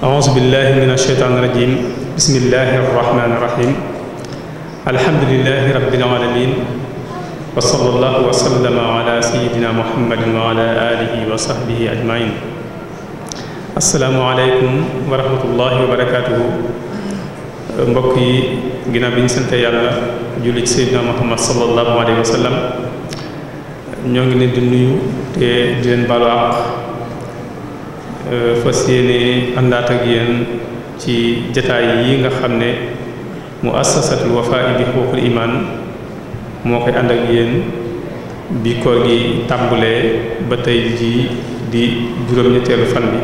أعوذ بالله من الشيطان الرجيم بسم الله الرحمن الرحيم الحمد لله رب العالمين وصلى الله وسلم على سيدنا محمد وعلى آله وصحبه أجمعين السلام عليكم ورحمة الله وبركاته mbokk yi ginnaaw bi ñu sant yàlla julli ci Seydina Muhammad sallallahu alayhi wa sallam ñoo ngi leen di nuyu te di leen baalu àq Euh, fas yéene àndaat ak yéen ci jataay yi nga xam ne mu assasatul Wafa bi xuququl iman moo koy ànd yéen bi koor gi tàmbulee ba tey jii di juróom-ñetteelu fan bi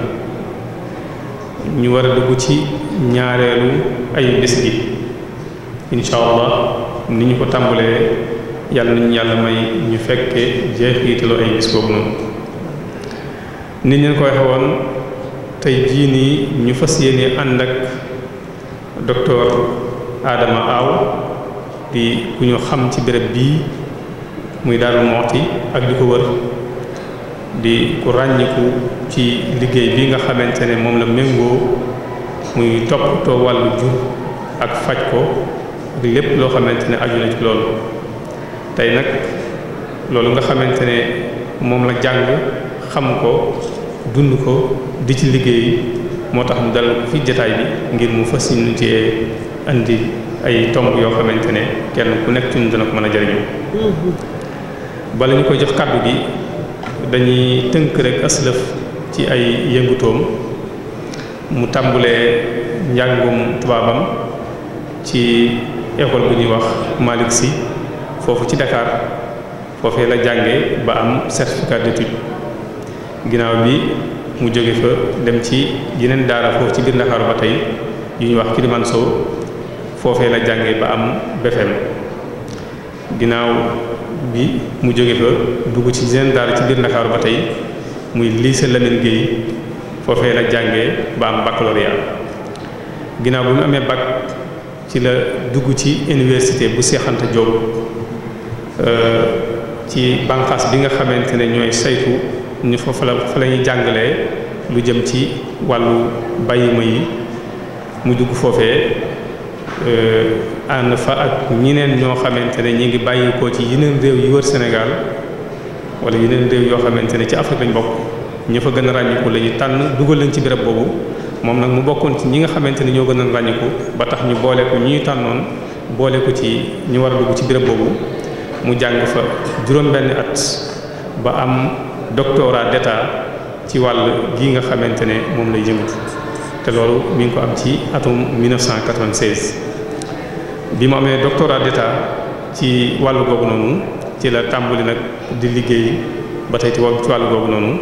ñu war a dugg ci ñaareelu ay bés gi incha allah ni ñu ko tàmbulee yàlla nañu yàlla may ñu fekke jeexiitalu ay bés boobu noonu nit ñeen ko waxe woon tey jii nii ñu fas yéene ànd ak docteur Adama Aw di ku ñu xam ci bërëb bii muy Darou Moukhty ak di ko wër di ku ràññiku ci liggéey bi nga xamante ne moom la méngoo muy too wàllu jur ak faj ko ak lépp loo xamante ne aju na ci loolu tey nag loolu nga xamante ne moom la jàng xam ko dund ko di ci liggéey moo tax mu dalal ko bi ngir mu fas ñu ci andi ay tomb yoo xamante ne kenn ku nekk ci ñu dana ko mën a jëriñoo bala ñu koy jox kàddu gi dañuy tënk rek aslëf ci ay yëngutoom mu tàmbulee njàngum tubaabam ci école bu ñuy wax Malick si foofu ci Dakar foofee la jànge ba am certificat d'études ginnaaw bi mu jóge fa dem ci yeneen daara foofu ci biir Ndakaaru ba tey yu ñu wax Kiliman Sow foofee la jànge ba am BFEM ginnaaw bi mu jóge fa dugg ci yeneen daara ci biir Ndakaaru ba tey muy lycée Lamine Gueye foofee la jànge ba am baccalauréat ginnaaw bi mu amee bac ci la dugg ci université bu Cheikh Anta Diop euh, ci banqaas bi nga xamante ne ñooy saytu ñu fa fa la ñuy jàngalee lu jëm ci wàllu bàyyi ma yi mu dugg foofee euh, ànd fa ak ñeneen ñoo xamante ne ñu ngi bàyyi ko ci yeneen réew yi wër Sénégal wala yeneen réew yoo xamante ne ci Afrique lañ bokk ñi fa gën a ràññiku la tànn dugal leen ci béréb boobu moom nag mu bokkoon ci ñi nga xamante ne ñoo gën a ràññiku ba tax ñu boole ko ñuy tànnoon boole ko ci ñu war a dugg ci béréb boobu mu jàng fa juróom-benn at ba am. doctorat d'état ci wàll gi nga xamante ne moom lay yëngatu te loolu mi ngi ko am ci atum 1996 bi mu amee doctorat d'état ci wàll googu noonu ci la tàmbali nag di liggéey ba tey ci wàllu googu noonu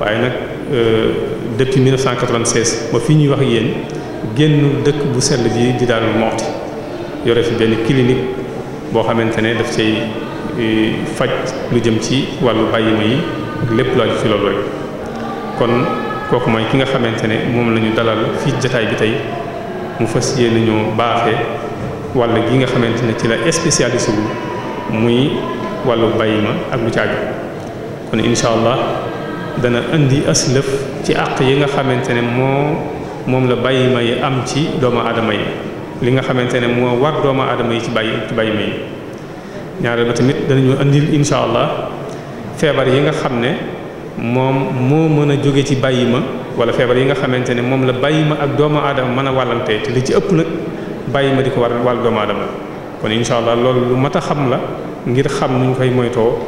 waaye nag euh, depuis 1996 ba fi ñuy wax yéen génn dëkk bu sell bi di daal moxti yore fi benn clinique boo xamante ne daf cay euh, faj lu jëm ci wàllu bàyyima yi ak lépp lu aju ci loolu kon kooku mooy ki nga xamante ne moom la ñu dalal fii jataay bi tey mu fas yéene ñoo baaxe walla gi nga xamante ne ci la spécialiste wu muy wàllu bàyyi ma ak lu caaju kon incha allah dana indi aslëf ci àq yi nga xamante ne moo moom la bàyyi ma yi am ci doomu aadama yi li nga xamante ne moo war doomu aadama yi ci bàyyi ci bàyyi ma yi ñaareel ba tamit danañu indil incha allah feebar yi nga xam ne moom moo mën a jóge ci bàyyi ma wala feebar yi nga xamante ne moom la bàyyi ma ak doomu aadama mën a wàllantee te li ci ëpp nag bàyyi ma di ko war wàll doomu aadama kon incha allah loolu lu mat a xam la ngir xam nuñ koy moytoo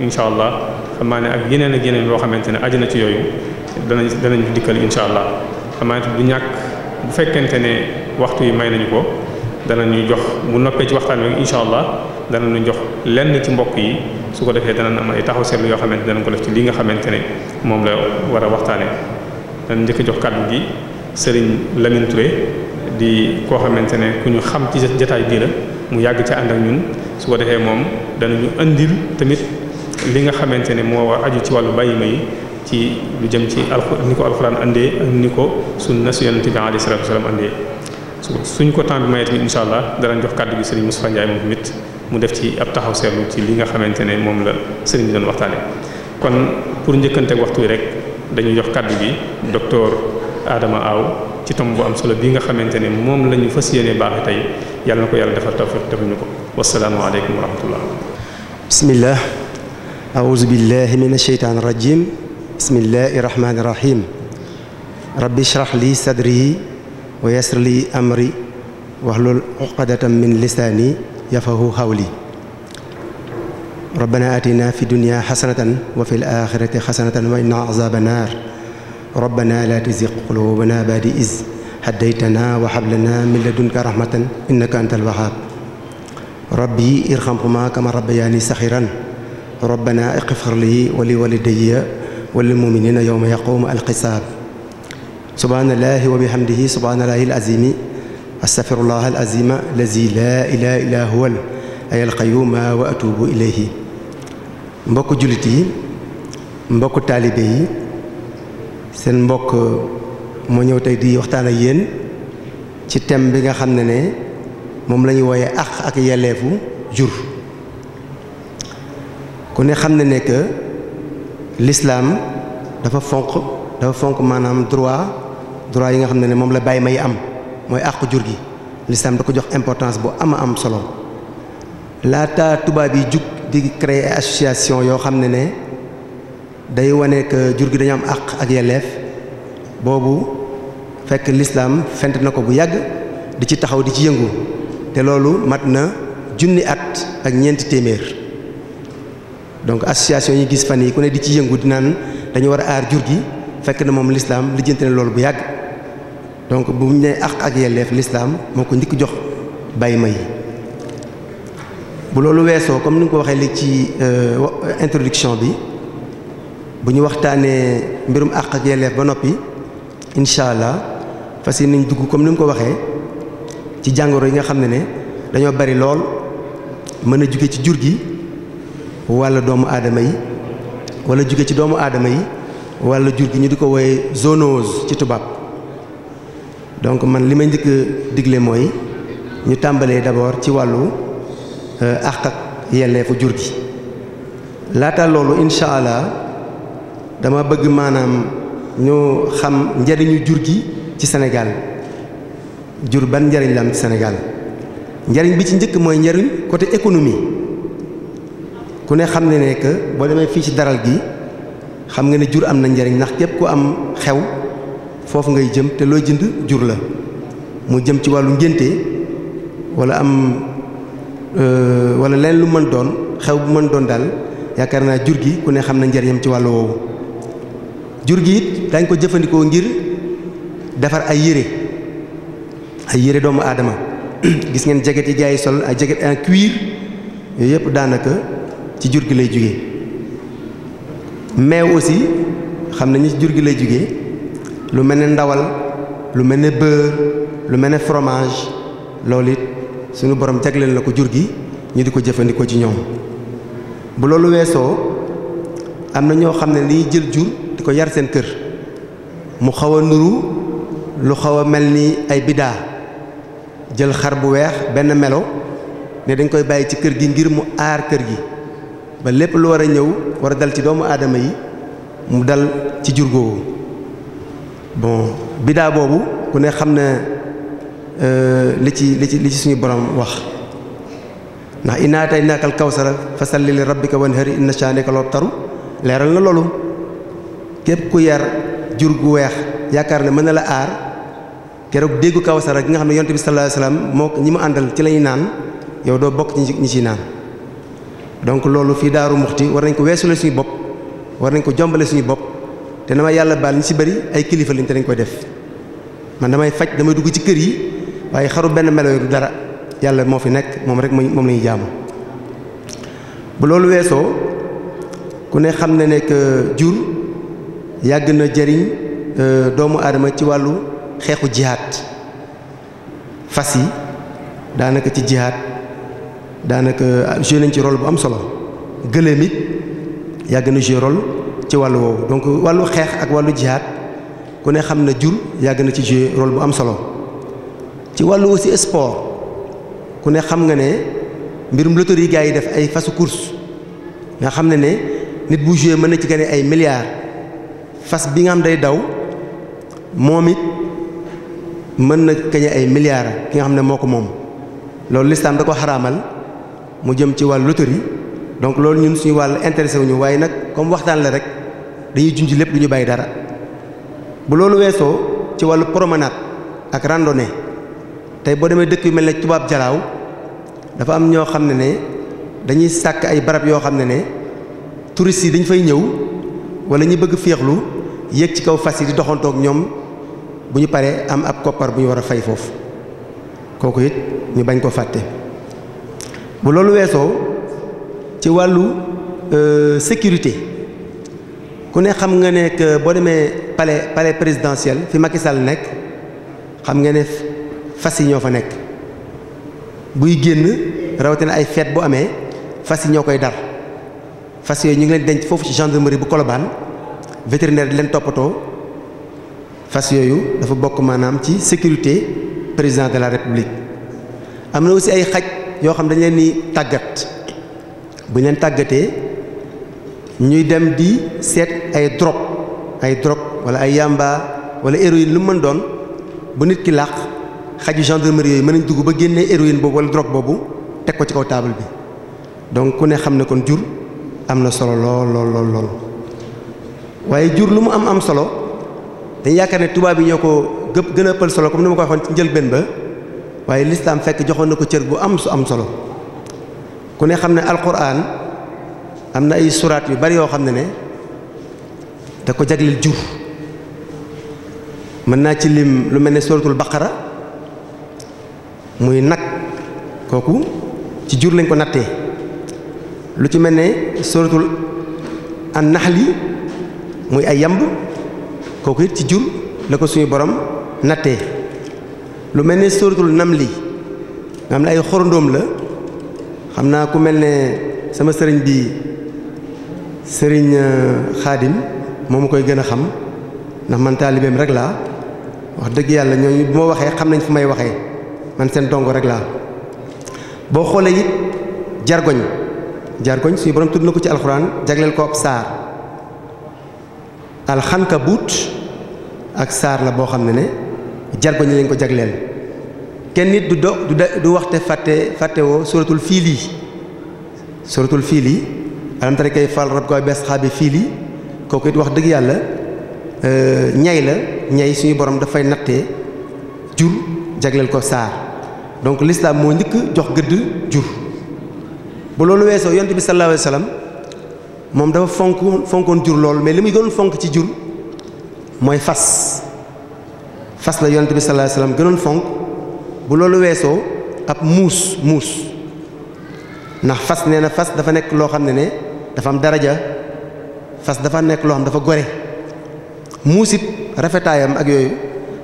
incha allah xam naa ne ak yeneen ak yeneen yoo xamante ne aju na ci yooyu danañ danañ dikkal incha allah xam naa bu ñàkk bu fekkente ne waxtu yi may nañu ko. dana ñu jox mu noppee ci waxtaan wi incha allah dana ñu jox lenn ci mbokk yi su ko defee dana am ay taxaw seetlu yoo xamante danañ ko def ci li nga xamante ne moom la war a waxtaanee. dana njëkk jox kàddu gi Serigne Lamine di koo xamante ne ku ñu xam ci jataay bii la mu yàgg ci ànd ak ñun su ko defee moom danañu indil tamit li nga xamante ne moo war aju ci wàllu bàyyi may ci lu jëm ci alxu ni ko alxuraan andee ak ni ko sunna su yonent bi alayhi salaatu wasalaam andee suñ ko temps bi mayee tamit incha allah danañ jox kàddu gi sëriñ Moustapha Ndiaye moom tamit mu def ci ab taxaw seetlu ci li nga xamante ne moom la sëriñ bi doon waxtaanee kon pour njëkkante waxtu rek dañuy jox kàddu gi docteur Adama Aw ci tomb bu am solo bi nga xamante ne moom la ñu fas yéene baaxe tey yàlla na ko yàlla defal tawfiq defuñu ko wasalaamualeykum wa rahmatullah bismillah aouzu billahi min asheytaan rajim bismillahi rahmani rahim rabbi shrah li wa yassir li amri wahlul uqdatan min lisaani yafahu xawli rabbana atina fi dunya xasanatan wa fi laaxirati xasanatan wa inna azaaba naar rabbana laa tuzig quluubana ba'da iz hadaytana wa hab lana min ladunka rahmatan innaka antal wahhaab rabbi irhamhumaa kamaa rabbayaani saxiran rabbana ighfir li wa li walidayya wa lil mu'miniina yawma yaquumu al-hisaab subhaanallaahi wa bihamdihi subhaanallaahi al-aziimi astaghfirullaah al-aziima lazii laa ilaaha illaa huwal hayyul qayyuum wa atuubu ilayhi mbokku jullit yi mbokku taalibe yi seen mbokk moo ñëw tey di waxtaan yéen ci thème bi nga xam ne ne moom la ñuy wooye àq ak yelleefu jur ku ne xam ne ne que dafa fonk dafa fonk maanaam droit droit yi nga xam ne ne moom la bàyyi may am mooy àqu jur gi lislaam da ko jox importance bu ama am solo laata tubaab yi jug di créer association yoo xam ne ne day wane que jur gi dañu am àq ak yelleef boobu fekk lislaam fent na ko bu yàgg di ci taxaw di ci yëngu te loolu mat na junni at ak ñeenti téeméer donc association yi gis fan yi ku ne di ci yëngu di naan dañu war aar jur gi fekk na moom lislaam lijjanti na loolu bu yàgg donc bu ñu nee àq ak yelleef lislaam moo ko njëkk jox bàyyi may yi bu loolu weesoo comme ni nga ko waxee léegi ci euh, introduction bi bu ñu waxtaanee mbirum àq ba noppi incha allah fas yéene nañ dugg comme ni nga ko waxee ci jàngoro yi nga xam ne ne dañoo bari lool mën a jóge ci jur gi walla doomu aadama yi walla jóge ci doomu aadama yi walla jur gi ñu di ko wooye zoonose ci tubaab. donc man li ma njëkk a digle mooy ñu tàmbalee d'abord ci wàllu euh, àq ak yelleefu jur gi laata loolu incha allah dama bëgg maanaam ñu xam njariñu jur gi ci Sénégal jur ban njariñ la ci Sénégal njariñ bi ci njëkk mooy njariñ côté économie ku ne xam ne nekk boo demee fii ci daral gi xam nga ne jur am na njariñ ndax képp ku am xew foofu ngay jëm te looy jënd jur la mu jëm ci wàllu ngénte wala am euh, walla leen lu mën doon xew bu mën doon daal yaakaar naa jur gi ku ne xam na njariñam ci wàllu woowu jur gi it dañ ko jëfandikoo ngir defar ay yére ay yére doomu aadama gis ngeen jaget yi gaa yi sol ay jaget en cuir yooyu yëpp daanaka ci jur gi lay jóge meew aussi xam nañu ci jur gi lay jóge lu mel ne ndawal lu mel ne beurre lu mel ne fromage loolu it suñu borom jagleel la ko jur gi ñu di ko jëfandikoo ci ñoom bu loolu weesoo am na ñoo xam ne liy jël jur di ko yar seen kër mu xaw a nuru lu xaw a mel ni ay bidaa jël xar bu weex benn melo ne dañ koy bàyyi ci kër gi ngir mu aar kër gi ba lépp lu war a ñëw war a dal ci doomu aadama yi mu dal ci jur googu bon bidaa boobu ku ne xam ne euh, li ci li ci li ci suñu borom wax ndax innaa ataynaaka al kawsara fa salli li rabbika wanhar inna shaanika la taru leeral na loolu képp ku yar jur gu weex yaakaar ne mën na la aar keroog déggu kawsara ki nga xam ne yonent bi sallallahu alayhi wasallam moo ñi mu àndal ci lañuy naan yow doo bokk ci ñi ciy naan donc loolu fii daaru muxti war nañ ko weesule suñu bopp war nañ ko jombale suñu bopp te na ma yàlla baal ñu ci bari ay kilifa lañ te dañ koy def man damay faj damay dugg ci kër yi waaye xaru benn melo yi du dara yàlla moo fi nekk moom rek moom la ñuy jaamu. bu loolu weesoo ku ne xam ne nekk jur yàgg na jariñ euh, doomu aadama ci wàllu xeexu jihaat fas yi daanaka ci jihaat daanaka joué nañ ci rol bu am solo gëléem it yàgg na joué rôle. ci wàllu woowu donc wàllu xeex ak wàllu jihaad ku ne xam na jur yàgg na ci jouer rôle bu am solo ci wàllu aussi sport ku ne xam nga ne mbirum loterie yi gars yi def ay fasu course nga xam ne ne nit bu jouer mën na ci gagner ay milliards fas bi nga xam day daw moom it mën na gagner ay milliards ki nga xam ne moo ko moom loolu lislaam da ko xaraamal mu jëm ci wàllu loterie donc loolu ñun suñu wàll intéressé wuñu waaye nag comme waxtaan la rek dañuy junj lépp du ñu bàyyi dara bu loolu weesoo ci wàllu promenade ak randonnée tey boo demee dëkk yu mel ne tubaab jalaaw dafa am ñoo xam ne ne dañuy sàkk ay barab yoo xam ne ne touristes yi dañ fay ñëw wala ñu bëgg féexlu yéeg ci kaw fas yi di doxantoog ñoom bu ñu paree am ab koppar bu ñu war a fay foofu kooku it ñu bañ ko fàtte bu loolu weesoo ci wàllu euh, sécurité ku ne xam nga ne boo demee palais palais présidentiel fi Macky Sall nekk xam nga ne fas yi ñoo fa nekk buy génn rawatina ay fête bu amee fas yi ñoo koy dar fas yooyu ñu ngi leen denc foofu ci gendarmerie bu Colobane vétérinaire di leen toppatoo fas yooyu dafa bokk maanaam ci sécurité président de la république am na aussi ay xaj yoo xam dañ leen ni tàggat bu ñu leen tàggatee. ñuy dem di seet ay drogue ay drogue wala ay yamba wala héroïne lu mu mën doon bu nit ki làq xaju gendarmerie yi mën nañ dugg ba génnee héroïne boobu wala drogue boobu teg ko ci kaw taabal bi donc ku ne xam ne kon jur am na solo lool lool lool waaye jur lu mu am am solo dañ yaakaar ne tubaab yi ñoo ko gëpp gën a ëppal solo comme ni ma ko waxoon ci njëlbéen ba waaye lislaam fekk joxoon na ko cër bu am su am solo ku ne xam ne alquran am na ay suraat yu bari yoo xam ne ne da ko jagleel jur mën naa ci lim lu mel ne suratul baqara muy nag kooku ci jur lañ ko nattee lu ci mel ne suratul an li muy ay yamb kooku it ci jur la ko suñu borom natte lu mel ne suratul namli nga am na ay xorondoom la xam naa ku mel ne sama sëriñ bi sëriñ xaadim euh, moo ma koy gën a xam ndax man taalibeem rek laa wax dëgg yàlla ñooñu bu ma waxee xam nañ fu may waxee man seen dongo rek laa boo xoolee it jargoñ jargoñ suñu borom tudd na ko ci alxuraan jagleel ko ab saar alxankabuut ak saar la boo xam ne ne jargoñ lañ ko jagleel kenn nit du do du waxte fàtte fàttewoo suratul fiil yi suratul fiil alam tara kayfa fa'ala rabbuka bi fii fiili kooku di wax dëgg yàlla euh, ñay la ñay suñu borom dafay natte jur jagleel ko saar donc l'islam moo njëkk jox gëdd jur bu loolu weesoo yonent bi sallallahu alayhi wasallam moom dafa fonk fonkoon jur lool mais li muy gënoon fonk ci jur mooy fas fas la yonent bi sallallahu alayhi wasallam gënoon fonk bu loolu weesoo ab muus muus ndax fas nee na fas dafa nekk loo xam ne ne dafa am daraja fas dafa nekk loo xam dafa gore muusit rafetaayam ak yooyu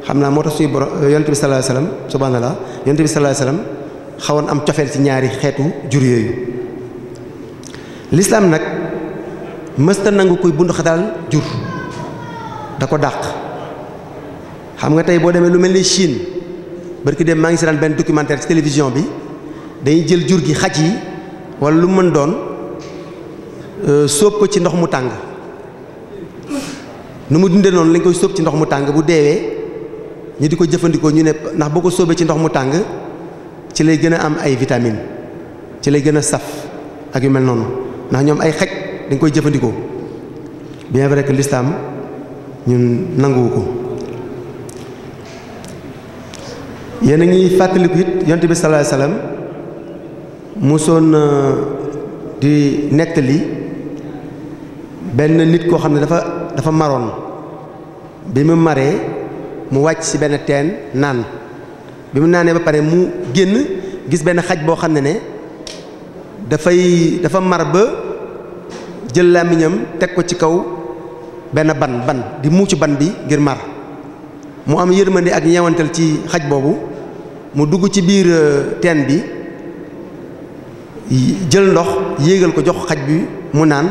xam naa moo tax suñu borom euh, yonent bi sallallahu alayhi wasallam subhanallah yonent bi sallallahu xawoon am cofeel ci ñaari xeetu jur yooyu lislaam nag mësta nangu kuy bundu xataal jur da ko dàq xam nga tey boo demee lu mel ni Chine barki dem maa ngi seetaan benn documentaire ci télévision bi dañuy jël jur gi xaj yi wala lu mën doon Euh, soob ko ci ndox mu tàng nu mu dundee noonu lañ koy soob ci ndox mu tàng bu deewee ñu di ko jëfandikoo ñu ne ndax boo ko soobee ci ndox mu tàng ci lay gën a am ay vitamine ci lay gën a saf ak yu mel noonu ndax ñoom ay xaj dañ koy jëfandikoo bien vrai que l'islam ñu nanguwu ko yéen a fàttalikuit fàttaliku it yonte bi sallallahu alayhi wasallam mosoon euh, di nettali benn nit koo xam ne dafa dafa maroon bi mu maree mu wàcc ci benn teen naan bi mu naanee ba pare mu génn gis benn xaj boo xam ne ne dafay dafa mar ba jël làmmiñam teg ko ci kaw benn ban ban di muucu ban bi ngir mar mu am yërmande ak ñeewantal ci xaj boobu mu dugg ci biir euh, teen bi jël ndox yéegal ko jox xaj bi mu naan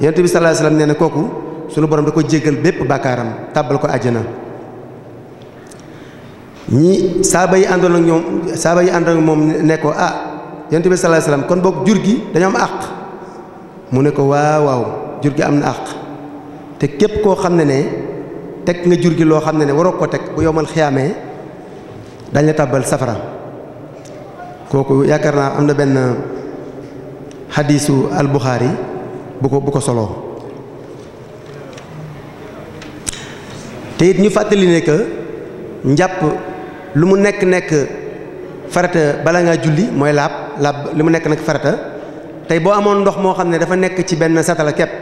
yonent bi sallallahu alayhi wasallam nee na kooku sunu borom da ko jéggal bépp bàkkaaram tàbbal ko àjjana ñi saaba yi àndoon ak ñoom saaba yi àndoon ak moom ne ko ah yonent bi sallallahu alayhi kon boog jur gi dañoo am àq mu ne ko waaw waaw jur gi am na àq te képp koo xam ne ne teg nga jur gi loo xam ne ne waroo ko teg bu yomal xiyaamee dañ la tàbbal safara kooku yaakaar naa am na benn xadiisu al yi bu ko bu ko soloo te it ñu fàttali ne que njàpp lu mu nekk nekk farata bala ngaa julli mooy laab laab lu mu nekk nag farata tey boo amoon ndox moo xam ne dafa nekk ci benn satala kepp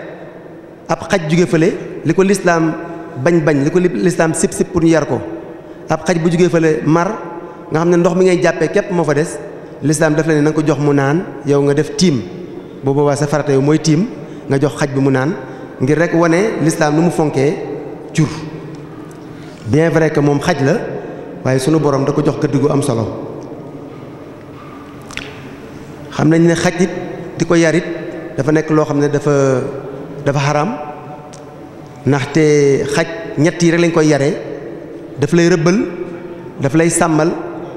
ab xaj jóge fële li ko lislaam bañ bañ li ko lislaam sip sip pour ñu yar ko ab xaj bu jóge fële mar nga xam ne ndox mi ngay jàppee képp moo fa des lislaam daf la ne na ko jox mu naan yow nga def tiim boobu boobaa sa farata yow mooy tiim nga jox xaj bi mu naan ngir rek wane lislaam nu mu fonkee jur bien vrai que moom xaj la waaye suñu borom da ko jox gëdd gu am solo xam nañ ne xaj it di ko yarit dafa nekk loo xam ne dafa dafa xaraam ndaxte xaj ñett yi rek lañ koy yare daf lay rëbbal daf lay sàmmal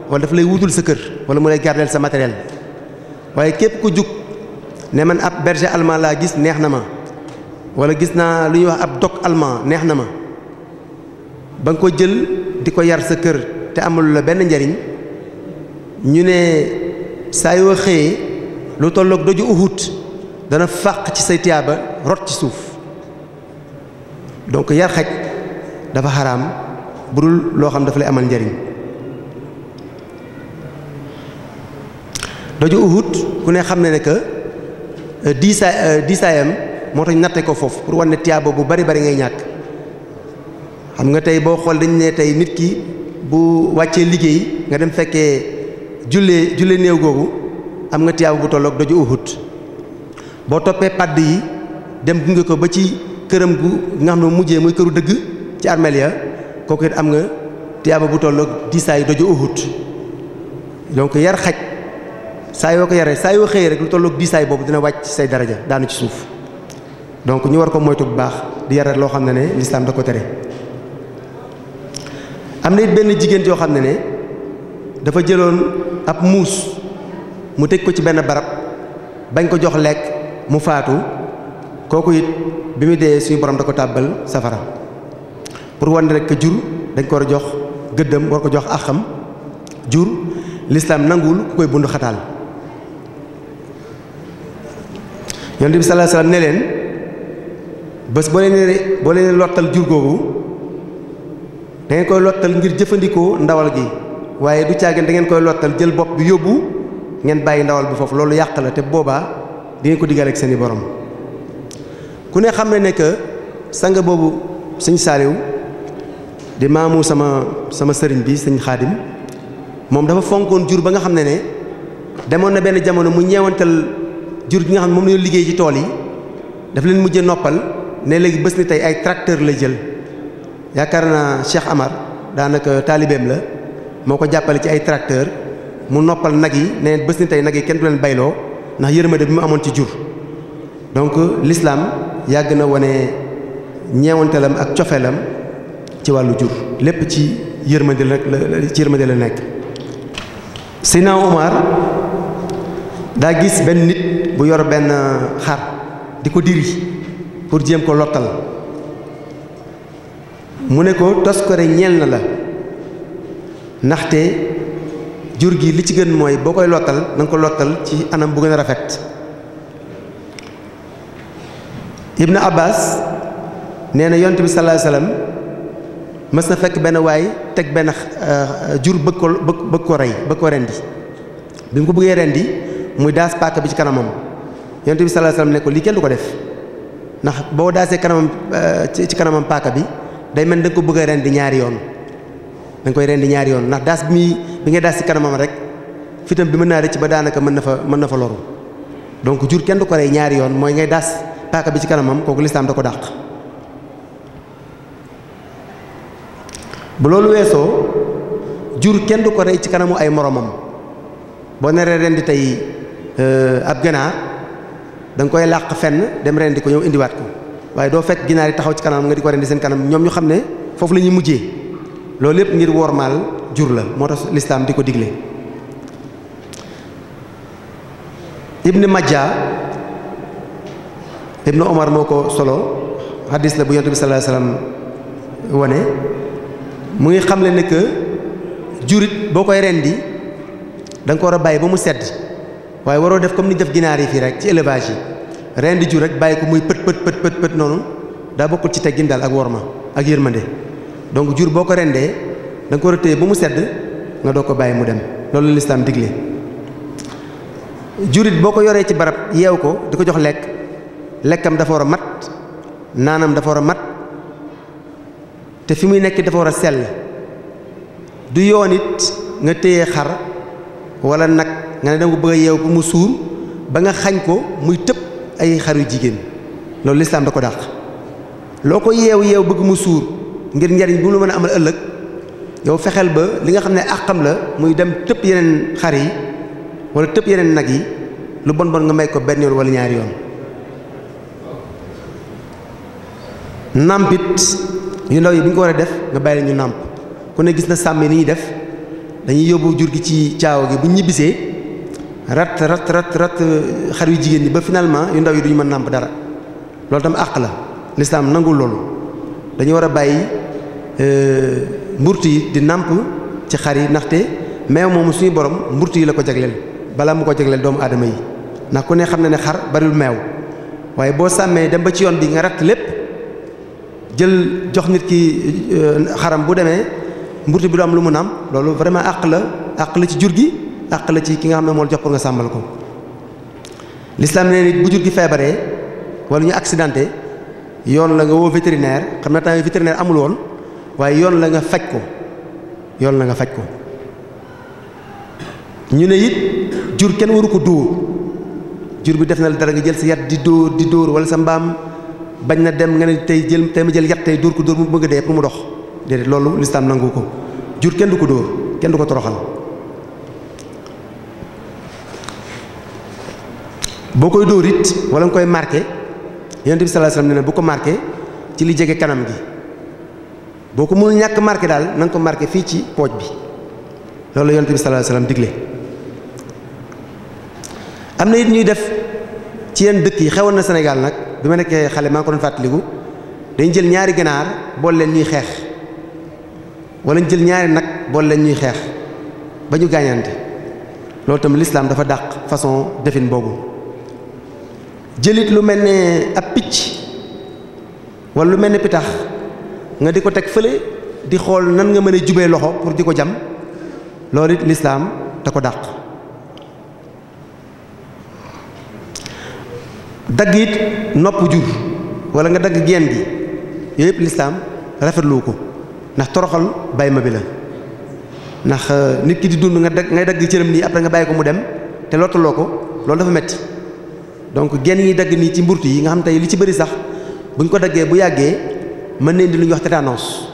wala daf lay wutul sa kër wala mu lay gardeel sa matériel waaye képp ku jug ne man ab berger allemand laa gis neex na ma walla gis naa lu ñuy wax ab dog allemand neex na ma ba nga ko jël di ko yar sa kër te amul la benn njariñ ñu ne saa yoo xëyee lu tolloog doju uhut dana fàq ci say tiyaaba rot ci suuf donc yar xaj dafa xaraam bu dul loo xam dafa lay amal njariñ doju uhut ku ne xam ne ne que diisaa euh, diisaayam euh, moo tax natte ko foofu pour wan ne tiyaaba bu bari bari ngay ñàkk xam nga tey boo xool dañu ne tey nit ki bu wàccee liggéey nga dem fekkee julle jullee néew googu am nga tiyaaba bu tolloog doju uhud boo toppee padd yi dem gunge ko ba ci këram gu nga xam ne mujjee muy këru dëgg ci armeel ya kooku it am nga tiyaaba bu tolloog diisaay doju uhud donc yar xaj saa yoo ko yaree saa yoo xëyee rek lu tolloog diisaay boobu dina wàcc say daraja daanu ci suuf donc ñu war ko moytu bu baax di yare loo xam ne ne lislaam da ko tere am na it benn jigéen yoo xam ne ne dafa jëloon ab muus mu teg ko ci benn barab bañ ko jox lekk mu faatu kooku it bi muy dee suñu borom da ko tàbbal safara pour wan rek que jur dañ ko a jox gëddam war ko jox axam jur lislaam nanguwul ku koy bund xataal yonent bi sallallahu alayhi ne leen bés boo leen boo leen lottal jur googu da ngeen koy lottal ngir jëfandikoo ndawal gi waaye du caagin da ngeen koy lottal jël bopp bi yóbbu ngeen bàyyi ndawal bi foofu loolu yàq la te boobaa di ngeen ko digal seeni borom ku ne xam ne ne que sang boobu sëñ Saaliw di maamu sama sama sëriñ bi sëñ Xaadim moom dafa fonkoon jur ba nga xam ne ne demoon na benn jamono mu ñeewantal. jur gi nga xam ne moom la liggéey ci tool yi daf leen mujj noppal ne léegi bés ni tey ay tracteur la jël yaakaar naa Cheikh Amar daanaka taalibeem la moo ko jàppale ci ay tracteur mu noppal nag yi ne bés ni tey nag yi kenn du leen bayloo ndax yërmande bi mu amoon ci jur donc lislaam yàgg na wane ñeewantelam ak cofeelam ci wàllu jur lépp ci yërmande la ci yërmande la nekk Seydina Omar daa gis benn nit bu yor benn euh, xar di ko diri pour jéem ko lottal mu ne ko tos ko ñeel na la ndaxte jur gi li ci gën mooy boo koy lottal na ko lottal ci anam bu gën a rafet Ibn Abbas nee na yont bi sallallahu alayhi mës na fekk benn waay teg benn euh, euh, jur bëgg ko bëgg ko rey bëgg ko rendi bi mu ko bëggee rendi muy daas paaka bi ci kanamam yonent bi sallallahu alayhi wasallam lii kenn du ko def ndax boo daasee kanamam euh, ci kanamam paaka bi day mel da ko bëgg a rendi ñaari yoon da koy rendi ñaari yoon ndax daas bi muy bi ngay daas ci kanamam rek fitam bi mën naa rëcc ba daanaka mën na fa mën na fa loru donc jur kenn du ko rey ñaari yoon mooy ngay daas paaka bi ci kanamam kooku lislaam da ko dàq bu loolu weesoo jur kenn du ko rey ci kanamu ay moromam boo naree rendi tey euh, ab ganaar danga koy làq fenn dem rendi ko ñëw indiwaat ko waaye doo fekk ginaar yi taxaw ci kanam nga di ko rendi seen kanam ñoom ñu xam ne foofu la ñuy mujjee loolu lépp ngir wormaal jur la moo tax lislaam di ko digle ibn majja ibn omar moo ko solo hadis la bu yonent bi sallallahu alayhi wane mu ngi xamle ne que jurit boo koy rendi da nga ko war a bàyyi ba mu sedd waaye waroo def comme ni def ginaar yi fii rek ci élevage yi ren jur rek bàyyi ko muy pët pët pët pët noonu daa bokkul ci teggin daal ak worma ak yërmande donc jur boo ko rendee da nga ko war a téye ba mu sedd nga doo ko bàyyi mu dem loolu la lislaam digle jurit boo ko yoree ci barab yeew ko di ko jox lekk lekkam dafa war a mat naanam dafa war a mat te fi muy nekk dafa war a sell du yoon it nga téye xar wala nag nga ne danga ko bëgg a yeew ba mu suur ba nga xañ ko muy tëb ay yu jigéen loolu lislaam da ko dàq loo ko yeew yeew bëgg mu suur ngir njariñ bu mu mën a amal ëllëg yow fexeel ba li nga xam ne àqam la muy dem tëb yeneen xar yi wala tëb yeneen nag yi lu bon bon nga may ko benn yoon wala ñaari yoon nàmpit yu ndaw yi bu ñu ko war a def nga bàyyi ñu nàmp ku ne gis na sàmm yi ni ñuy def dañuy yóbbu jur gi ci caawa gi bu ñu ñibbisee rat rat rat xar yu jigéen ñi ba finalement yu ndaw yi duñu mën nàmp dara loolu tam àq la lislaam nangul loolu dañu war a bàyyi euh, mburt yi di nàmp ci xar yi ndaxte meew moomu suñu borom mburt yi la ko jagleel balaa mu ko jagleel doomu aadama yi ndax ku ne xam na ne xar bariwul meew waaye boo sàmmee dem ba ci yoon bi nga ratt lépp jël jox nit ki euh, xaram bu demee mburtu bi du am lu mu naam loolu vraiment àq la àq la ci jur gi àq la ci ki nga xam ne moo la jox pour nga sàmmal ko l'islam nee nit bu jur gi feebaree walla ñu accidenté yoon la nga woo vétérinaire xam na temps vétérinaire amul woon waaye yoon la nga faj ko yoon la nga faj ko ñu ne it jur kenn waru ko dóor jur bi def na la dara nga jël sa yat di dóor di dóor wala sa mbaam bañ na dem nga ne tey jël tey ma jël yat tey dóor ko dóor mu bëgg dee pour mu dox déedéet loolu lislaam nangu ko jur kenn du ko dóor kenn du ko toroxal boo koy dóor it wala nga koy marqué yonent bi sallallahu alayhi wasallam ne bu ko marqué ci li jege kanam gi boo ko mënul ñàkk marqué daal na ko marqué fii ci pooj bi loolu la yonent bi sallallahu alayhi digle am na it ñuy def ci yenn dëkk yi xewoon na Sénégal nag bi ma nekkee xale maa ko doon fàttaliku dañ jël ñaari ganaar bool leen ñuy xeex wala jël ñaari nag boole leen ñuy xeex ba ñu gaañante loolu tam lislaam dafa dàq façon defin boobu jëlit lu mel ne ab picc wala lu mel ne pitax nga di ko teg fële di xool nan nga mën a jubee loxo pour di ko jam loolu it lislaam da ko dàq dagg it nopp jur wala nga dagg geen gi yooyu yëpp lislaam rafetlu ko ndax toroxal bàyyi ma bi la ndax euh, nit ki di dund nga dagg ngay dagg cëram nii après nga bàyyi ko mu dem te lottaloo ko loolu dafa metti donc genn yi dagg nii ci mburtu yi nga xam ne li ci bëri sax buñ ko daggee bu yàggee mën na indi lu ñuy wax tétanos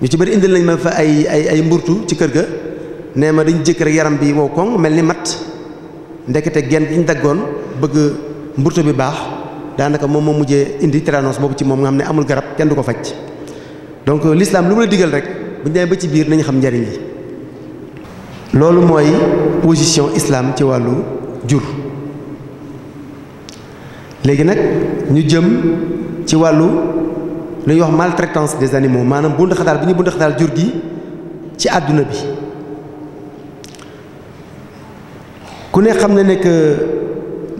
ñu ci bari indi nañ ma fa ay ay ay mburtu ci kër ga nee ma dañ jëkk rek yaram bi wow koŋ mel ni mat ndekete genn bi ñu daggoon bëgg mburtu bi baax daanaka moom moo mujjee indi tétanos boobu ci moom nga xam ne amul garab kenn du ko faj. donc euh, lislaam lu mu la digal rek bu ñu ba ci biir nañu xam njariñ li loolu mooy position islaam ci wàllu jur léegi nag ñu jëm ci wàllu lu ñuy wax maltraitance des animaux maanaam bund xataal bi ñu bund xataal jur gi ci àdduna bi ku ne xam na ne que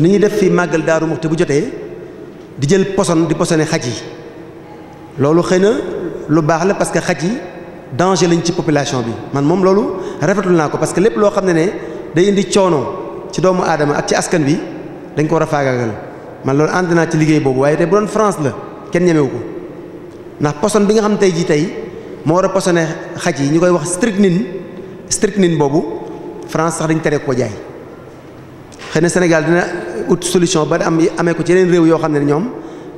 ni ñuy def fi màggal Daaru Muxti bu jotee di jël poson di posone xaj yi loolu xëy na lu baax la parce que xaj yi danger lañ ci population bi man moom loolu rafetlu naa ko parce que lépp loo xam ne ne day indi coono ci doomu aadama ak ci askan bi dañ koo war a faagaagal man loolu ànd naa ci liggéey boobu waaye tey bu doon France la kenn ñemewu ko ndax poson bi nga xam ne tey jii tey moo war a posone xaj yi ñu koy wax strychnine strychnine boobu France sax dañ tere ko jaay xëy na Sénégal dina ut solution ba am amee ko ci yeneen réew yoo xam ne ñoom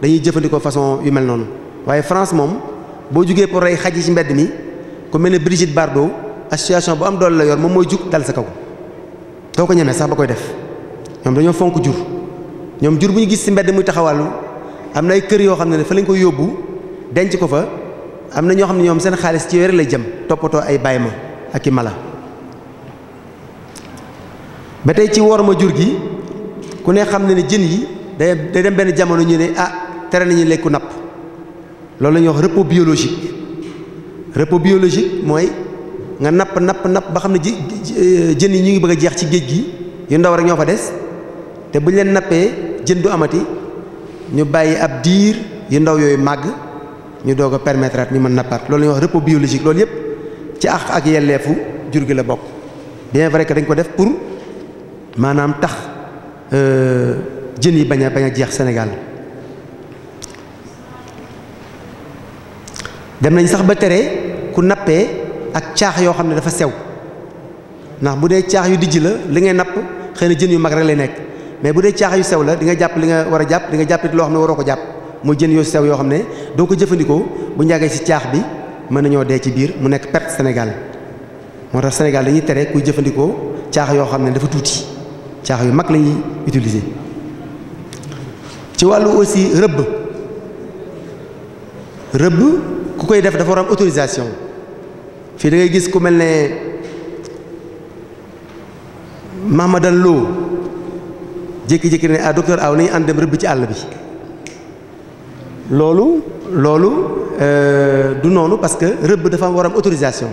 dañuy jëfandikoo façon yu noonu moom. boo jugee pour rey xaj yi ci mbedd mi ku mel ne Brigitte Bardot association bu am doole la yor moom mooy jug dal sa kaw doo ko ñemee sax ba koy def ñoom dañoo fonk jur ñoom jur bu ñu gis ci mbedd muy taxawaalu am na ay kër yoo xam ne fa lañ ko yóbbu denc ko fa am na ñoo xam ne ñoom seen xaalis ci yore lay jëm toppatoo ay baay ma ak i mala ba tey ci wor ma jur gi ku ne xam ne ne jën yi day day dem benn jamono ñu ne ah tere nañu lekku napp loolu la ñuy wax repos biologique repos biologique mooy nga napp napp napp ba xam ne ji euh, jën yi ñu ngi bëgg a jeex ci géej gi yu ndaw rek ñoo fa des te bu ñu leen nappee jën du amati ñu bàyyi ab diir yu ndaw yooyu màgg ñu doog a permettre at ñu mën nappaat loolu la wax repos biologique loolu yépp ci àq ak yelleefu jur gi la bokk bien vrai que dañ ko def pour maanaam tax euh, jën yi bañ a bañ a jeex Sénégal. dem nañ sax ba tere ku nappee ak caax yoo xam ne dafa sew ndax bu dee caax yu dijj la li ngay napp xëy na jën yu mag rek lay nekk mais bu dee caax yu sew la di nga jàpp li nga war a jàpp di nga jàpp it loo xam ne waroo ko jàpp muy jën yoo sew yoo xam ne doo ko jëfandikoo bu njàggee ci caax bi mën nañoo dee ci biir mu nekk perte Sénégal moo tax Sénégal dañuy tere kuy jëfandikoo caax yoo xam ne dafa tuuti caax yu mag la ñuy utiliser ci wàllu aussi rëbb rëbb ku koy def dafa war am autorisation fii da ngay gis ku mel ne Mahmadan Lo jékki-jékki ne a ah, docteur aw nañu ànd dem rëbb ci àll bi loolu loolu euh, du noonu parce que rëbb dafa war am autorisation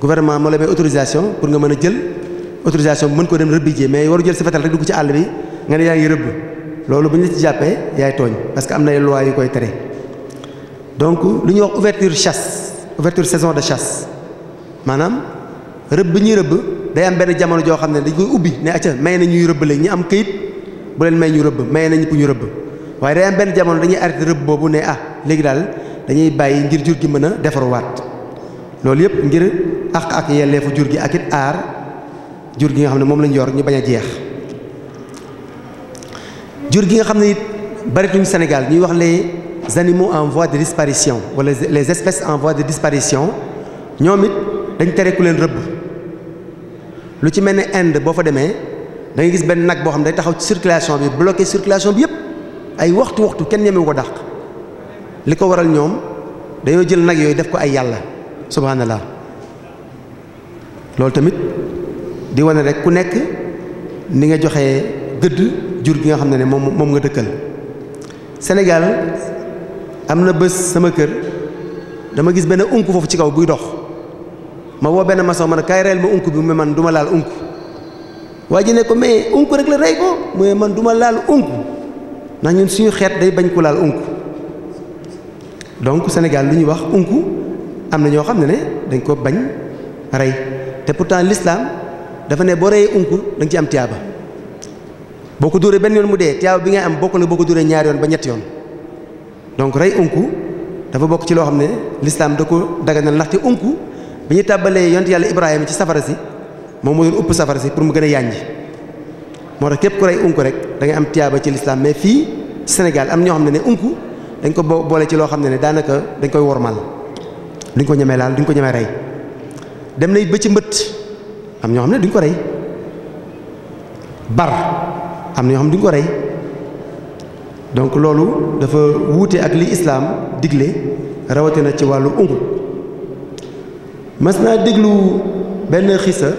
gouvernement moo la may autorisation pour nga mën a jël autorisation bu mën ko dem rëbbi ji mais waru jël sa fetal rek dugg ci àll bi nga ne yaa rëbb loolu bu ñu la ci jàppee yaay tooñ parce que am na loi yu koy tere donc lu ñuy wax ouverture chasse ouverture saison de chasse maanaam rëbb bi ñuy rëbb day am benn jamono joo xam ne dañ koy ubbi ne acca may na ñuy rëbb léegi ñi am këyit bu leen may ñu rëbb may na ñëpp ñu rëbb waaye day am benn jamono dañuy arrêté rëbb boobu ne ah léegi daal dañuy bàyyi ngir jur gi mën a defaruwaat loolu yëpp ngir àq ak yelleefu jur gi ak it aar jur gi nga xam ne moom lañu yor ñu bañ a jeex jur gi nga xam ne it bari Sénégal ñuy animaux en voie de disparition wala les espèces en voie de disparition ñoom dañ tere ku leen rëbb lu ci mel ne Inde boo fa demee da gis benn nag boo xam ne day taxaw ci circulation bi bloqué circulation bi ay waxtu waxtu kenn ñemewu ko dàq li ko waral ñoom dañoo jël nag yooyu def ko ay yàlla subhanallah loolu tamit di wane rek ku nekk ni nga joxe gëdd jur gi nga xam ne ne moom moom nga dëkkal Sénégal am na bés sama kër dama gis benn unk foofu ci kaw buy dox ma woo benn maçon ma ne kaay reyal ma unk bi mais man duma laal unk waa ji ne ko mais unk rek la rey ko mais man duma laal unk ndax ñun suñu xeet day bañ ko laal unk donc Sénégal lu ñuy wax unk am na ñoo xam ne ne dañ ko bañ rey te pourtant l'islam dafa ne boo reyee unk da nga ci am tiyaaba boo ko dóoree benn yoon mu dee tiyaaba bi am bokk la boo ko dóoree ñaari yoon ba ñetti yoon donc rey unku dafa bokk ci loo xam ne lislaam da ko daganal ndaxte unku bi ñu tàbbalee yont yàlla Ibrahima ci safara si moom moo doon upp safara si pour mu gën a yànji moo tax képp ko rey unku rek da ngay am tiyaaba ci lislaam mais fii Sénégal am ñoo xam ne ne unku dañ ko boole ci loo xam ne ne daanaka dañ koy wormal duñ ko ñemee laal duñ ko ñemee rey dem na it ba ci mbëtt am ñoo xam ne duñ ko rey bar am na ñoo xam ne duñ ko rey. donc loolu dafa wuute ak li islaam digle rawatina ci wàllu ungu mës naa déglu benn xisa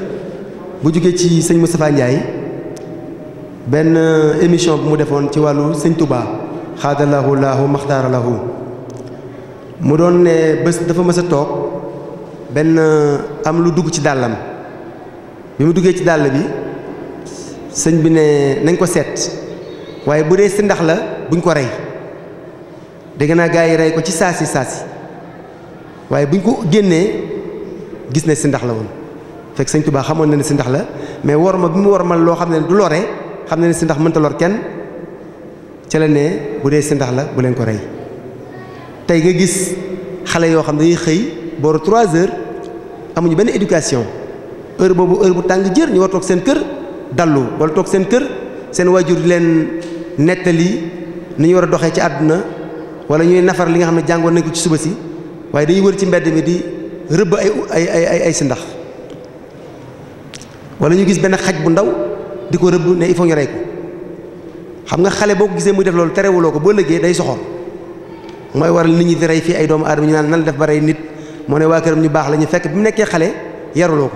bu jógee ci sëñ Moustapha Ndiaye benn émission bi mu defoon ci wàllu sëñ Touba xaadalaahu laahu maxtaara mu doon ne bés dafa mës toog benn am lu dugg ci dàllam bi mu duggee ci dàll bi sëñ bi ne nañ ko seet waaye bu dee si ndax la buñ ko rey dégg naa gars yi rey ko ci saasi saasi waaye buñ ko génnee gis ne si ndax la woon fekk sëñ Tuubaa xamoon na ne si ndax la mais war ma bi mu war ma loo xam ne du lore xam na ne si ndax mënta lor kenn ca la ne bu dee si ndax la bu leen ko rey tey nga gis xale yoo xam ne dañuy xëy booru 3 heures amuñu benn éducation heure boobu heure bu tàng jër ñu war toog seen kër dallu wala toog seen kër seen waajur leen nettali ni ñu war a doxee ci àdduna wala ñuy nafar li nga xam ne jàngoo nañ ko ci suba si waaye dañuy wër ci mbedd mi di rëbb ay ay ay ay si ndax wala ñu gis benn xaj bu ndaw di ko rëbb ne il faut ñu rey ko xam nga xale boo ko gisee muy def loolu terewuloo ko boo liggéey day soxoon mooy waral nit ñi di rey fii ay doomu aadama ñu naan nan def ba rey nit moo ne waa këram ñu baax la ñu fekk bi mu nekkee xale yaruloo ko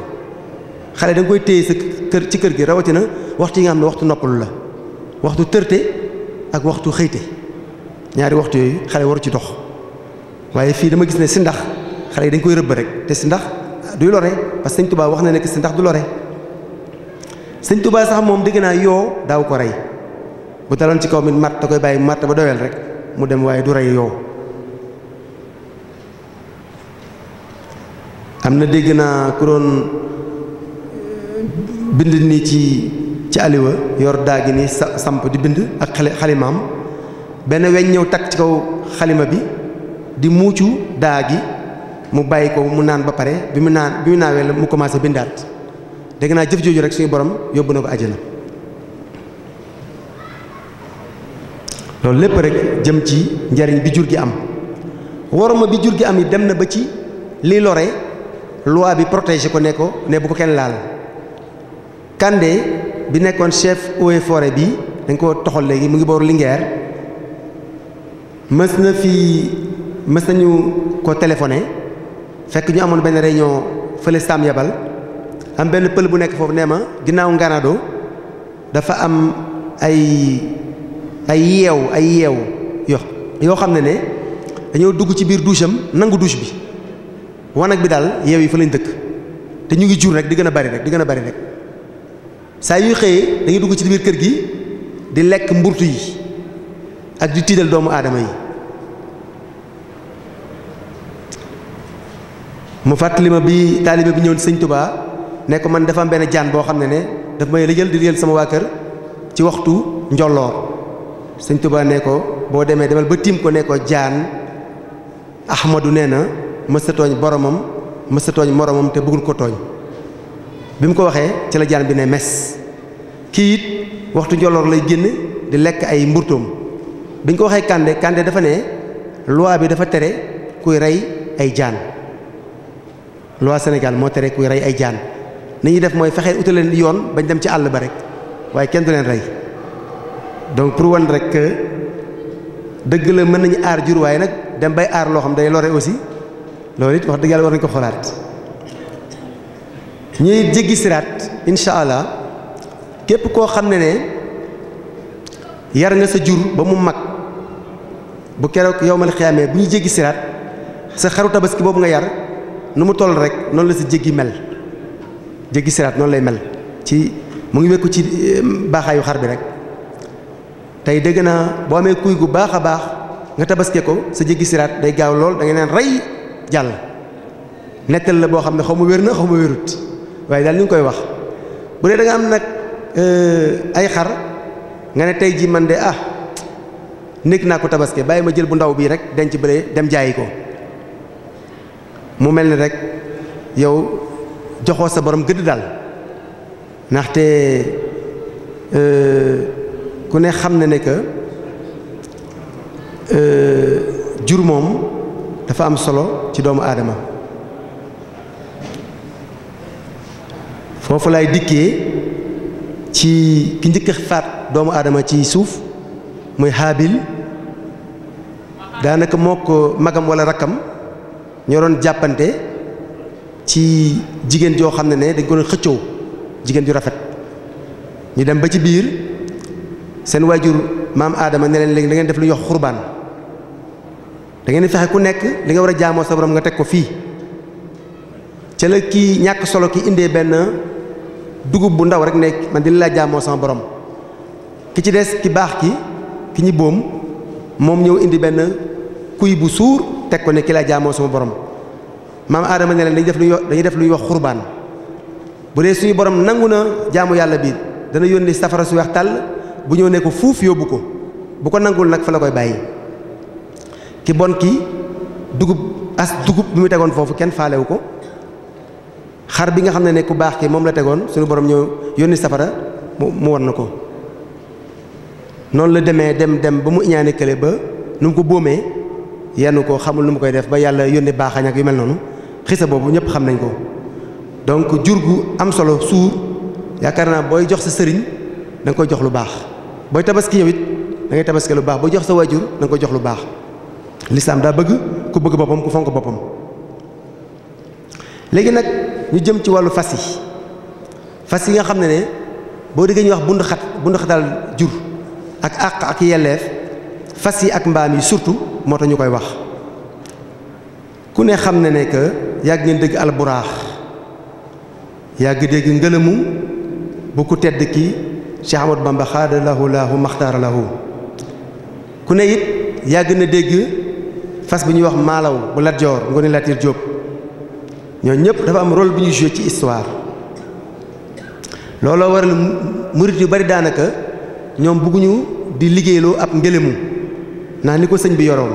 xale da koy téye sa kër ci kër gi rawatina waxtu yi nga xam ne waxtu la. waxtu tërte ak waxtu xëyte ñaari waxtu yooyu xale waru ci dox waaye fii dama gis ne sindax ndax xale yi dañ koy rëbb rek te si ndax duy lore parce que sëñ Touba wax na ne si ndax du lore sëñ Touba sax moom dégg naa yoo daaw ko rey bu daloon ci kaw mi matt da koy bàyyi matt ba doyal rek mu dem waaye du rey yoo am na dégg naa ku doon bind nii ci ci aliwa yor daa gi ni sa samp di bind ak xale xalimaam benn weñ ñëw takk ci kaw xalima bi di muucu daa gi mu bàyyi ko mu naan ba pare bi mu naan bi mu naawee la mu commencé bindaat dégg naa jëf jooju rek suñu borom yóbbu na ko àjjana loolu lépp rek jëm ci njariñ bi jur gi am waruma bi jur gi am yi dem na ba ci li lore loi bi protéger ko ne ko ne bu ko kenn laal kande bi nekkoon chef eaux et forêt bi dañ ko toxal léegi mu ngi booru Linguère mës na fi mës nañu ko téléphoné fekk ñu amoon benn réunion fële Sam Yabal am benn pël bu nekk foofu nee ma ginnaaw Ngaranado dafa am ay ay yeew ay yeew yo yoo xam ne ne dañoo dugg ci biir douche am nangu douche bi wanag bi daal yeew yi fa lañ dëkk te ñu ngi jur rek di gën a bari rek di gën a bari rek saa yuy xëyee dañuy dugg ci biir kër gi di lekk mburtu yi ak di tiital doomu aadama yi mu fàttali ma bi taalibe bi ñëw sëñ Tubaa ne ko man dafa am benn jaan boo xam ne ne daf may lëjal di lëjal sama waa kër ci waxtu njolloor sëñ Tubaa ne ko boo demee demal ba tiim ko ne ko jaan Ahmadu nee na mësa tooñ boromam mësa tooñ moromam te bëggul ko tooñ bi mu ko waxee ci la jaan bi ne mes kii it waxtu njoloor lay génn di lekk ay mburtoom bi ñu ko waxee Kande Kande dafa ne loi bi dafa tere kuy rey ay jaan loi Sénégal moo tere kuy rey ay jaan ni ñuy def mooy fexe uta leen yoon bañ dem ci àll ba rek waaye kenn du leen rey donc pour wan rek dëgg la mën nañu aar juruwaay nag dem bay aar loo xam day lore aussi loolu it wax dëgg war nañ ko xoolaat. ñuy jéggi siraat incha allah képp koo xam ne ne yar nga sa jur ba mu mag bu keroog yowmal xiyaamee bu ñu jéggi siraat sa xaru tabaski boobu nga yar nu mu toll rek noonu la si jéggi mel jéggi siraat noonu lay mel ci mu ngi wékku ci eh, baaxaayu xar bi rek tey dégg naa boo amee kuy gu baax a baax nga tabaske ko sa jéggi siraat day gaaw lool da nga neen rey jàll nettal la boo xam ne xaw ma wér na xaw ma wérut waaye daal ñu ngi koy wax bu dee da am nag euh, ay xar nga ne tey jii man de ah nekk naa ko tabaske bàyyi ma jël bu ndaw bii rek denc bële dem jaayi ko mu mel ni rek yow joxoo sa borom gëdd daal ndaxte euh, ku ne xam na ne que euh, jur moom dafa am solo ci doomu aadama foofu laay dikkee ci ki njëkk faat doomu aadama ci suuf muy Haabil daanaka moo ko magam wala rakkam ñoo doon jàppante ci jigéen joo xam ne ne dañ ko doon xëccoo jigéen ju rafet ñu dem ba ci biir seen waajur maam aadama ne leen léegi da ngeen def lu yox xurbaan dangeen ngeen fexe ku nekk li nga war a jaamoo sa borom nga teg ko fii ca la kii ñàkk solo ki indee benn dugub bu ndaw rek ne man di laa jaamoo sama borom ki ci des ki baax ki ki ñu bóom moom ñëw indi benn kuy bu suur teg ko ne ki laa jaamoo sama borom maam aadama ne leen def lu dañuy def lu ñuy wax xurbaan bu dee suñu borom nangu na jaamu yàlla bi dana yónni safara su weex tàll bu ñëw ne ko fuuf yóbbu ko bu ko nangul nag fa la koy bàyyi ki bon ki dugub as dugub bi mu tegoon foofu kenn faalewu ko xar bi nga xam ne ne ku baax ki moom la tegoon suñu borom ñoo yónni safara mu mu war na ko noonu la demee dem dem ba mu iñaane kële ba nu mu ko boomee yenn ko xamul nu mu koy def ba yàlla yónni baaxañ ak yu mel noonu sa boobu ñëpp xam nañ ko donc jur gu am solo suur yaakaar naa booy jox sa sëriñ da koy jox lu baax booy tabaski ñëw it da ngay tabaski lu baax booy jox sa waajur da nga koy jox lu baax lislaam daa bëgg ku bëgg boppam ku fonk boppam léegi nag ñu jëm ci wàllu fas yi fas yi nga xam ne ne boo déggee ñuy wax bund xat bund xatal jur ak àq ak yelleef fas yi ak mbaam yi surtout moo tax ñu koy wax ku ne xam ne ne yàgg ngeen dégg alburaax yàgg dégg ngëlëmu bu ku tedd ki Cheikh Ahmadou Bamba xaadalahu laahu maxtaara lahu ku ne it yàgg na dégg fas bi ñuy wax maalaw bu Lat Joor Ngoné Latyr Diop ñoo ñëpp dafa am rôle bu ñuy joué ci histoire looloo waral murit yu bari daanaka ñoom bëgguñu di liggéeyloo ab ngëlemu ndax ni ko sëñ bi yoroon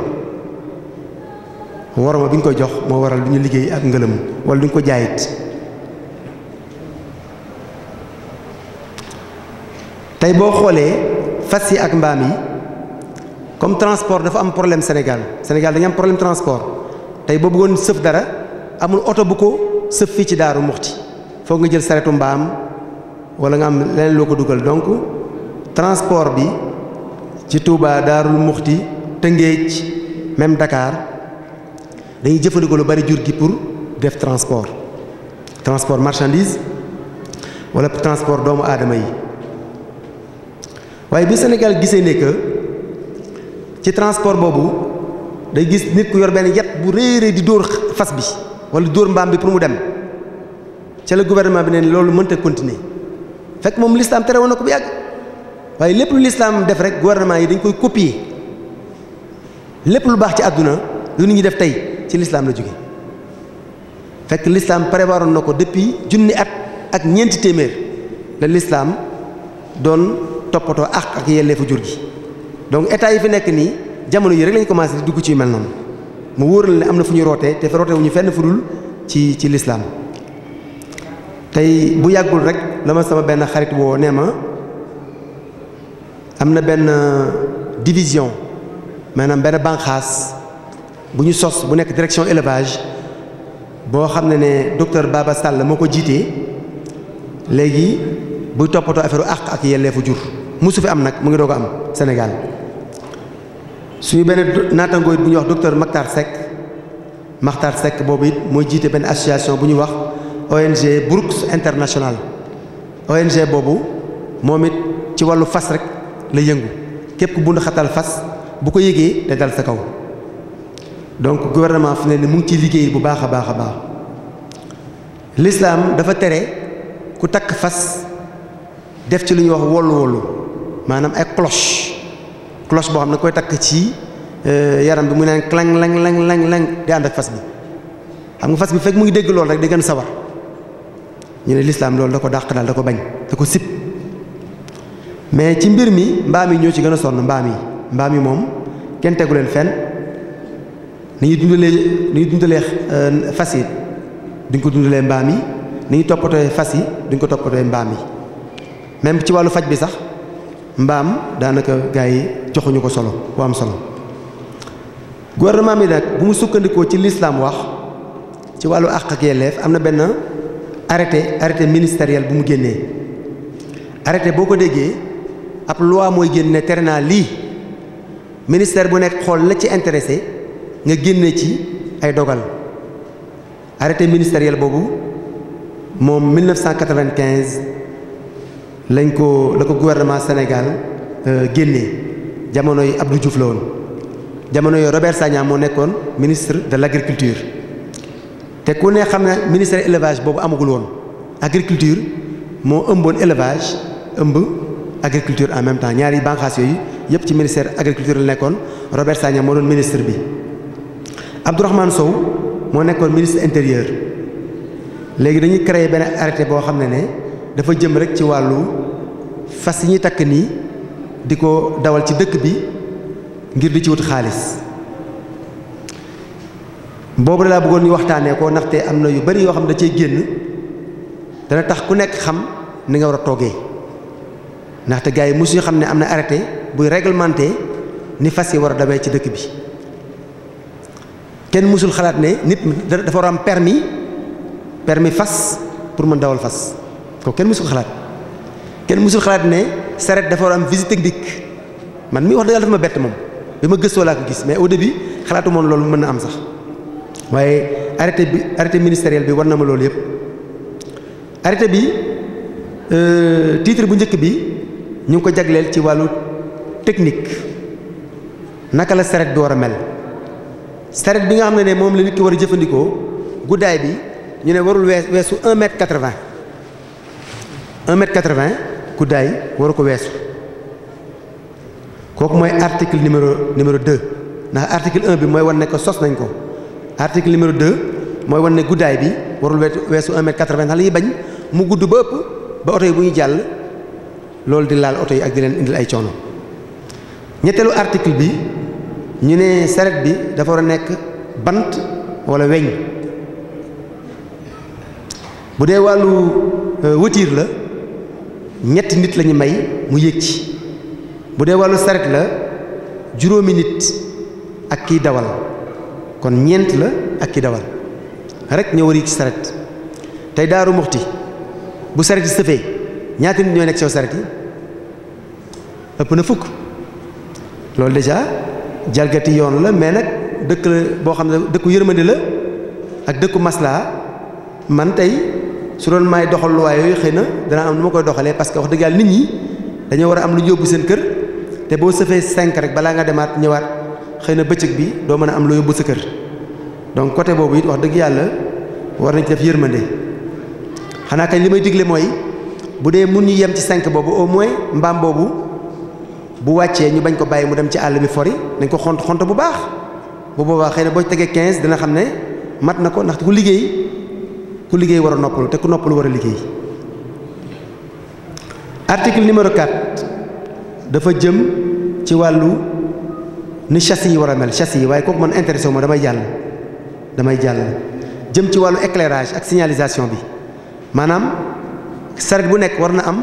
woroma bi ñu koy jox moo waral du ñu liggéey ab ngëlemu wala du ñu ko jaayit tey boo xoolee fas yi ak mbaam yi comme transport dafa am problème Sénégal Sénégal dañu am problème transport tey boo bëggoon sëf dara amul oto bu ko sëf fii ci daaru muxti foog nga jël saretu mbaam wala nga am leneen loo ko dugal donc transport bi ci Touba daarul muxti Tëngéej même dakaar dañuy jëfandikoo lu bari jur gi pour def transport transport marchandise wala transport doomu aadama yi waaye bi Sénégal gisee ne que ci transport boobu day gis nit ku yor yat bu réeré di dóor fas bi wala dóor mbaam bi pour mu dem ca la gouvernement bi neen loolu mënta continuer fekk moom l'islam tere woon na ko bu yàgg waaye lépp lu l'islam def rek gouvernement yi dañ koy copier lépp lu baax ci àdduna lu nit ñi def tey ci l'islam la jóge fekk l'islam prévoiroon na ko depuis junni at ak ñeenti téeméer la lislaam doon toppatoo àq ak yelleefu jur gi donc état yi fi nekk nii jamono yi rek lañ commencé di dugg ci yu mel noonu mu wóoral ne am na fu ñuy rootee te fa roote wu ñu fenn fudul ci ci lislaam tey bu yàggul rek dama sama benn xarit woo nee ma am na benn euh, division maanaam benn banqaas bu ñu sos bu nekk direction élevage boo xam ne ne docteur Baba Sall moo ko jiitee léegi buy toppatoo affaire u ak yelleefu jur musu fi am nag mu ngi doog a am Sénégal suñu benn naatangooy bu ñuy wax docteur Makhtar Seck Makhtar sekk boobu it mooy jiite benn association bu ñuy wax ONG Brooks International ONG boobu moom it ci wàllu fas rek la yëngu képp ku bund xatal fas bu ko yëgee te dal sa kaw donc gouvernement fi ne ni mu ngi ciy liggéey bu baax a baax a baax lislaam dafa tere ku takk fas def ci lu ñuy wax wollu wollu maanaam ay cloche cloche boo xam ne koy takk ci euh, yaram bi mu naan clang lang lang lang lang di ànd ak fas bi xam nga fas bi fekk mu ngi dégg loolu rek di gën sawar ñu ne lislaam loolu da ko dàq daal da ko bañ da ko sib mais ci mbir mi mbaam yi ñoo ci gën a sonn mbaam yi mbaam yi moom kenn tegu leen fenn ni ñuy dundalee ni ñuy dundalee euh, fas yi duñ ko dundalee mbaam yi ni ñuy toppatooyee fas yi duñ ko toppatooyee mbaam yi même ci wàllu faj bi sax mbaam daanaka gars yi joxuñu ko solo bu am solo gouvernement bi nag bu mu sukkandikoo ci lislaam wax ci wàllu àq ak yelleef am na benn arrêté arrêté ministériel bu mu génnee arrêté boo ko déggee ab loi mooy génne tere naa lii ministère bu nekk xool la ci intéressé nga génne ci ay dogal arrêté ministériel boobu moom 1995. lañ ko la ko gouvernement Sénégal euh, génne jamono yi Abdou Diouf la woon jamono yooyu Robert Sagna moo nekkoon ministre de l' agriculture te ku ne xam ne ministère élevage boobu amagul woon agriculture moo ëmboon élevage ëmb agriculture en même temps ñaari bànqaas yooyu yëpp ci ministère agriculture la nekkoon Robert Sagna moo doon ministre bi Abdourahmane Sow moo nekkoon ministre intérieur léegi dañuy créer benn arrêté boo xam ne ne dafa jëm rek ci wàllu fas yi ñuy takk nii di ko dawal ci dëkk bi ngir di ci wut xaalis boobu laa bëggoon ñu waxtaanee koo naxte am na yu bari yoo xam da cee génn dana tax ku nekk xam ni nga war a toogee ndaxte gars yi mosuñu xam ne am na arrêté buy réglementé ni fas yi war a dawee ci dëkk bi kenn mosul xalaat ne nit dafa war a am permi permi fas pour mën dawal fas ko kenn mësul xalaat kenn mësul xalaat ne saret dafa war am visite technique man mii wax dëgg yàlla dafa ma bett moom bi ma gëstoo laa ko gis mais au bi xalaatu moom loolu mën na am sax waaye arrêté bi arrêté ministériel bi war na ma loolu yëpp arrêté bi euh, titre bu njëkk bi ñu ngi ko jagleel ci wàllu technique naka la saret bi war a mel saret bi nga xam ne ne moom la nit ki war a jëfandikoo guddaay bi ñu ne warul wees weesu un mètre quatre-vingt un mètre quatre-vingt guddaay waru ko weesu kooku mooy article numéro numéro deux ndax article un bi mooy wan ne ko sos nañ ko article numéro deux mooy wan ne guddaay bi warul weesu un mètre quatre-vingt ndax la bañ mu gudd ba ëpp ba oto yi bu ñu jàll loolu di laal oto yi ak di leen indil ay coono ñetteelu article bi ñu ne saret bi dafa war a nekk bant walla weñ bu dee wàllu wëtiir euh, la ñetti nit lañu may mu yéeg ci bu dee wàllu saret la juróomi nit ak kiy dawal kon ñeent la ak kiy dawal rek ñoo war yéeg ci saret tey daaru muxti bu saret yi sëfee ñaata nit ñoo nekk ci saret yi ëpp na fukk loolu déjà jalgati yoon la mais nag dëkk la boo xam ne dëkku yërmande la ak dëkku maslaa man tey su doon maay doxal luwaay yooyu xëy na dana am nu ma koy doxalee parce que wax dëgg yàlla nit ñi dañoo war a am lu ñu yóbbu seen kër te boo sëfee cinq rek balaa nga demaat ñëwaat xëy na bëccëg bi doo mën a am lu yóbbu sa kër donc côté boobu it wax dëgg yàlla war nañ ci def yërmande xanaa kañ li may digle mooy bu dee mun ñu yem ci cinq boobu au moins mbaam boobu bu wàccee ñu bañ ko bàyyi mu dem ci àll bi fori dañ ko xont xont bu baax bu boobaa xëy na boo tegee quinze dina xam ne mat na ko ndax ku liggéey ku liggéey war a noppalu te ku noppalu war a liggéey article numéro 4 dafa jëm ci wàllu ni châssis yi war a mel châssis yi waaye kooku man intéressé wu ma damay jàll damay jàll jëm ci wàllu éclairage ak signalisation bi maanaam saret bu nekk war na am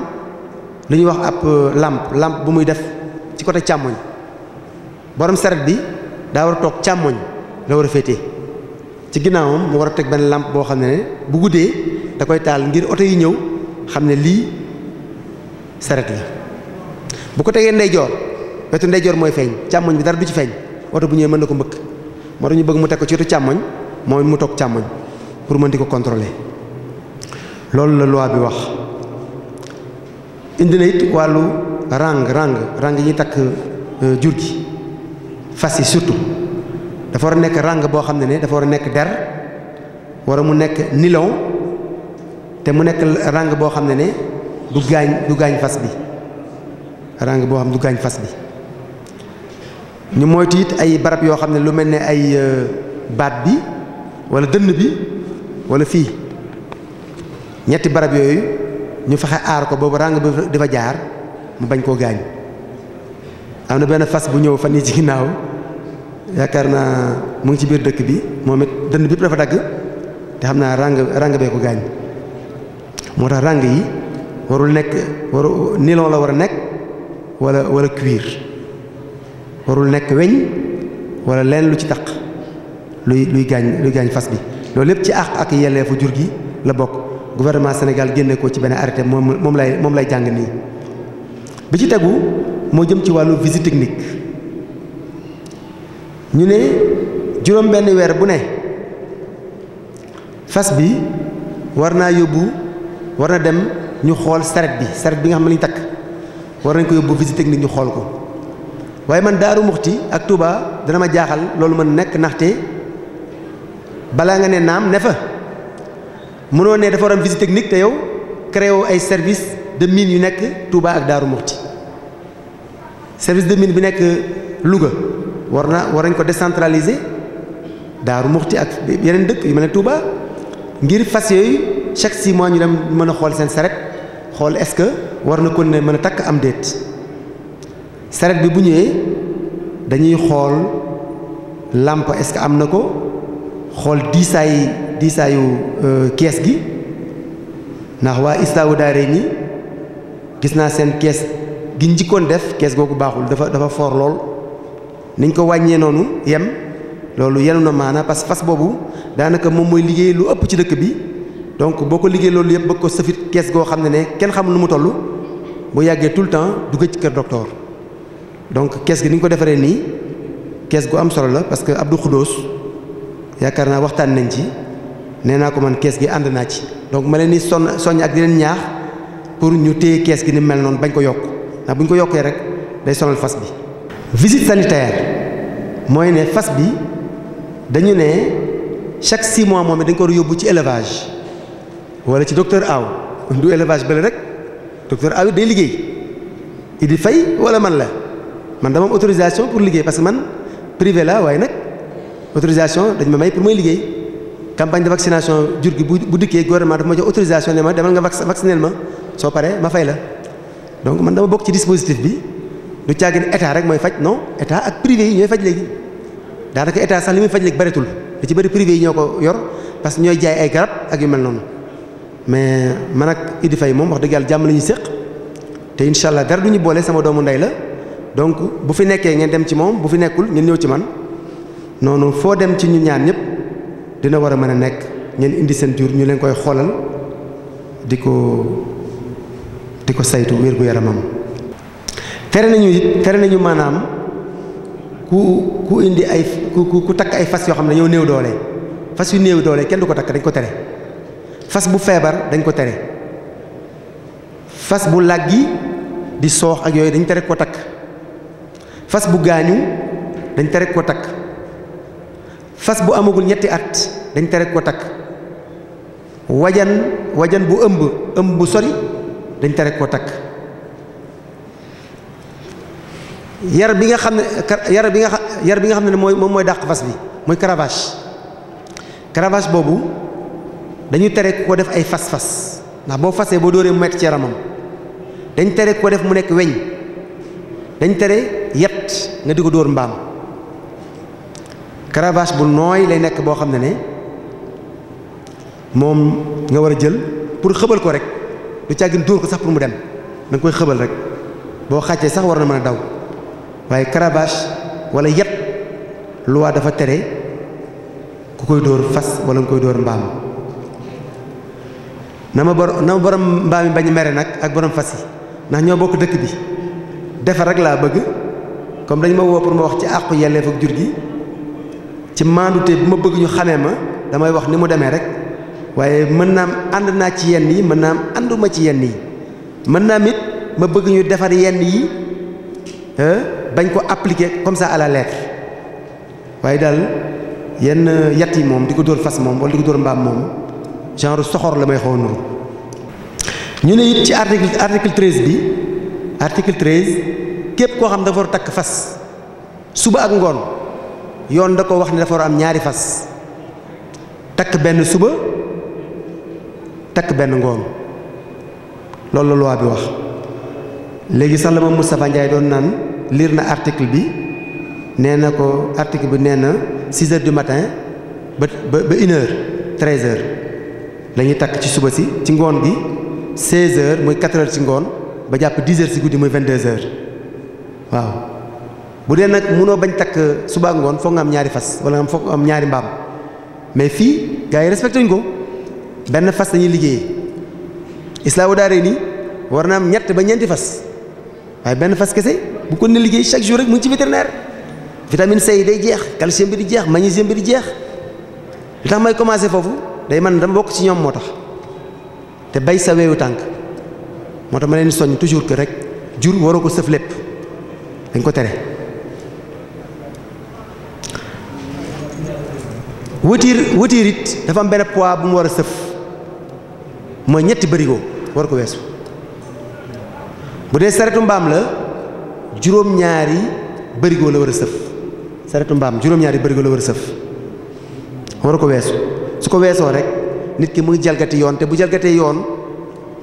lu ñuy wax ab euh, lampe làmp bu muy def ci côté càmmoñ borom saret bi daa war a toog càmmoñ la war a féetee ci ginnaawam mu war a teg benn làmp boo xam ne bu guddee da koy taal ngir oto yi ñëw xam ne lii saret la bu ko tegee ndeyjoor wetu ndeyjoor mooy feeñ càmmoñ bi dara du ci feeñ oto bu ñëwee mën na ko mbëkk moo tax ñu bëgg mu teg ko ci wetu càmmoñ mooy mu toog càmmoñ pour mën di ko contrôler loolu la loi bi wax indi na it wàllu ràng ràng rang yi ñuy takk euh, jur gi fas yi surtout dafa war a nekk ràng boo xam ne ne dafa war a nekk der wala mu nekk nilon te mu nekk ràng boo xam ne ne du gaañ du gaañ fas bi ràng boo xam du gaañ fas bi ñu moytu it ay barab yoo xam ne lu mel ne ay euh, baat bi walla dënn bi wala fii ñetti barab yooyu ñu fexe aar ko boobu ràng bi dafa jaar mu bañ koo gaañ am na benn fas bu ñëw fan yi ci ginnaaw yaakaar naa mu ngi ci biir dëkk bi moom it dënd bépp dafa dagg te xam naa ràng ràng bee ko gaañ moo tax ràng yi warul nekk waru nilon la war a nekk wala wala cuir warul nekk weñ wala leen lu ci taq luy luy gaañ luy gaañ fas bi loolu lépp ci àq ak yelleefu jur gi la bokk gouvernement Sénégal génne ko ci benn arrêté moom moom lay moom lay jàng nii bi ci tegu moo jëm ci wàllu visite technique ñu ne juróom benn weer bu ne fas bi war naa yóbbu war na dem ñu xool saret bi saret bi nga xam ne lañu takk war nañ ko yóbbu visite technique ñu xool ko waaye man Daaru Muxti ak Touba dana ma jaaxal loolu mën nekk ndaxte balaa nga ne naam ne fa mënoo ne dafa war am visite technique te yow créé ay service de yu nekk Touba ak Daaru Muxti service de mine bi nekk Louga war na war nañ ko décentraliser Daaru Muxti ak yeneen dëkk yu mel ne Touba ngir fas yooyu chaque six mois ñu dem mën a xool seen saret xool est-ce que war na kon ne mën a takk am déet saret bi bu ñëwee dañuy xool làmp est-ce que am na ko xool diisaay diisaayu euh, kees gi ndax waa islaawu daare nii gis naa seen kees gi njëkkoon def kees googu baaxul dafa dafa foor lool niñ ko wàññee noonu yem loolu yenu na maana parce que fas boobu daanaka moom mooy liggéey lu ëpp ci dëkk bi donc boo ko liggéey loolu yëpp bëgg ko sëfit kees goo xam ne ne kenn xamul nu mu tollu bu yàggee tout le temps dugg ci kër docteur donc kees gi ni ko defaree nii kees gu am solo la parce que Abdou Khoudous yaakaar naa waxtaan nañ ci nee naa ko man kees gi ànd naa ci donc ma leen ni sonn soññ ak di leen ñaax pour ñu téye kees gi ni mel noonu bañ ko yokk ndax bu ñu ko yokkee rek day sonal fas bi visite sanitaire mooy ne fas bi dañu ne chaque six mois moom dañ ko war a yóbbu ci élevage wala ci docteur Aw du élevage bële rek docteur Aw day liggéey i di fay wala man la man dama am autorisation pour liggéey parce que man privé la waaye nag autorisation dañ ma may pour may liggéey campagne de vaccination jur gi bu bu dikkee gouvernement dafa ma jox autorisation ne ma demal nga vacciner ma soo paree ma fay la donc man dama bokk ci dispositif bi. du caagin état rek mooy faj non état ak privé yi ñooy faj léegi daanaka état sax li muy faj léegi bëreetul li ci bëri privé yi ñoo ko yor parce que ñooy jaay ay garab ak yu mel noonu mais man ak indi fay moom wax dëgg jàmm la ñu séq te incha allah dara du ñu boole sama doomu ndey la donc bu fi nekkee ngeen dem ci moom bu fi nekkul ngeen ñëw ci man noonu foo dem ci ñu ñaan ñëpp dina war a mën a nekk ngeen indi seen jur ñu leen koy xoolal di ko di ko saytu wér yaramam. tere nañu it tere nañu maanaam ku ku indi ay ku ku takk ay fas yoo xam ne yow néew doole fas yu néew doole kenn du ko takk dañ ko tere fas bu feebar dañ ko tere fas bu làggi di soox ak yooyu dañ tere ko takk fas bu gaañu dañ tere ko takk fas bu amagul ñetti at dañ tere ko takk wajan wajan bu ëmb ëmb bu sori dañ tere ko takk yar bi nga xam ne yar bi nga xam yar bi nga xam ne mooy moom mooy dàq fas bi mooy caravage caravage boobu dañu tere ku ko def ay fas-fas ndax boo fasee boo dóoree mu metti ci yaramam dañ tere ku ko def mu nekk weñ dañ tere yet nga di ko dóor mbaam caravage bu nooy lay nekk boo xam ne ne moom nga war a jël pour xëbal ko rek du càggin dóor ko sax pour mu dem da koy xëbal rek boo xàccee sax war na mën a daw waaye cravage wala yet loi dafa tere ku koy dóor fas wala nga koy dóor mbaam na ma bor na ma borom mbaam yi bañ mere nag ak borom fas yi ndax ñoo bokk dëkk bi defar rek laa bëgg comme dañ ma woo pour ma wax ci àqu yelleef ak jur gi ci maandute bi ma bëgg ñu xamee ma damay wax ni mu demee rek waaye mën naa am ànd naa ci yenn yi mën naa am ànduma ci yenn yi mën naa am it ma bëgg defar yenn yi bañ ko appliquer comme ça à la lettre waaye daal yenn yat yi moom di ko dóor fas moom wala di ko dóor mbaam moom genre soxor la may xaw nuru ñu ne it ci article article bi article képp koo xam dafa war takk fas suba ak ngoon yoon da ko wax ne dafa war am ñaari fas takk benn suba takk benn ngoon loolu la bi wax léegi sax la ma Moustapha Ndiaye doon naan liir na article bi nee na ko article bi nee na 6 heures du matin ba ba ba une heure lañuy takk ci suba si ci ngoon gi 16 heures muy 4 heures ci ngoon ba jàpp 10 heures ci guddi muy 22 waaw bu dee nag munoo bañ takk suba ak ngoon foog nga am ñaari fas wala foog nga am ñaari mbaam mais fii gars yi respecté wuñ ko benn fas lañuy dañuy liggéeyee islaamu daare nii war na am ñett ba ñeenti fas waaye benn fas kese. bu ko ne liggéey chaque jour rek mu ngi ci vétérinaire vitamine C yi day jeex calcium bi di jeex magnésium bi di jeex li tax may commencer foofu day man dama bokk ci ñoom moo tax te bay sa weewu tànk moo tax ma leen soññ toujours que rek jur waroo ko sëf lépp dañ ko tere wëtiir wëtiir it dafa am benn bu mu war a sëf mooy ñetti bërigo war ko weesu bu dee saretu mbaam la juróom-ñaari bërigoo la war a sëf saretu mbaam juróom-ñaari bërigoo la war a sëf war ko weesu su ko weesoo rek nit ki mu ngi jalgati yoon te bu jalgatee yoon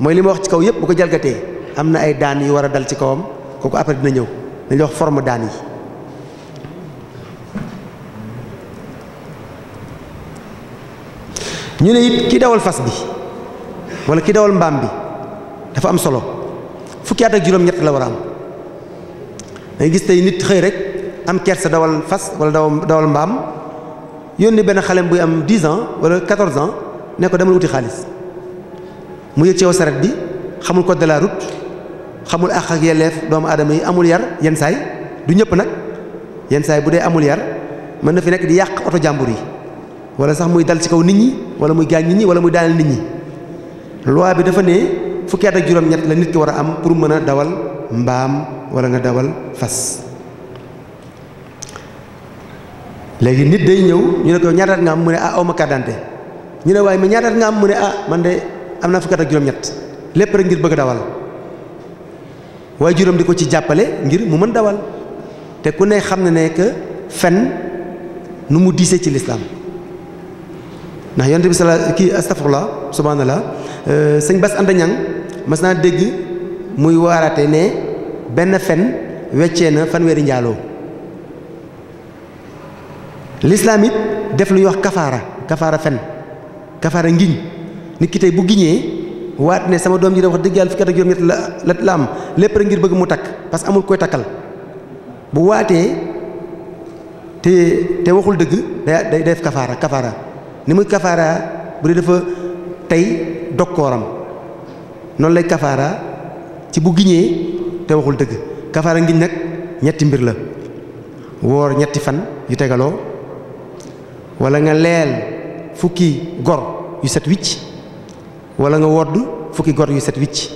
mooy li ma wax ci kaw yépp bu ko jalgatee am na ay daan yu war a dal ci kawam kooku après dina ñëw dañuy wax forme daan ñu ne it ki dawal fas bi wala ki dawal mbaam bi dafa am solo fukki at juróom-ñett la war a am dangay gis tey nit xëy rek am sa dawal fas wala dawal mbaam yónni benn xalem buy am 10 ans walla 14 ans ne ko demal wuti xaalis mu yëg ci yow saret bi xamul ko de xamul àq ak yelleef doomu aadama yi amul yar yenn saay du ñëpp nag yenn saay bu dee amul yar mën na fi nekk di yàq oto jàmbur yi wala sax muy dal ci kaw nit ñi wala muy gaañ nit ñi wala muy daaneel nit ñi loi bi dafa ne fukki at ak juróom-ñett la nit ki war a am pour mën a dawal mbaam. wala nga dawal fas léegi nit day ñëw ñu ne ko ñaataat nga am mu ne ah awma kàddante ñu ne waaye mais ñaataat nga am mu ne ah man de am naa fukki at ak juróom-ñett lépp rek ngir bëgg dawal waaye juróom di ko ci jàppale ngir mu mën dawal te ku ne xam na ne que fen nu mu diise ci lislaam ndax yonent bi sala kii astafurlah subhanallah euh, sëñ Bas Anda Ñang mas naa dégg muy waaraate ne benn fen weccee na fanweeri njaaloo lislaam it def luy wax kafaara kafaara fen kafaara ngiñ nit ki tey bu giñee waat ne sama doom ji da wax dëgg yàlla ak juróom-ñett la la la am lépp ngir bëgg mu takk parce que amul koy takkal bu waatee te te waxul dëgg day def kafaara kafaara ni muy kafaara bu dee dafa tey dokkooram noonu lay kafaara ci bu giñee te waxul dëgg kafaara ngi nag ñetti mbir la woor ñetti fan yu tegaloo walla nga leel fukki gor yu set wicc walla nga wodd fukki gor yu set wicc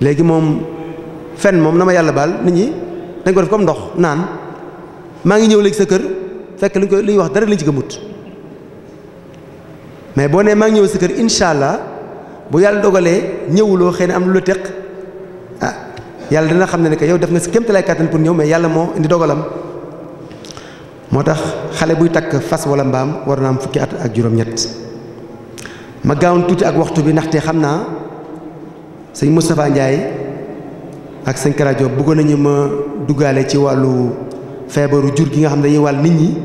léegi moom fen moom na ma yàlla baal nit ñi dañ ko def comme ndox naan maa ngi ñëw léegi sa kër fekk li ko li ñuy wax dara lañ ci gëmut mais boo nee maa ngi ñëw sa kër incha allah bu yàlla dogalee ñëwuloo xëy na am lu la teq ah yàlla dina xam ne ne que yow def nga si kéemtalaay kàttan pour ñëw mais yàlla moo indi dogalam moo tax xale buy takk fas walla mbaam war na am fukki at ak juróom-ñett ma gaawoon tuuti ak waxtu bi ndaxte xam naa sëñ Moustapha njaay ak sëñ Kara Diop bëggoon nañu ma duggaale ci wàllu feebaru jur gi nga xam ne dañuy wàll nit ñi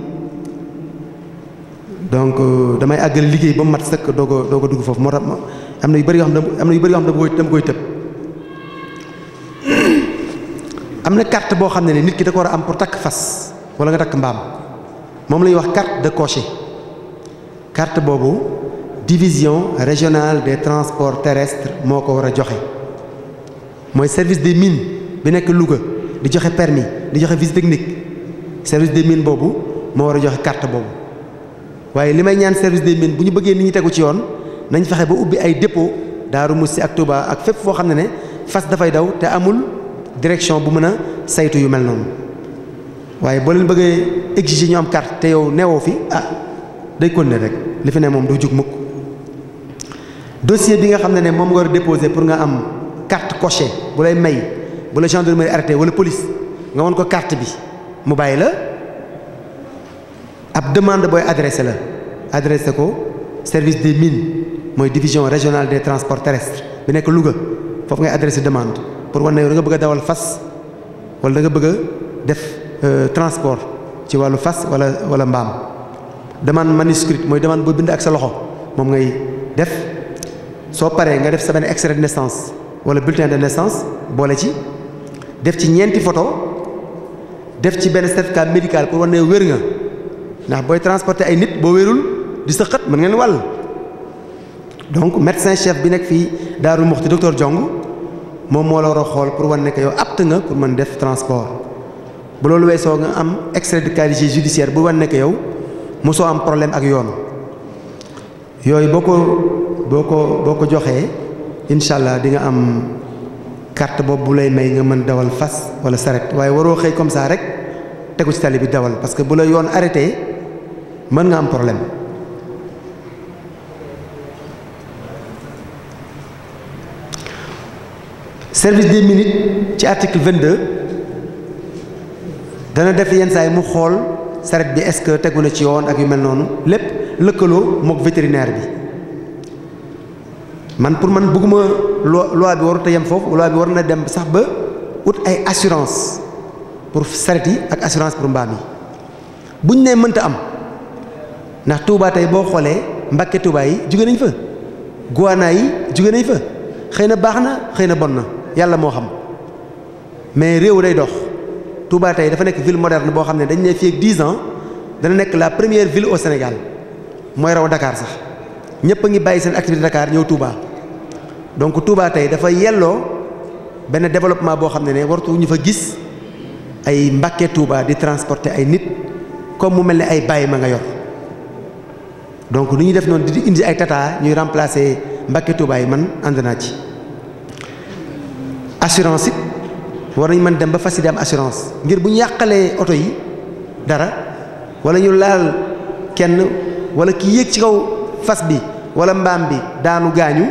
donc euh, damay àggale liggéey ba mu mat sëkk doo ko dugg foofu moo tax am na yu bëri yoo xam ne am na yu bëri yoo xam ne koy tëb. am na carte boo xam ne nit ki da ko war a am pour takk fas wala nga takk mbaam moom la wax carte de cocher carte boobu division régionale des transport terrestres moo ko war a joxe mooy service des mines bi nekk Louga di joxe permis di joxe visite technique service de mines boobu moo war a joxe carte boobu waaye li may ñaan service de mines bu ñu bëggee nit ñi tegu ci yoon nañ fexe ba ubbi ay dépo Daaru Musi ak Touba ak fépp foo xam ne ne fas dafay daw te amul direction bu mën a saytu yu mel noonu waaye boo leen bëggee exiger ñu am carte te yow neewoo fi ah day continuer rek li fi ne moom du jug mukk dossier bi nga xam ne ne moom nga war a déposer pour nga am carte cochée bu lay may bu la gendarmerie arrêté wala police nga won ko carte bi mu bàyyi la ab demande booy adressé la adressé ko service des mines mooy division régionale des transport terrestres bi nekk Louga foofu ngay adressé demande pour wane ne da nga bëgg dawal fas wala da nga bëgg a def euh, transport ci wàllu fas wala wala mbaam demande manuscrite mooy demande boo bind ak sa loxo moom ngay def soo paree nga def sa benn extrait de naissance wala bulletin de naissance boole ci def ci ñeenti photo def ci benn certificat médical pour wane ne wér nga ndax booy transporter ay nit boo wérul di sa xët mën ne wàll donc médecin chef bi nekk fii Daaru Muxti docteur Jong moom moo la war a xool pour wan ne que yow nga pour mën def transport bu loolu weesoo nga am extrait de casier judiciaire bu wan ne que yow mosoo am problème ak yoonu yooyu boo ko boo ko boo ko joxee incha allah di nga am carte boobu bu lay may nga mën dawal fas wala saret waaye waroo xëy comme ça rek tegu ci tali bi dawal parce que bu la yoon arrêté mën nga am problème. service des minutes ci article 22 dana def yenn saa mu xool saret bi est-ce que tegu na ci yoon ak yu mel noonu lépp lëkkaloo mook vétérinaire bi man pour man bëgguma loi loi bi warut a yem foofu loi bi war na dem sax ba ut ay assurance pour saret yi ak assurance pour mbaam yi bu ñu nee mënta am ndax Touba tey boo xoolee Mbàkke Touba yi jóge nañ fa Guana yi jóge nañ fa xëy na baax na xëy na bon na yàlla moo xam mais réew day dox Touba tey dafa nekk ville moderne boo xam ne dañu ne fii ak 10 ans dana nekk la première ville au Sénégal mooy raw dakaar sax ñëpp a ngi bàyyi seen activité Dakar ñëw Touba donc Touba tey dafa yelloo benn développement boo xam ne ne wartu ñu fa gis ay Mbàkke Touba di transporter ay nit comme mu mel ni ay bàyyi ma nga yor donc lu ñuy def noonu di indi ay tata ñuy remplacer Mbàkke Touba yi man ànd naa ci assurance it war nañ mën dem ba fas yi di am assurance ngir bu ñu yàqalee oto yi dara wala ñu laal kenn wala ki yéeg ci kaw fas bi wala mbaam bi daanu gaañu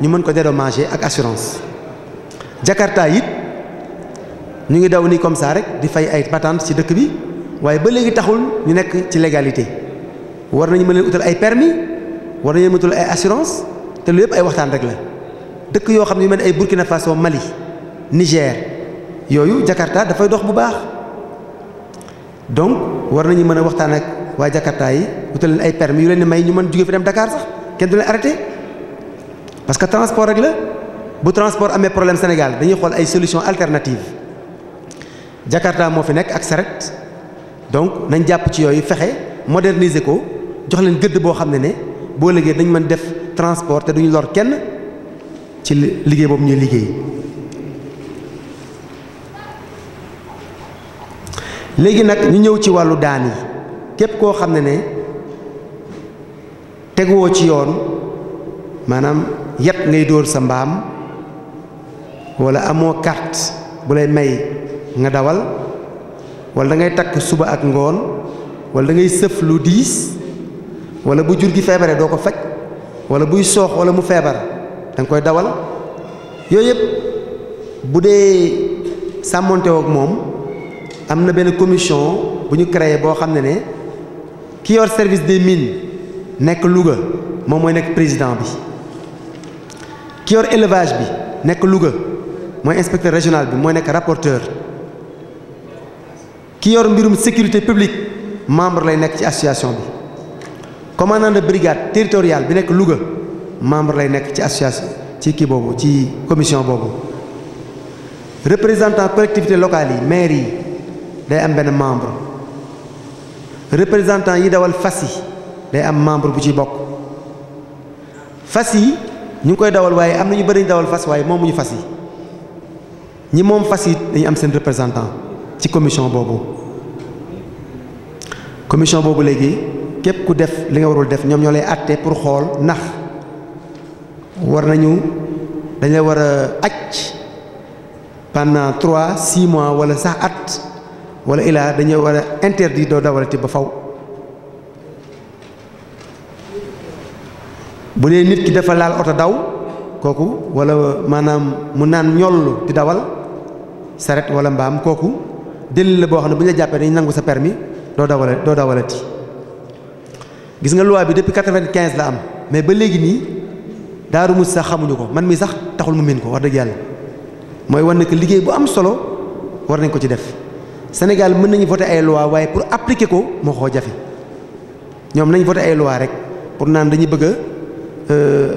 ñu mën ko dédommager ak assurance Jakarta it ñu ngi daw nii comme saa rek di fay ay patente ci dëkk bi waaye ba léegi taxul ñu nekk ci légalité war nañu mën leen utal ay permis war nañu mën utal ay assurance te lu yëpp ay waxtaan rek la dëkk yoo xam ne yu mel ay Burkina Faso Mali Niger yooyu Jakarta dafay dox bu baax donc war nañu mën a waxtaan ak waaye Jakarta yi wutal ay permis yu leen may ñu mën jóge fi dem Dakar sax kenn du leen arrêté parce que transport rek la bu transport amee problème Sénégal dañu xool ay solution alternative Jakarta moo fi nekk ak saret donc nañ jàpp ci yooyu fexe moderniser ko jox leen gëdd boo xam ne ne boo liggéey dañ mën def transport te duñu lor kenn ci liggéey boobu ñuy liggéey léegi nag ñu ñëw ci wàllu daan yi képp koo xam ne ne teguwoo ci yoon maanaam yat ngay dóor sa mbaam wala amoo carte bu lay may nga dawal wala dangay takk suba ak ngoon walla dangay ngay sëf lu diis wala bu jur gi feebaree doo ko faj wala buy soox wala mu feebar da nga koy dawal yooyu yëpp bu dee sàmmonte ak moom am na benn commission bu ñu créé boo xam ne ne ki yor service des mines nekk Louga moom mooy nekk président bi ki yor élevage bi nekk Louga mooy inspecteur régional bi mooy nekk rapporteur ki yor mbirum sécurité publique membre lay nekk ci association bi commandant de brigade territoriale bi nekk Louga membre lay nekk ci association ci kii boobu ci commission boobu représentant collectivité locale yi maire day am benn membre représentant yi dawal fas yi day am membre bu ci bokk fas yi ñu ngi koy dawal waaye am na ñu bëri dawal fas waaye moom mu ñu fas yi ñi moom fas yi dañu am seen représentant ci commission boobu commission boobu léegi képp ku def li nga warul def ñoom ñoo lay àtte pour xool ndax war nañu dañ lay war a aj pendant trois six mois wala sax at wala ilaa dañoo war a interdit doo dawalati ba faw bu dee nit ki dafa laal oto daw kooku wala maanaam mu naan ñoll di dawal saret wala mbaam kooku déllu la boo xam ne bu ñu la jàppee dañu nangu sa permis doo dawal doo dawalati gis nga loi bi depuis quatre vingt la am mais ba léegi nii Daaru Musti sax xamuñu ko man mii sax taxul mu miin ko wax dëgg yàlla mooy wan ne liggéey bu am solo war nañ ko ci def. Sénégal mën nañu voté ay loi waaye pour appliquer ko moo xoo jafe ñoom nañ voté ay loi rek pour naan dañuy bëgg a euh,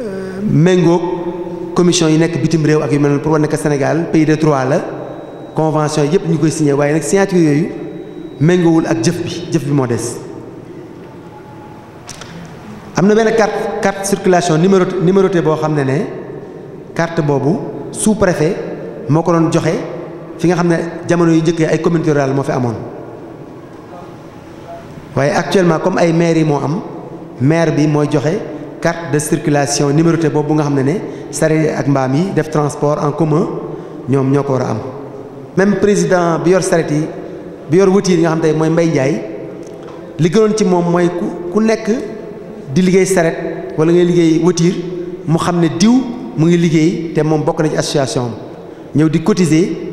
euh, méngoog commission yi nekk bitim réew ak yu mel pour wane nekk Sénégal pays de droit la convention yëpp ñu koy signé waaye nag signature yooyu méngoowul ak jëf bi jëf bi moo des. am na benn carte carte circulation numéro numéroté boo xam ne ne carte boobu sous-préfet moo ko doon joxe. fi nga xam ne jamono yu njëkkee ay communauté rurale moo fi amoon waaye actuellement comme ay maire yi moo am maire bi mooy joxe carte de circulation numéroté boobu nga xam ne ne sari ak mbaam yi def transport en commun ñoom ñoo ko war a am même président bi yor saret yi bi yor wuti yi nga xam tey mooy mbay Ndiaye li gënoon ci moom mooy ku ku nekk di liggéey saret wala ngay liggéey watiir mu xam ne diw mu ngi liggéey te moom bokk na ci association di cotiser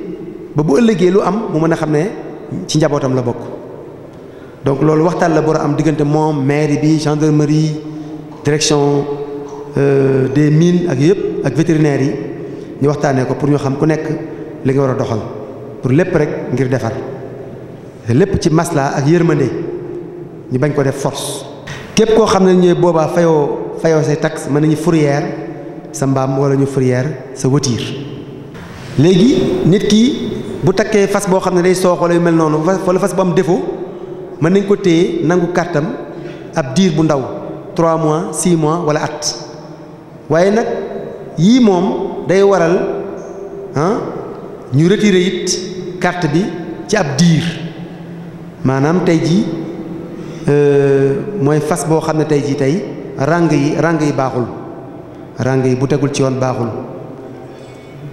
ba bu ëllëgee lu am mu mën a xam ne ci njabootam la bokk donc loolu waxtaan la bor a am diggante moom maire bi gendarmerie direction euh, des mines ak yëpp ak vétérinaire yi ñu waxtaanee ko pour ñu xam ku nekk li nga war a doxal pour lépp rek ngir defar lépp ci maslaa ak yërmande ñu bañ ko def force. képp koo xam ne ñooy boobaa fayoo fayoo say taxe mën nañu fourrière sa mbaam wala ñu fourrière sa voiture léegi nit ki bu takkee fas boo xam ne day soox wala yu mel noonu wala fas bu am défaut mën nañ ko téye nangu kàttam ab diir bu ndaw 3 mois 6 mois wala at waaye nag yii moom day waral ah ñu retiré it carte bi ci ab diir maanaam tey jii euh, mooy fas boo xam ne tey jii tey ràng yi ràng yi baaxul ràng yi bu tegul ci yoon baaxul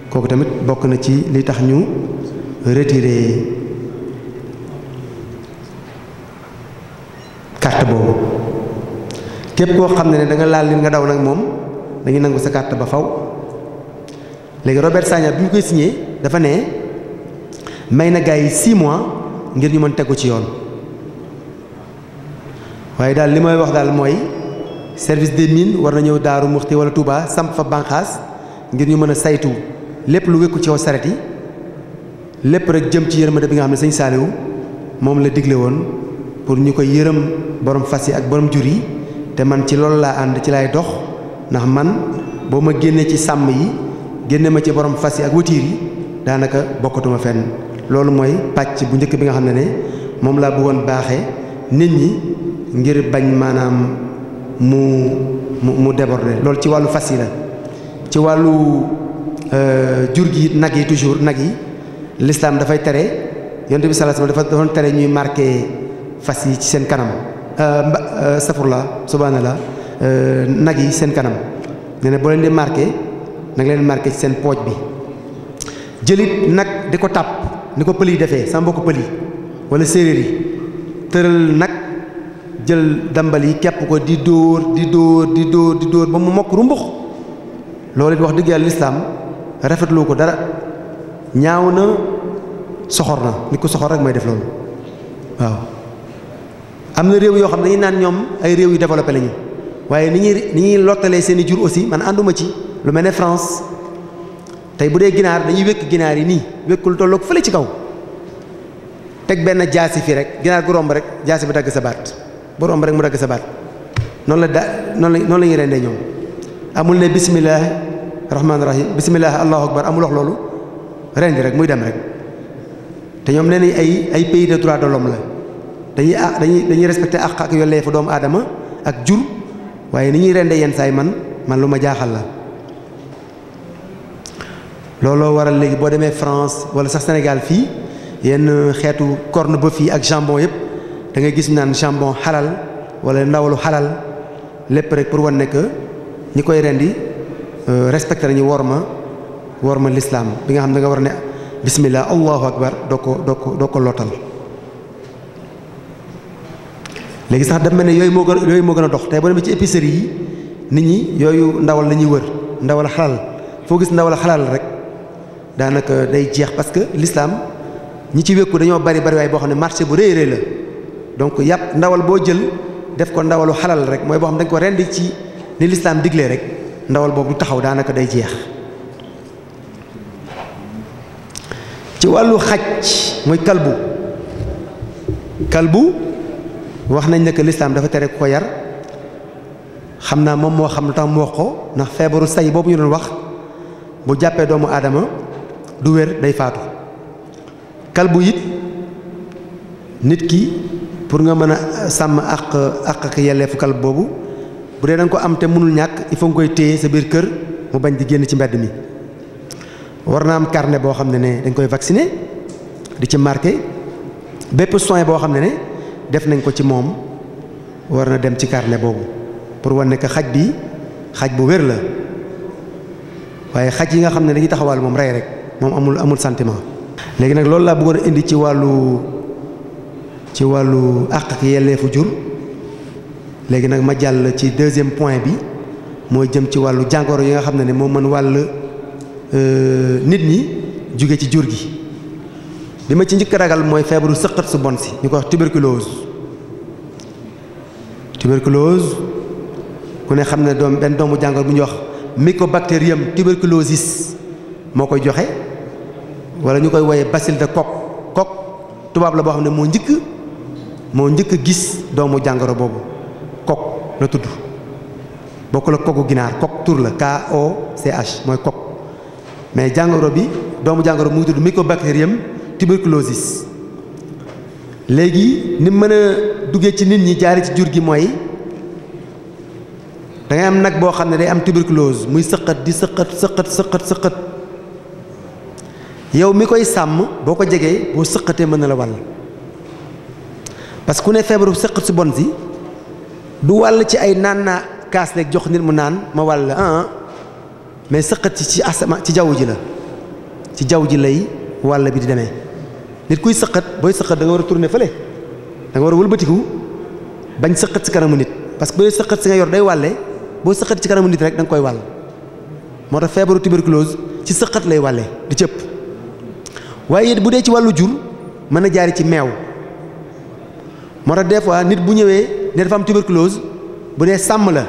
kooku tamit bokk na ci li tax ñu retirer carte boobu képp koo xam ne ne danga laal nit nga daw nag moom dañuy nangu sa carte ba faw léegi Robert Sagna bi ñu koy signé dafa ne may na gars yi 6 mois ngir ñu mën tegu ci yoon waaye daal li may wax daal mooy service de mines war na ñëw Daaru Muxti wala Touba samp fa banqaas ngir ñu mën a saytu lépp lu wékku ci yow saret yi lépp rek jëm ci yërmande bi nga xam ne sëñ Saaliwu moom la digle woon pour ñu ko yërëm borom fas yi ak borom jur yi te man ci loolu laa ànd ci laay dox ndax man boo ma génnee ci sàmm yi génne ma ci borom fas yi ak watiir yi daanaka bokkatuma fenn loolu mooy pàcc bu njëkk bi nga xam ne ne moom laa bëggoon baaxee nit ñi ngir bañ maanaam mu mu mu déborder loolu ci wàllu fas yi la ci wàllu euh, jur gi nag yi toujours nag yi l'islam dafay tere yonent bi sallallahu alayhi dafa doon tere ñuy marqué fas yi ci seen kanam euh, euh, safurla subhanallah euh, nag yi seen kanam nee na boo leen di marqué nag leen marqué ci seen pooj bi jëlit nag di ko tàpp ni ko pël yi defee sama mbokk pël yi wala séeréer yi tëral nag jël dambal yi képp ko di dóor di dóor di dóor ba mu mokk rumbux loolu di wax dëgg yàlla lislaam rafetlu ko dara ñaaw na soxor na nit ku soxor rek mooy def loolu waaw am na réew yoo xam ne dañuy naan ñoom ay réew yu développé lañu waaye ni ñuy ni ñuy lottalee seen i jur aussi man ànduma ci lu mel ne France tey bu dee ginaar dañuy wékk ginaar yi nii wékkul lu tolloog fële ci kaw teg benn jaasi fii rek ginaar gu romb rek jaasi bu dagg sa baat borom romb rek mu dagg sa baat noonu la da noonu la noonu la ñuy rendee ñoom amul ne bisimilah rahmaani rahim bisimilah allahu akbar amul loolu. rendi rek muy dem rek te ñoom nee ay ay pays de droit de la dañuy ah dañuy dañuy respecté àq ak yelleefu doomu aadama ak jur waaye ni ñuy rende yenn saay man man lu ma jaaxal la looloo waral léegi boo demee France wala sax Sénégal fii yenn xeetu corne ba fii ak jambon yëpp da ngay gis naan jambon xalal wala ndawalu xalal lépp rek pour wan ne ñi koy rendi euh, respecté nañu ma war ma lislaam bi nga xam da nga war ne bismillah allahu akbar doo ko doo ko doo ko lootal léegi sax dafa mel ne yooyu moo gën moo gën a dox tey boo demee ci épicerie yi nit ñi yooyu ndawal la ñuy wër ndawal xalal foo gis ndawal xalal rek daanaka day jeex parce que l'islam ñi ci wékku dañoo bari bari waaye boo xam ne marché bu rëy rëy la donc yàpp ndawal boo jël def ko ndawalu xalal rek mooy boo xam dañ ko rendi ci ni l'islam diglee rek ndawal boobu taxaw daanaka day jeex ci wàllu xaj mooy kalbu kalbu wax nañ ne que lislaam dafa tere ku ko yar xam naa moom moo xam lu tax mu wax ko ndax feebaru say boobu ñu doon wax bu jàppee doomu aadama du wér day faatu kalbu it nit ki pour nga mën a sàmm ak àq ak yelleefu kalbu boobu bu dee da ko am te mënul ñàkk il faut nga koy téye sa biir kër mu bañ di génn ci mbedd mi war na am carnet boo xam ne ne dañ koy vacciner di ci marqué bépp soin boo xam ne ne def nañ ko ci moom war na dem ci carnet boobu pour wane que xaj bi xaj bu wér la waaye xaj yi nga xam ne dañuy taxawal moom rey rek moom amul amul sentiment. léegi nag loolu laa bëggoon a indi ci wàllu ci wàllu àq ak yelleefu jur léegi nag ma jàll ci deuxième point bi mooy jëm ci wàllu jàngoro yi nga xam ne ne moo mën wàll. Euh, nit ñi jóge ci jur gi bi ma ci njëkk ragal mooy feebaru sëqat su bon si ñu ko wax tuberculose tuberculose ku ne xam ne doom benn doomu jàngoro bu ñuy wax mycobacterium tuberculosis moo koy joxe walla ñu koy woyee bacille de coq coq tubaab la boo xam ne moo njëkk moo njëkk a gis doomu jàngoro boobu coq la tudd bokk la koku ginaar coq tur la K O C mooy coq mais jàngoro bi doomu jàngoro mu ngi tudd mycobacterium tuberculosis léegi ni mën a duggee ci nit ñi jaare ci jur gi mooy dangay am nag boo xam ne day am tuberculose muy sëqat di sëqat sëqat sëqat sëqat yow mi koy sàmm boo ko jegee boo sëqatee mën na la wàll parce que ku ne feebaru sëqat su bon si du wàll ci ay naan naa kaas leeg jox nit mu naan ma wàll ah mais sëqat ci asama ci jaww ji la ci jaww ji lay wàll bi di demee nit kuy sëqat booy sëqat da nga war a tourner fële da war a wëlbatiku bañ sëqat ci kanamu nit parce que booy sëqat si nga yor day wàlle boo sëqat ci kanamu nit rek danga koy wàll moo tax feebaru tuberculose ci sëqat lay wàlle di cëpp waaye bu dee ci wàllu jur mën a jaari ci meew moo tax des fois nit bu ñëwee ne dafa am tuberculose bu dee sàmm la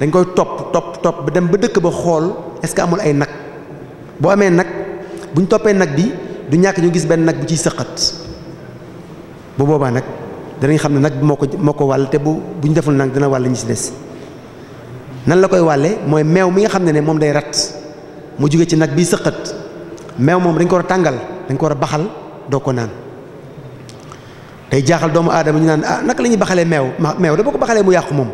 dañ koy topp topp topp ba dem ba dëkk ba xool est-ce que amul ay nag boo amee nag bu ñu toppee nag bi du ñàkk ñu gis benn nag bu ciy sëqat bu boobaa nag danañ xam ne nag moo ko moo ko wàll te bu bu ñu deful nag dina wàll ñi si des nan la koy wàlle mooy meew mi nga xam ne ne moom day rat mu jóge ci nag bi sëqat meew moom dañ ko war a tàngal dañ ko war a baxal doo ko naan day jaaxal doomu aadama ñu naan ah naka la ñuy baxalee meew meew da boo ko baxalee mu yàqu moom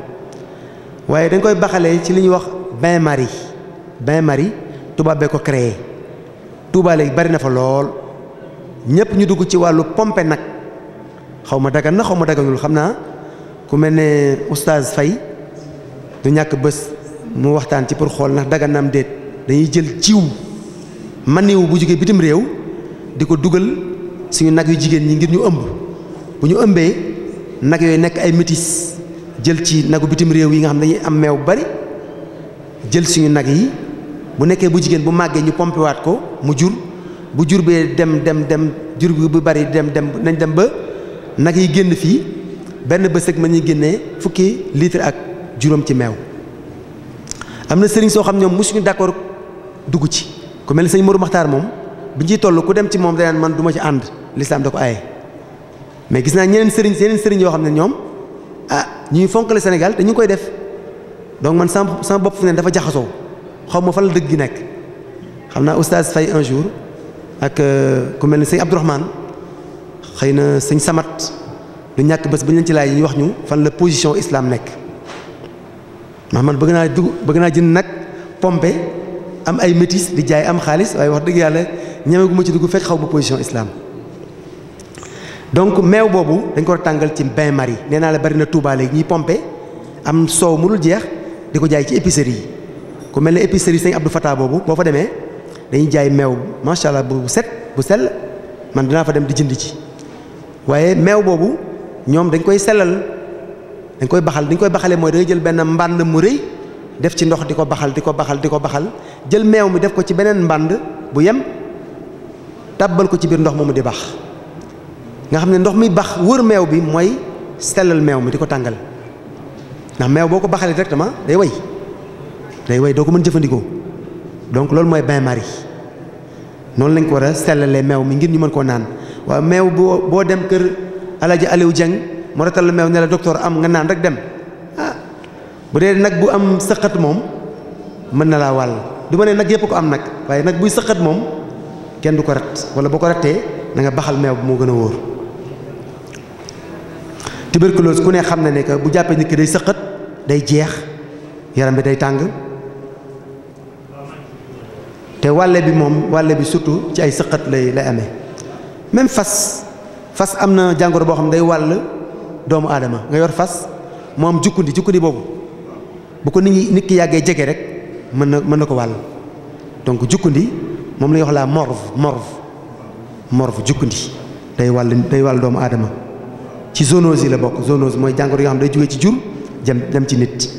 waaye dañ koy baxalee ci li ñuy wax bain-marie bain Marie tubaab bee ko créé Touba bari na fa lool ñëpp ñu dugg ci wàllu pompe nag xaw ma dagan na xaw ma daganul xam naa ku mel ne oustaz Faye du ñàkk bés mu waxtaan ci pour xool ndax dagan na am déet dañuy jël jiw maniw bu jógee bitim réew di ko dugal suñu nag yu jigéen ñi ngir ñu ëmb bu ñu ëmbee nag yooyu nekk ay métis jël ci nagu bitim réew yi nga xam ne dañuy am meew bari jël suñu nag yi bu nekkee bu jigéen bu màggee ñu pompé waat ko mu jur bu jur bee dem dem dem jur bi bu bari dem dem nañ dem ba nag yi génn fii benn bés rek ma ñuy génnee fukki litre ak juróom ci meew am na sëriñ soo xam ñoom mosuñu d'accord dugg ci ku mel sëñ Mourou Maxtaar moom bi ciy toll ku dem ci moom danaan man du ma ci ànd lislaam da ko aaye mais gis naa ñeneen sëriñ yeneen sëriñ yoo xam ne ñoom ah ñuy fonkale Sénégal dañu koy def donc man sama sama bopp fu ne dafa jaxasoo xaw ma fan la dëgg gi nekk xam naa oustaz Faye un jour ak euh, ku mel ni sëñ Abdourahmane xëy na sëñ Samat lu ñàkk bés bu ñu leen ci laaj yi wax ñu fan la position islaam nekk ndax man bëgg naa dugg bëgg naa jënd nag pompe am ay métis di jaay am xaalis waaye wax dëgg yàlla ñemeegu ma ci dugg fekk xaw ma position islaam donc meew boobu dañ ko tàngal ci bain Marie nee naa la bari na Touba léegi ñuy pompe am soow mu jeex di ko jaay ci épicerie yi. ku mel ne épicerie sëñ Abdou fataa boobu boo fa demee dañuy jaay meew macha allah bu set bu sel man dinaa fa dem di jënd ci waaye meew boobu ñoom dañ koy sellal dañ koy baxal dañ koy baxalee mooy da jël benn mbànd mu rëy def ci ndox di ko baxal di ko baxal di ko baxal jël meew mi def ko ci beneen mbànd bu yem tàbbal ko ci biir ndox moomu di bax nga xam ne ndox mi bax wër meew bi mooy sellal meew mi di ko tàngal ndax meew boo ko baxalee directement day way day way doo ko mën jëfandikoo donc loolu mooy bain marie noonu lañ ko war a sellalee meew mi ngir ñu mën koo naan waaye meew boo boo dem kër alaji Aliou Dieng mu ratal la meew ne la docteur am nga naan rek dem ah bu dee nag bu am sëqat moom mën na laa wàll du ma nag yëpp am nag waaye nag buy sëqat moom kenn du ko rat wala boo ko rattee na nga baxal meew bi moo gën a wóor tuberculose ku ne xam na ne que bu jàppee nit ki day sëqat day jeex yaram bi day tàng te wàlle bi moom wàlle bi surtout ci ay sëqat lay lay amee même fas fas am na jàngoro boo xam day wàll doomu aadama nga yor fas moom am jukkundi jukkundi boobu bu ko nit ñi nit ki yàggee jege rek mën na mën na ko wàll donc jukkundi moom la ñuy wax la morve morve morve jukkundi day wàll doomu aadama ci zoonose yi la bokk zoonose mooy jàngoro yoo xam day jógee ci jur jëm dem ci nit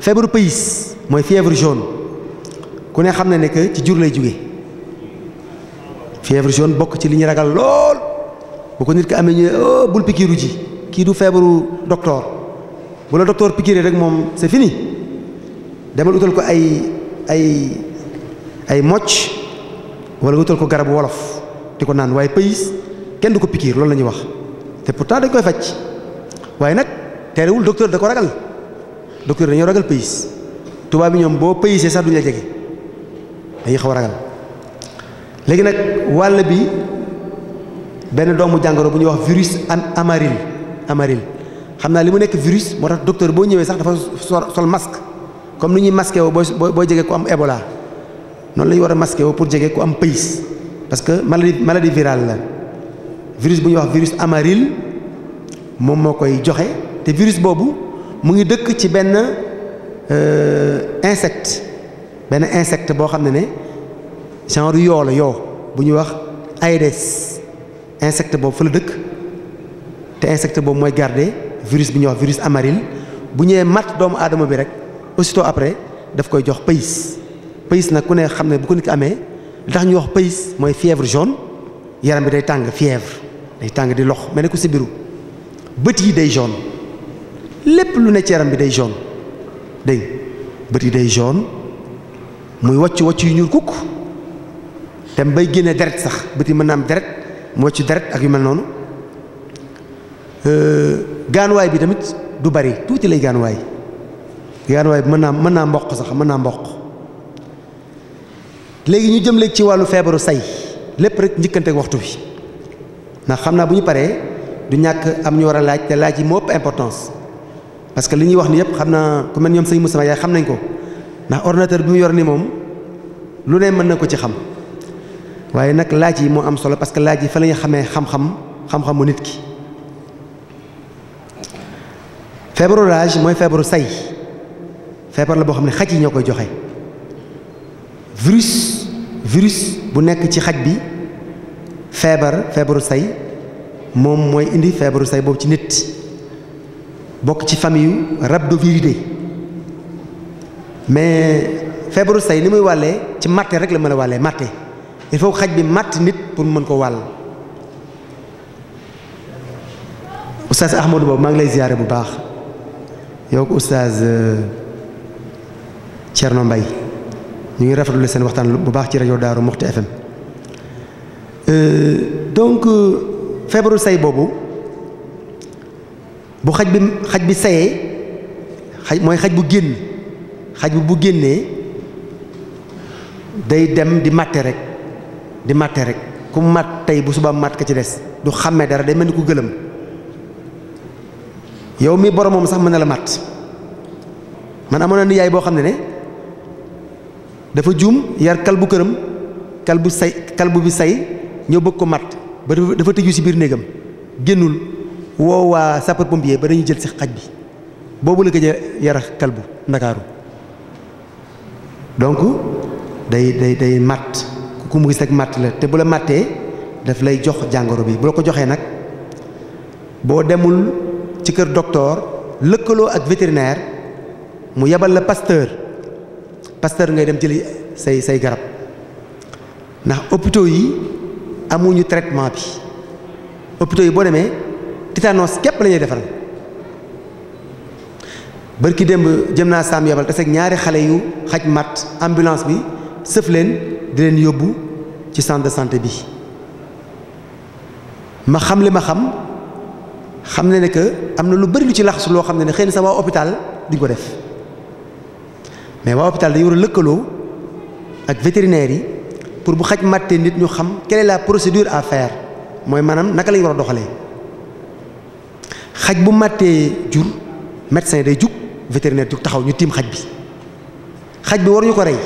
feebaru pays mooy fièvre jaune ku ne xam na ne que ci jur lay jóge fièvre jaune bokk ci li ñuy ragal lool bu ko nit ki amee ñu oh, bul pikiiru ji kii du feebaru docteur bu la docteur pikiiree rek moom c'est fini demal utal ko ay ay ay mocc walla nga utal ko garabu wolof di ko naan waaye pays kenn du ko pikiir lool la ñuy wax te pourtant dañ koy faj waaye nag terewul docteur da ko ragal docteur dañoo ragal pays tubaab bi ñoom boo paysee sax duñ la jege dañuy xaw a ragal léegi nag wàll bi benn doomu jàngoro bu ñuy wax virus am amaril amaril xam naa li mu nekk virus moo tax docteur boo ñëwee sax dafa sol masque comme ni ñuy masqué woo boo boo jege ku am Ebola noonu la war a masqué woo pour jege ku am pays parce que maladie maladie virale la virus bu ñuy wax virus amaril moom moo koy joxe te virus boobu mu ngi dëkk ci benn euh, insecte. benn insecte boo xam ne ne genre yoo la yoo bu ñuy wax aedes insecte boobu fa la dëkk te insecte boobu mooy garder virus bi ñuy wax virus amaril bu ñëwee mat doomu aadama bi rek aussitôt après daf koy jox payis pays nag ku ne xam ne bu ko nit ki amee li tax ñuy wax payis mooy fièvre jaune yaram bi day tàng fièvre day tàng di lox mel ne ku sibiru bët yi day jaune lépp lu ne ci yaram bi day jaune dégg bët yi day jaune muy wàcc wocc yu ñuul kukk dem bay génne deret sax bëti mën na am deret mu wàcc deret ak yu mel noonu euh, gaanuwaay bi tamit du bari tuuti lay gaanuwaay gaanuwaay bi mën naa mën naa mboq sax mën naa mboq léegi ñu jëm léegi ci wàllu feebaru say lépp rek njëkkante waxtu bi ndax xam naa bu ñu paree du ñàkk am ñu war a laaj te laaj yi moo ëpp importance parce que li ñuy wax ni yëpp xam naa ku mel ñoom sëñ Moussa yaay xam nañ ko ndax ordinateur bi mu yor ni moom lu ne mën na ko ci xam waaye nag laaj yi moo am solo parce que laaj yi fa la ñu xamee xam-xam xam-xamu nit ki feebaru laaj mooy feebaru say feebar la boo xam ne xaj yi ñoo koy joxe virus virus bu nekk ci xaj bi feebar feebaru say moom mooy indi feebaru say boobu ci nit bokk ci famille yu rhabdoviridé mais feebaru say ni muy wàllee ci matte rek la mën a wàllee matte il faut xaj bi matt nit pour mën ko wàll oustaz Ahmadou boobu maa ngi lay ziyaare bu baax yow ak oustaz euh, Thierno mbay ñu ngi rafetlu seen waxtaan bu baax ci rajo Daaru Muxti FM euh, donc euh, feebaru say boobu bu xaj bi xaj bi sayee xaj mooy xaj bu génn xaj bu bu génnee day dem di matte rek di màtte rek ku mat tey bu suba mat ka ci des du xàmmee dara day mel ni ku gëlëm yow mi boromam sax mën na la mat man amoon na ni yaay boo xam ne ne dafa juum yar kalbu këram kalbu say kalbu bi say ñoo bëgg ko mat ba dafa tëju ci biir néegam génnul woowaa waa sapeur pompier ba dañuy jël si xaj bi boobu la gëj a yara kalbu ndakaaru donc day day day matt ku mu gis rek matt la te bu la mattee daf lay jox jàngoro bi bu la ko joxee nag boo demul ci kër docteur lëkkaloo ak vétérinaire mu yebal la pasteur pasteur ngay dem jëli say say garab ndax hôpitaux yi amuñu traitement bi hôpitaux yi boo demee tétanos képp lañuy ñuy bërki démb jëm naa saam yabal tase ak ñaari xale yu xaj mat ambulance bi sëf leen di leen yóbbu ci centre de santé bi ma xam li ma xam xam ne ne que am na lu bëri lu ci laxasu loo xam ne ne xëy na sax waa hôpital duñ ko def mais waa hôpital dañu war lëkkaloo ak vétérinaire yi pour bu xaj màttee nit ñu xam quelle est la procédure à faire mooy maanaam naka lañu war a doxalee xaj bu màttee jur médecin day jug vétérinaire jug taxaw ñu tiim xaj bi xaj bi waruñu ko rey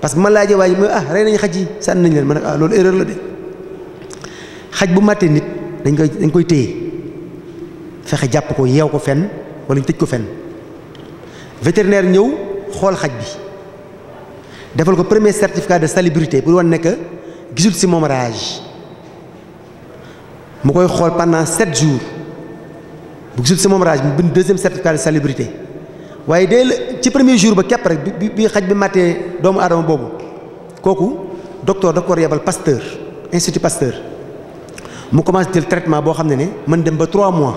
parce que ma laajee waa ji mooy ah rey nañ xaj yi sànni nañ leen ma ne ah loolu erreur la de xaj bu màttee nit dañ koy dañ koy téye fexe jàpp ko yeew ko fen wala ñu tëj ko fenn vétérinaire ñëw xool xaj bi defal ko premier certificat de salubrité pour wan nekk que gisul ci moom rage mu koy xool pendant sept jour bu gisul ci moom rage mu bind deuxième certificat de salubrité waaye dès ci premier jour ba képp rek bi bi xaj bi màttee doomu aadama boobu kooku docteur da ko yebal Pasteur institut Pasteur mu commencé jël traitement boo xam ne ne man dem ba trois mois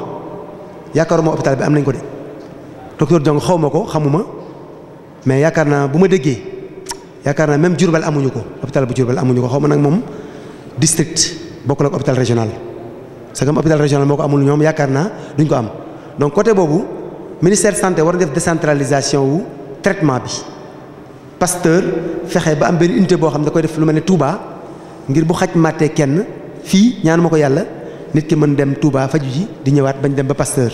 yaakaaruma hôpital bi am nañ ko de docteur Diong xaw ko xamuma mais yaakaar naa bu ma déggee yaakaar naa même Diourbel amuñu ko hôpital bu Diourbel amuñu ko xaw ma nag moom district bokkul ak hôpital régional sagam hôpital régional moo ko amul ñoom yaakaar naa ko am ministère santé war a def décentralisation wu traitement bi Pasteur fexe ba am benn unité boo xam ne da koy def lu ma ne Touba ngir bu xaj màttee kenn fii ñaanu ma ko yàlla nit ki mën dem Touba faju ji di ñëwaat bañ dem ba Pasteur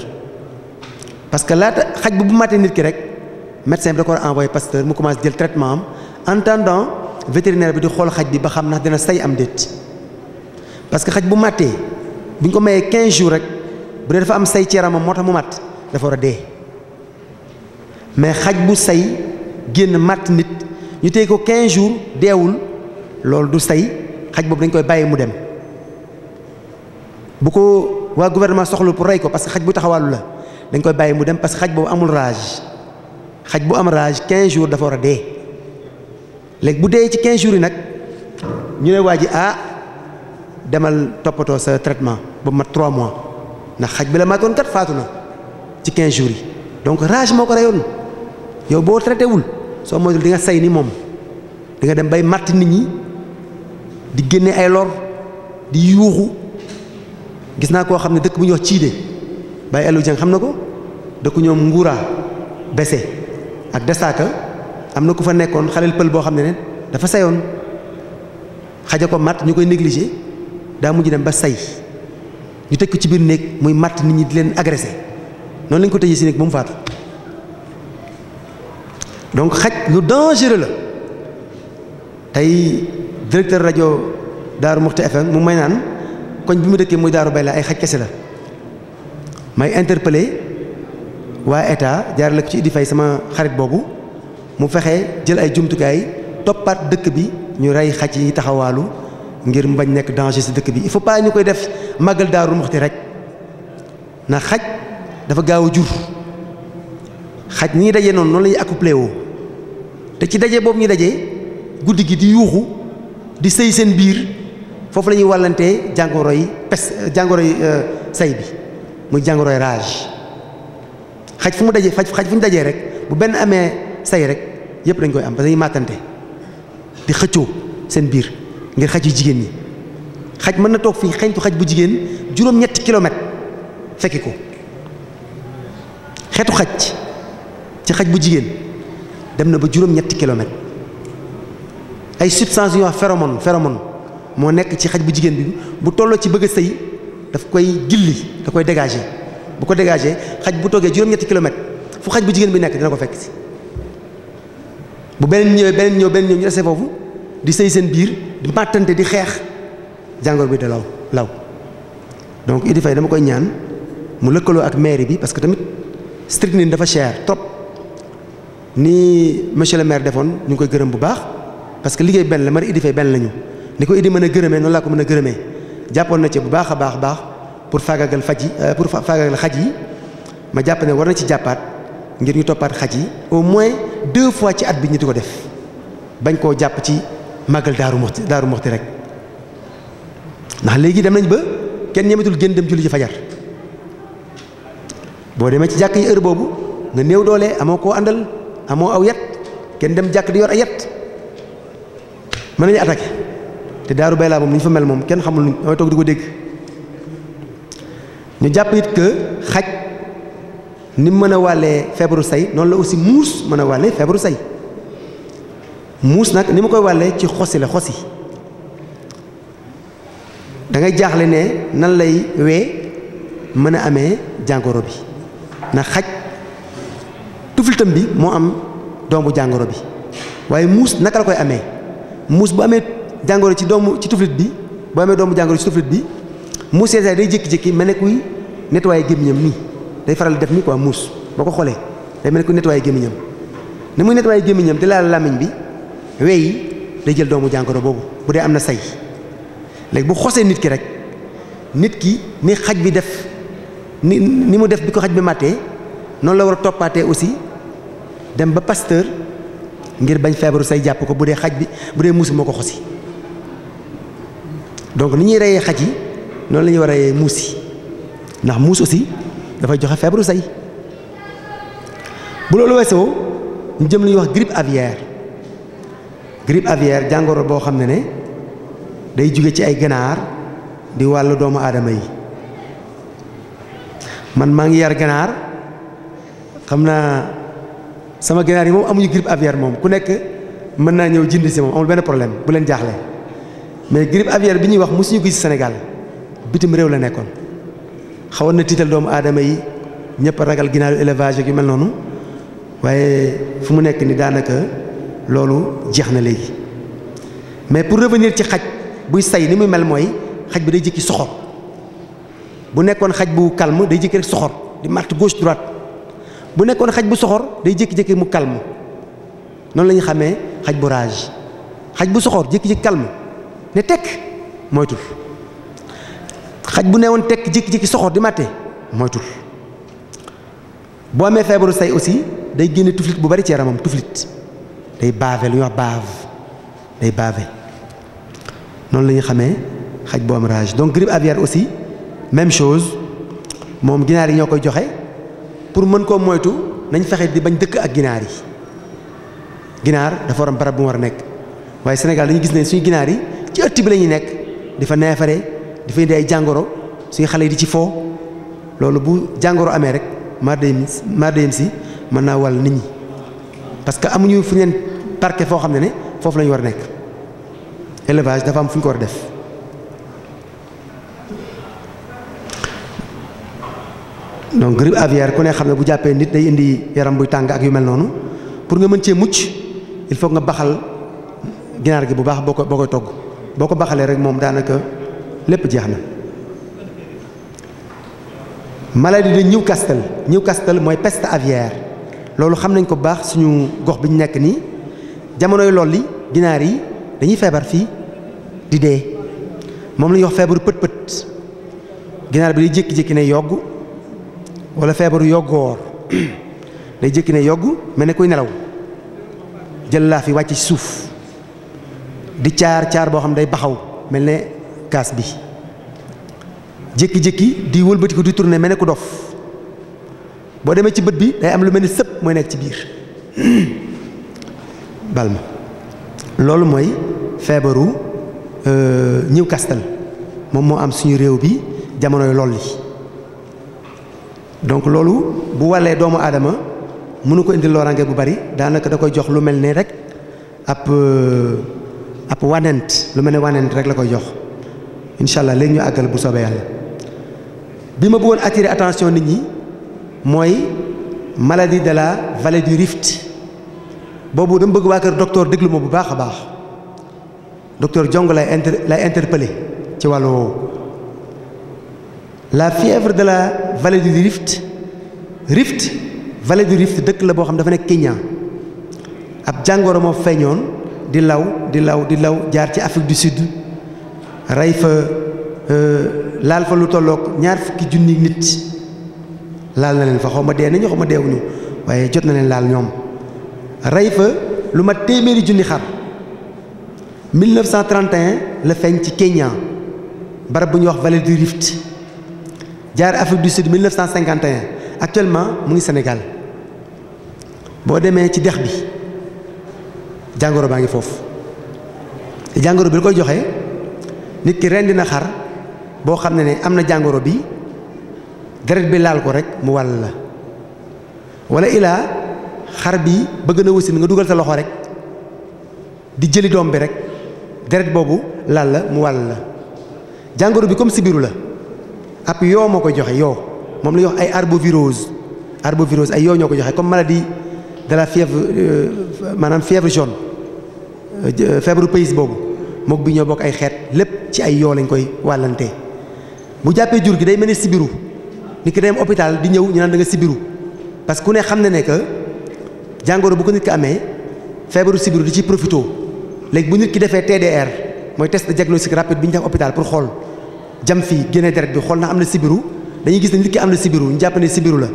parce que laata xaj bu bu màttee nit ki rek médecin bi da ko war a envoyé Pasteur mu commence jël traitement am en attendant vétérinaire bi di xool xaj bi ba xam na dina say am déet parce que xaj bu matte bu ñu ko mayee 15 jours rek bu dee dafa am say ci yaramam moo tax mu mat dafa war a mais xaj bu say génn màtt nit ñu tey ko 15 jours deewul loolu du say xaj boobu dañ koy bàyyi mu dem bu ko waa gouvernement soxlu pour rey ko parce que xaj bu taxawaalu la dañ koy bàyyi mu dem parce que xaj boobu amul rage xaj bu am rage 15 jours dafa war a dee léegi bu dee ci quinze jours yi nag ñu ne waa ji ah demal toppatoo sa traitement bu mat 3 mois ndax xaj bi la matoon kat faatu na ci 15 jours yi donc rage moo ko reyoon. yow boo traité wul soo moytul di nga say ni moom di nga dem bay matt nit ñi di génne ay lor di yuuxu gis naa koo xam ne dëkk bu ñuy wax ciide bàyyi elu jàng xam na ko dëkk ñoom nguura bese ak desaaka am na ku fa nekkoon xaleel pël boo xam ne ne dafa sayoon xaja ko matt ñu koy négligé daa mujj dem ba say ñu tëj ko ci biir néeg muy matt nit ñi di leen agressé noonu lañ ko tëjee si néeg ba mu faatu donc xaj lu dangereux la tey directeur rajo Daaru Muxti FM mu may naan koñ bi mu dëkkee muy Daaru Bayla ay xaj kese la may interpellé waa état jaarale ko ci Idi fay sama xarit boobu mu fexe jël ay jumtukaay toppaat dëkk bi ñu rey xaj yi taxawaalu ngir mbañ nekk danger si dëkk bi il faut pas ñu koy def màggal Daaru Muxti rek na xaj dafa gaaw a jur xaj ni ñuy dajee noonu noonu la ñuy accouplé woo te ci daje boobu ñu daje guddi gi di yuuxu di sëy seen biir foofu lañuy ñuy wàllantee jàngoro yi pes euh, jàngoro yi euh, say bi muy jàngoro yi rage xaj fu mu dajee xaj fu ñu dajee rek bu benn amee say rek yëpp dañ koy am dañuy màttante di xëccoo seen biir ngir xaj yu jigéen ñi xaj mën na toog fii xeñtu xaj bu jigéen juróom-ñetti kilomètre fekki ko xetu xaj ci xaj bu jigéen dem na ba juróom-ñetti kilomètre ay substance yu wax phéromone phéromone moo nekk ci xaj bu jigéen bi bu tolloo ci bëgg a sëy daf koy gilli da koy dégage bu ko dégager xaj bu toogee juróom-ñetti kilomètre fu xaj bu jigéen bi nekk dina ko fekk si bu beneen ñëw beneen ñëw ñu desee foofu di sëy seen biir di màttante di xeex jàngoor bi da law law donc Idi Faye dama koy ñaan mu lëkkaloo ak mairie bi parce que tamit strychnine dafa cher trop ni monsieur le maire defoon ñu ngi koy gërëm bu baax parce que liggéey benn la mari idi fay benn lañu ni ko idi mën a gërëmee noonu laa ko mën a gërëmee jàppoon na ci bu baax a baax baax pour faagaagal faj yi euh, pour faagaagal xaj yi ma jàpp ne war na ci jàppaat ngir ñu toppaat xaj yi au moins deux fois ci at bi ñu di ko def bañ koo jàpp ci màggal daaru moxti daaru moxti rek ndax léegi dem nañ ba kenn ñemetul génn dem julli ci fajar boo demee ci jàkk yi heure boobu nga néew doole amoo koo àndal amoo aw yat kenn dem jàkk di yor ay yat mën nañu attaqué te daaru bay laa moom ni ñu fa mel moom kenn xamul damay toog di ko dégg ñu jàpp it que xaj ni mën a wàllee feebaru say noonu la aussi muus mën a wàllee feebaru say muus nag ni ma koy wàllee ci xosi xosi dangay jaaxle ne nan lay wee mën a amee jàngoro bi ndax xaj tuflitam bi moo am doomu jàngoro bi waaye muus naka la koy amee muus bu amee jàngoro ci doomu ci tuflit bi boo amee doomu jàngoro ci tuflit bi muus yeesaay day jékki-jékki mel ne kuy nettoyé gémmiñam nii day faral def nii quoi muus boo ko xoolee day mel ne kuy nettoyé gémmiñam ni muy nettoyé gémmiñam di laal làmmiñ bi wey yi day jël doomu jàngoro boobu bu dee am na say léegi bu xosee nit ki rek nit ki ni xaj bi def ni ni mu def bi ko xaj bi màttee noonu la war a toppaatee aussi dem ba pasteur ngir bañ feebaru say jàpp ko bu dee xaj bi bu dee muus moo ko xosi donc ni ñuy reyee xaj yi noonu lañuy ñuy war a reyee muus yi ndax muus aussi dafay joxe feebaru say bu loolu weesoo ñu jëm lu ñuy wax grippe aviaire grippe aviaire jàngoro boo xam ne ne day jóge ci ay ganaar di wàll doomu aadama yi man maa ngi yar ganaar xam naa sama ginaar yi moom amuñu grippe aviaire moom ku nekk mën naa ñëw jënd si moom amul benn problème bu leen jaaxle mais grippe aviaire bi ñuy wax mosuñu gis Sénégal bitim réew la nekkoon xawoon na tiital doomu aadama yi ñëpp ragal ginaaru élevage yu mel noonu waaye fu mu nekk ni daanaka loolu jeex na léegi mais pour revenir ci xaj buy say ni muy mel mooy xaj bi day jëkki soxor bu nekkoon xaj bu calme day jëkki rek soxor di màtt gauche droite bu nekkoon xaj bu soxor day jékki-jékki mu calme noonu la xamee xaj bu rage xaj bu soxor jékki-jékki calme ne tekk moytul xaj bu ne woon tekk jékki-jékki soxor di màtte moytul boo amee feebaru say aussi day génne tuflit bu bari ci yaramam tuflit day baave lu ñuy wax baave day baave noonu la ñu xamee xaj bu am rage donc grippe aviaire aussi même chose moom ginaar yi ñoo koy joxe. pour mën koo moytu nañ fexee di bañ dëkk ak ginaar yi ginaar dafa waram barab bu mu war a nekk waaye Sénégal dañu gis ne suñu ginaar yi ci ëtt bi la ñuy nekk di fa neefare di fa indi ay jàngoro suñu xale yi di ci foo loolu bu jàngoro amee rek maar day maar si mën naa wàll nit ñi parce que amuñu fu ñu leen foo xam ne ne foofu la war a nekk élevage dafa am fu ñu ko war a def donc grippe aviaire ku ne xam ne bu jàppee nit day indi yaram buy tàng ak yu mel noonu pour nga mën cee mucc il faut nga baxal ginaar gi bu baax boo ko boo koy togg boo ko baxalee rek moom daanaka lépp jeex na. maladie de ñëw Newcastle mooy peste aviaire loolu xam nañ ko bu baax suñu gox bi ñu nekk nii jamonoy lool li ginaar yi dañuy feebar fii di dee moom la ñuy wax feebaru pët pët ginaar bi di jékki-jékki ne yogg. wala feebaru yoggoor day jékki ne yogg mel ni kuy nelaw jël laa fi wàcc ci suuf di caar caar boo xam day baxaw mel ne kaas bi jékki-jékki di wëlbatiku di tourner mel ne ku dof boo demee ci bët bi day am lu mel ni sëpp mooy nekk ci biir bal ma loolu mooy feebaru ñëw euh, kastal moom moo am suñu réew bi jamonoy lool li donc loolu bu walee doomu aadama mënu ko indil looraange bu bari daanaka da koy jox lu mel ne rek ab euh, ab wanent lu mel ne wanent rek la koy jox incha allah léegi ñu àggal bu soobee yàlla bi ma bëggoon attirer attention nit ñi mooy maladie de la vallée du rift boobu dama bëgg waa kër docteur déglu ma bu baax a baax docteur Jong lay inter lay ci wàllu woowu la fièvre de la vallée du Rift Rift vallée du Rift dëkk la boo xam dafa nekk Kenya ab jàngoro moo feeñoon di law di law di law jaar ci Afrique du Sud rey fa euh, laal fa lu tollook ñaar fukki junni nit laal na leen fa xaw ma dee nañu xaw ma deewuñu waaye jot na leen laal ñoom rey fa lu ma téeméeri junni xar la feeñ ci Kenya barab bu ñuy wax vallée du Rift jaar Afrique du Sud 1951 actuellement mu ngi Sénégal boo demee ci dex bi jàngoro baa ngi foofu jàngoro bi la koy joxe nit ki ren dina xar boo xam ne ne am na jàngoro bi deret bi laal ko rek mu wàll la wala ilaa xar bi bëgg na wasin nga dugal sa loxo rek di jëli doom bi rek deret boobu laal la mu wàll la jàngoro bi comme sibiru la ab yoo moo koy joxe yoo moom la ñuy wax ay arbovirose arbovirose ay yoo ñoo ko joxe comme maladie de la fièvre euh, maanaam fièvre jaune euh, euh, feebaru pays boobu mook bi ñoo bokk ay xeet lépp ci ay yoo lañ koy wàllante bu jàppee jur gi day mel ni sibiru nit ki dem hôpital di ñëw ñu naan da nga sibiru parce que ku ne xam na ne que jàngoro bu ko nit ki amee feebaru sibiru di ci profito léegi bu nit ki defee TDR mooy test de diagnostic rapide bi ñu def hôpital pour xool jam fii génne deret bi xool na am na sibiru dañuy gis ne nit ki am na sibiru ñu jàpp ne sibiru la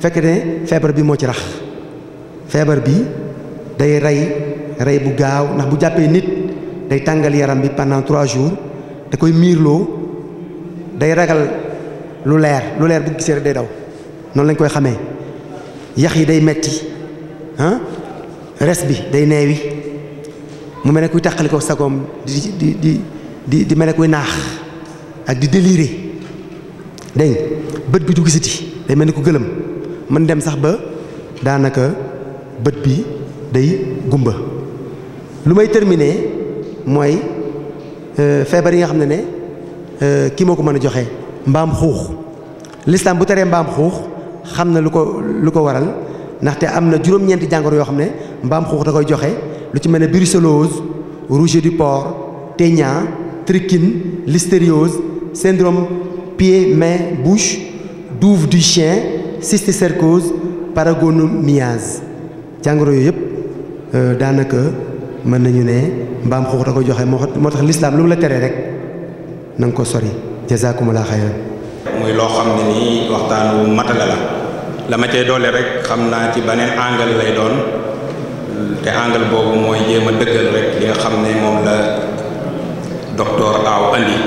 fekk ne feebar bi moo ci rax feebar bi day rey rey bu gaaw ndax bu jàppee nit day tàngal yaram bi pendant trois jours da koy miirloo day ragal lu leer lu leer bu gisee rek day daw noonu lañ koy xamee yax yi day metti res bi day neewi mu mel ne kuy tàqali ko sagoom di di di di mel ne kuy naax ak di délirer dégg bët bi du gisati day mel ni ku gëlëm mën dem sax ba daanaka bët bi day gumba lu may terminer mooy euh, feebar yi nga xam ne ne euh, kii moo ko mën a joxe mbaam xuux l'islam bu teree mbaam xuux xam na lu ko lu ko waral ndaxte am na juróom-ñeenti jàngoro yoo xam ne mbaam xuux da koy joxe lu ci mel ne brucellose rouget du porc ténia trichine listériose syndrome pied main bouche douve du chien cysticercose paragonomiase jàngoro yooyu yëpp euh, daanaka mën nañu ne mbaam xuux da ko joxe moo tax lislaam lu mu la teree rek na nga ko sori jazakumulaa xayran muy loo xam ne nii waxtaan wu matala la la ma cay doole rek xam naa ci beneen angle lay doon te angle boobu mooy jéem dëggal rek li xam ne moom la docteur Aw andi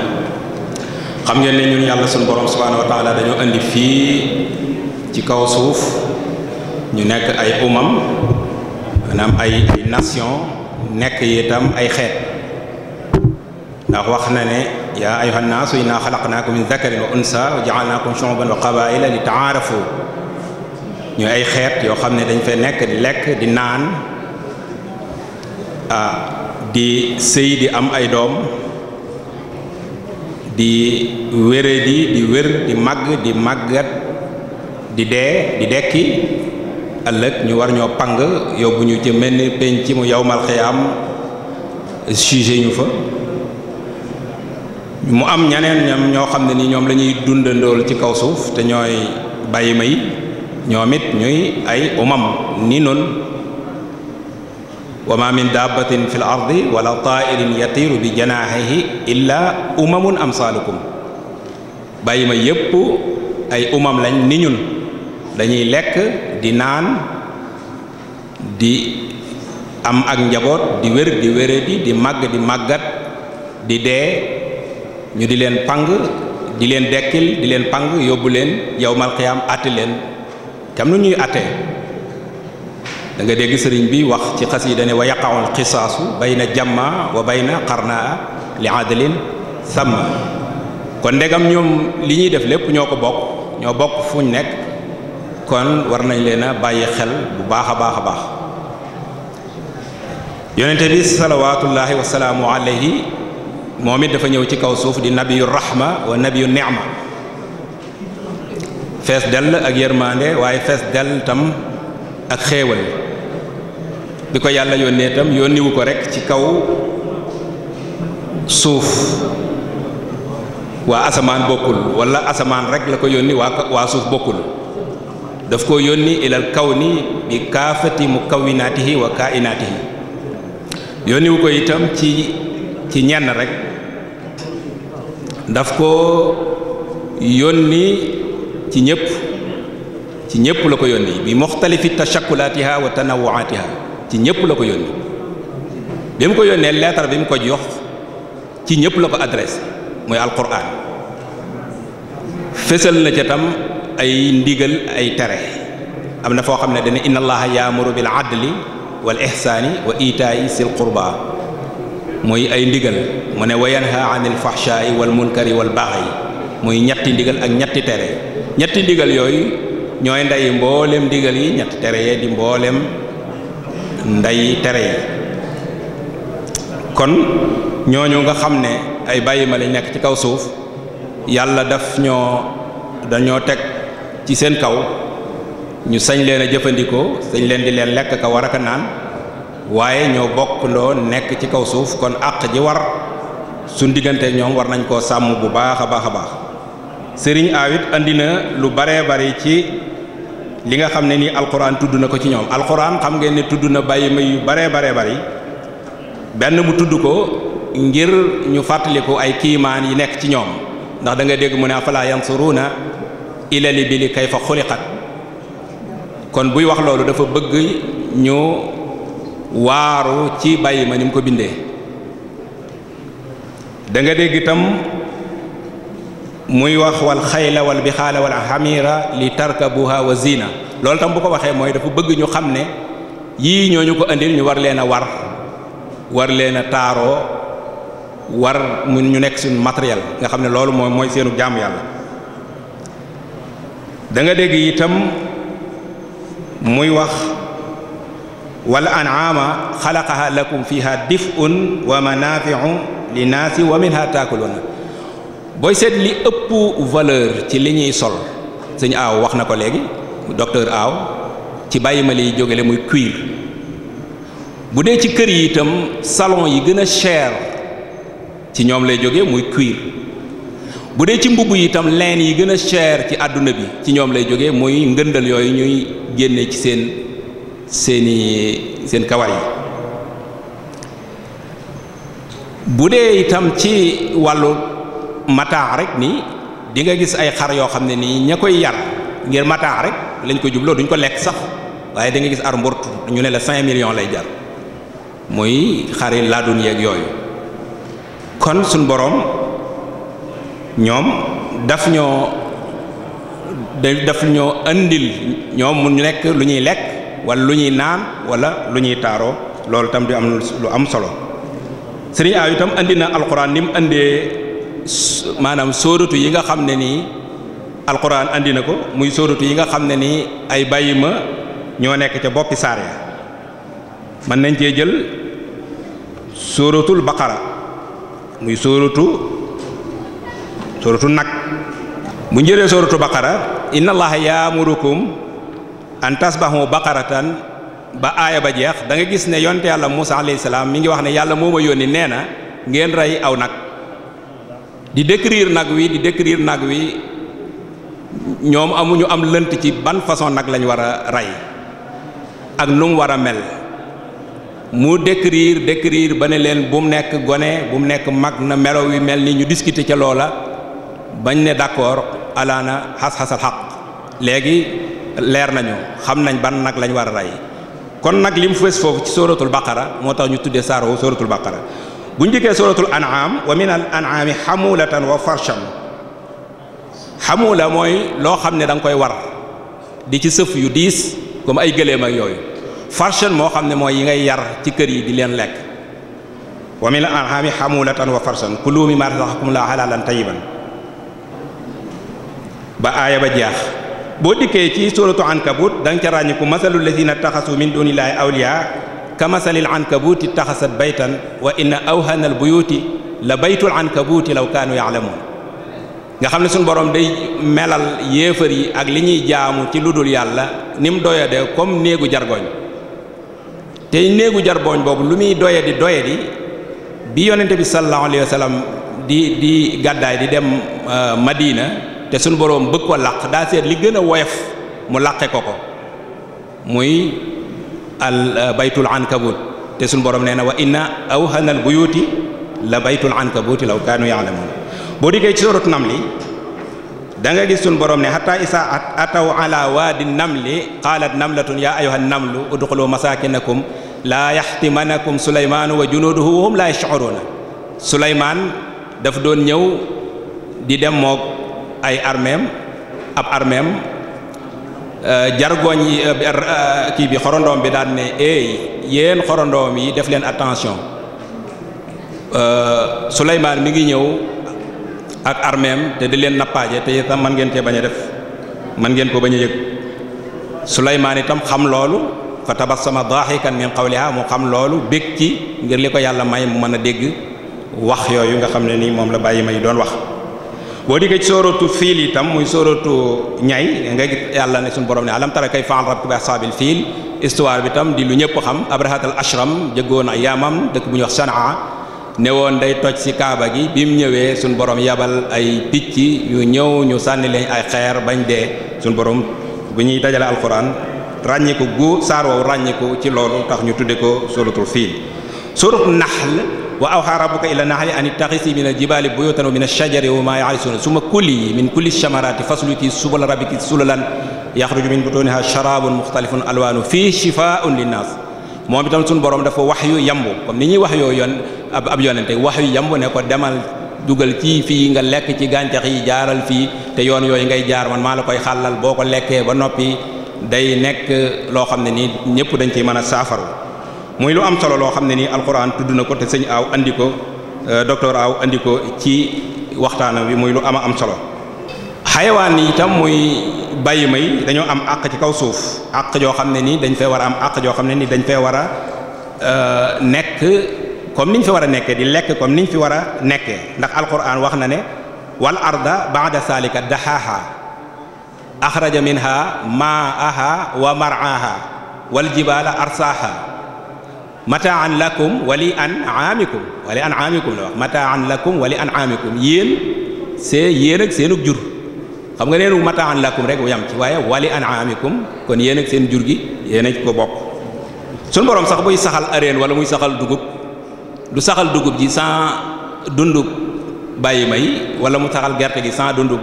xam ngeen ne ñun yàlla suñu borom subhaanahu dañoo indi fii ci kaw suuf ñu nekk ay umam maanaam ay ay nation nekk itam ay xeet ndax wax na ne yaa ayuha nnaasu inna xalaqnaakum min dakarin wa unsa wa jaalnaakum shuuban wa qabaila li taarafu ñooy ay xeet yoo xam ne dañ fay nekk di lekk di naan ah, di sëy di am ay doom di wére di di wér di màgg di màggat di dee di dekki ëllëg ñu war ñoo pang yóbbu ñu ci mel ni penc mu yawmal xiyaam jugé ñu fa mu am ñeneen ñam ñoo xam ne ni ñoom lañuy ñuy dundandool ci kaw suuf te ñooy bàyyi ma yi ñoom it ñuy ay umam ni noonu wa ma min dabbatin fi l ardi wala taa'irin yatiiru bi janaahihi illa umamun amsaalukum bàyyi ma yépp ay umam lañ ni ñun dañuy lekk di naan di am ak njaboot di wér di wéradi di màgg di màggat di dee ñu di leen pang di leen dekkil di leen pang yóbbu leen yawmal qiyaam àtte leen tam nu ñuy àtte danga dégg sëriñ bi wax ci xas yi dane wa yaqaul qisaasu bayna jamma wa bayna qarnaa li adlin samma kon ndegam ñoom li ñuy def lépp ñoo ko bokk ñoo bokk fuñ nekk kon war nañ leen a bàyyi xel bu baax a baax a baax yonente bi salawatullahi wasalaamu alayhi moom it dafa ñëw ci kaw suuf di nabiyu rahma wa nabiyu ni'ma fees dell ak yërmande waaye fees dell tam ak xéewal bi ko yàlla yónnee itam yónniwu ko rekk ci kaw suuf waa asamaan bokkul walla asamaan rekk la ko yónni waa waa suuf bokkul daf koo yónni ilal kawni bi kaafati mukawinaatihi wa kainaatihi yónniwu ko itam ci ci ñenn rekk daf koo yónni ci ñëpp ci ñëpp la ko yónni bi muxtalifi tashakulaatiha wa tanawuaatiha ci ñëpp la ko yónni bi mu ko yónnee leetar bi mu ko jox ci ñëpp la ko adresse mooy alquran fësal na ca tam ay ndigal ay tere am na foo xam ne dana inna allaha yaamuru bil adli wal ihsaani wa itaayi sil qurba muy ay ndigal mu ne wa yanha anil wal munkari wal baxyi ñetti ndigal ak ñetti tere ñetti ndigal yooyu ñooy ndey mboolem ndigal yi ñetti tere yee di mboolem nday tere yi kon ñooñu nga xam ne ay bàyyi ma lañ nekk ci kaw suuf yàlla daf ñoo dañoo teg ci seen kaw ñu sañ leen a jëfandikoo sañ leen di leen lekk ko war aka naan waaye ñoo bokkloo nekk ci kaw suuf kon àq ji war suñ diggante ñoom war nañ koo sàmm bu baax a baax a baax sëriñ aawit andi na lu baree bari ci li nga xam ne ni alxuraan tudd na ko ci ñoom alxuraan xam ngeen ne tudd na bàyyi ma yu baree bare bari benn mu tudd ko ngir ñu fàttaliku ay kiimaan yi nekk ci ñoom ndax da nga dégg mu ne afala yansuruna ila li bili kayfa xat kon buy wax loolu dafa bëgg ñu waaru ci bàyyi ma ni mu ko bindee da dégg itam muy wax wal xayla wal bixaala wal xamira li tarkabuha wa zina loolu tam bu ko waxee mooy dafa bëgg ñu xam ne yii ñooñu ko indil ñu war leen a war war leen a taaroo war ñu nekk suñu matériel nga xam ne loolu mooy mooy seenu jaamu yàlla danga nga dégg itam muy wax wal an'ama xalaqaha lakum fiha dif'un wa manafi'u linnaasi wa minha taakuluna booy seet li ëpp valeur ci li ñuy sol sëñ aw wax na ko léegi docteur aaw ci bàyyi ma liy jógele muy cuir bu dee ci kër yi itam salon yi gën a cher ci ñoom lay jóge muy kuir bu dee ci mbubb yi itam leen yi gën a cher ci àdduna bi ci ñoom lay jóge muy ngëndal yooyu ñuy génne ci seen seeni seen kawar yi bu dee itam ci wàllu mataa rek nii di nga gis ay xar yoo xam ne nii ña koy yar ngir mataa rek lañ ko jubloo duñ ko lekk sax waaye da nga gis ar mburt ñu ne la cinq millions lay jar muy xari laadun yeeg yooyu kon suñ boroom ñoom daf ñoo daf ñoo indil ñoom mu nekk lu ñuy lekk wala lu ñuy naan wala lu ñuy taaroo loolu tam di am lu am solo sëriñ aaw itam indi na alxuraan ni mu indee maanaam sóoratu yi nga xam ne nii alquran andi na ko muy sóoratu yi nga xam ne nii ay bàyyi ma ñoo nekk ca boppi saar ya mën nañ cee jël sóoratul baqara muy sóoratu sóoratu nag mu njëree sóoratu baqara inna allaha yaamurukum an tasbahu baqaratan ba aaya ba jeex da nga gis ne yonte yàlla Muusa alayhi salaam mi ngi wax ne yàlla moo ma yónni nee na ngeen rey aw nag di décrire nag wi di décrire nag wi ñoom amuñu am lënt ci ban façon nag lañu war a rey ak nu mu war a mel mu décrire décrire ba ne leen bu mu nekk gone bu mu nekk mag na melow wi mel ni ñu discuter ca loola bañ ne d'accord alaana xas-xasal xaq léegi leer nañu xam nañ ban nag lañu war a rey kon nag li mu fës foofu ci sóoratul baqara moo tax ñu tuddee saaroo sóoratul baqara bu njëkkee suratul an'am wa min al xamulatan wa farshan xamula mooy loo xam ne danga koy war di ci sëf yu diis comme ay gëléem yooyu farshan moo xam ne mooy yi ngay yar ci kër yi di leen lekk wa min al xamulatan wa farshan kulu mimma razaqakum la halalan tayyiban ba aaya ba jeex boo dikkee ci suratu ankabut da nga ca ràññiku masalul lazina taxasu kamasalil ankabuuti taxasat baytan wa inna awhanal buyuuti la baytul ankabuuti law kaanu yaalamuun nga xam ne suñu boroom day melal yéefar yi ak li ñuy jaamu ci lu dul yàlla ni mu doyadee comme néegu jargoñ te néegu jargoñ boobu lu muy doyadi doyadi bi yonente bi sallallahu alayhi sallam di di gàddaay di dem euh, Madina te sunu borom bëgg ko làq daa seet li gën a woyof mu làqe ko ko muy al eh, baytul ankabut te suñu borom nee na wa inna awhana al buyuti la baytul ankabuti law kaanu ya'lamun boo dikkee ci sooratu namli da nga gis suñu borom ne hatta isa ataw ala waadi namli qaalat namlatun ya ayyuhan namlu udxulu masakinakum laa yaxtimanakum suleymaanu wa junuuduhu wa hum laa yash'uruuna suleymaan daf doon ñëw di dem moog ay armeem ab armeem Euh, jargoñ yi euh, euh, kii bi xorondoom bi daal ne eey yéen xorondoom yi def leen attention Souleymane mu ngi ñëw ak armeem te di leen nappaaje te man ngeen cee bañ a def man ngeen ko bañ a yëg Souleymane itam xam loolu fa tabassama daaxikan min qawliha mu xam loolu bég ci ngir li ko yàlla may mu mën a dégg wax yooyu nga xam ne nii moom la bàyyi may doon wax boo dikkee ci sóoratu fiil tam muy sóoratu ñay nga gis yàlla ne suñu borom ne alam tara kay fa'al rabbuka bi ashaabil fiil histoire bi tam di lu ñëpp xam abrahatal ashram jëggoon ak yaamam dëkk bu ñuy wax sanaa ne woon day toj ci kaaba gi bi mu ñëwee suñu borom yabal ay picc yu ñëw ñu sànni leen ay xeer bañ dee suñu borom bu ñuy dajale alquran ràññiku gu saar woowu ràññiku ci loolu tax ñu tudde ko sóoratu fiil sóoratu nahl wa awhaa rabbuka ila nahli an ittaxisi min aljibaali buyutan wa min alshajari wa maa yaarisuun summa kuli min kulli chamaraati fasluki subula rabbiki sulalan yaxruju min butuniha sharabun muxtalifun alwaanu fii shifaun linnaas moom itam suñu borom dafa wax yu yambu comme ni ñuy wax yoo yoon ab ab yonente wax yu yambu ne ko demal dugal ci fii nga lekk ci gàncax yi jaaral fii te yoon yooyu ngay jaar man maa la koy xallal boo ko lekkee ba noppi day nekk loo xam ne nii ñëpp dañ ciy mën a saafaru muy lu am solo loo xam ne nii alxuraan tudd na ko te sëñ aw andiko ko euh, docteur aaw ci waxtaana bi muy lu ama am solo xayawaan yi itam muy bàyyi may dañoo am àq ci kaw suuf àq joo xam ne nii dañ fee war a am àq joo xam ne nii dañ fee war a euh, nekk comme niñ fi war a nekkee di lekk comme niñ fi war a nekkee ndax alxuraan wax na ne wal arda ba'da salika dahaha axraja minha ma'aha wa mar'aha wal jibala arsaha mataan lakum wali an aamikum wali an aamikum la wax mataan lakum wali an aamikum yéen see yéen ak seenug jur xam nga neenu mataan lakum rek bu yam ci waaye wali an aamikum kon yéen ak seen jur gi yéen a ko bokk suñ borom sax buy saxal areen wala muy saxal dugub du saxal dugub ji sans dundub bàyyi may wala mu saxal gerte gi sans dundub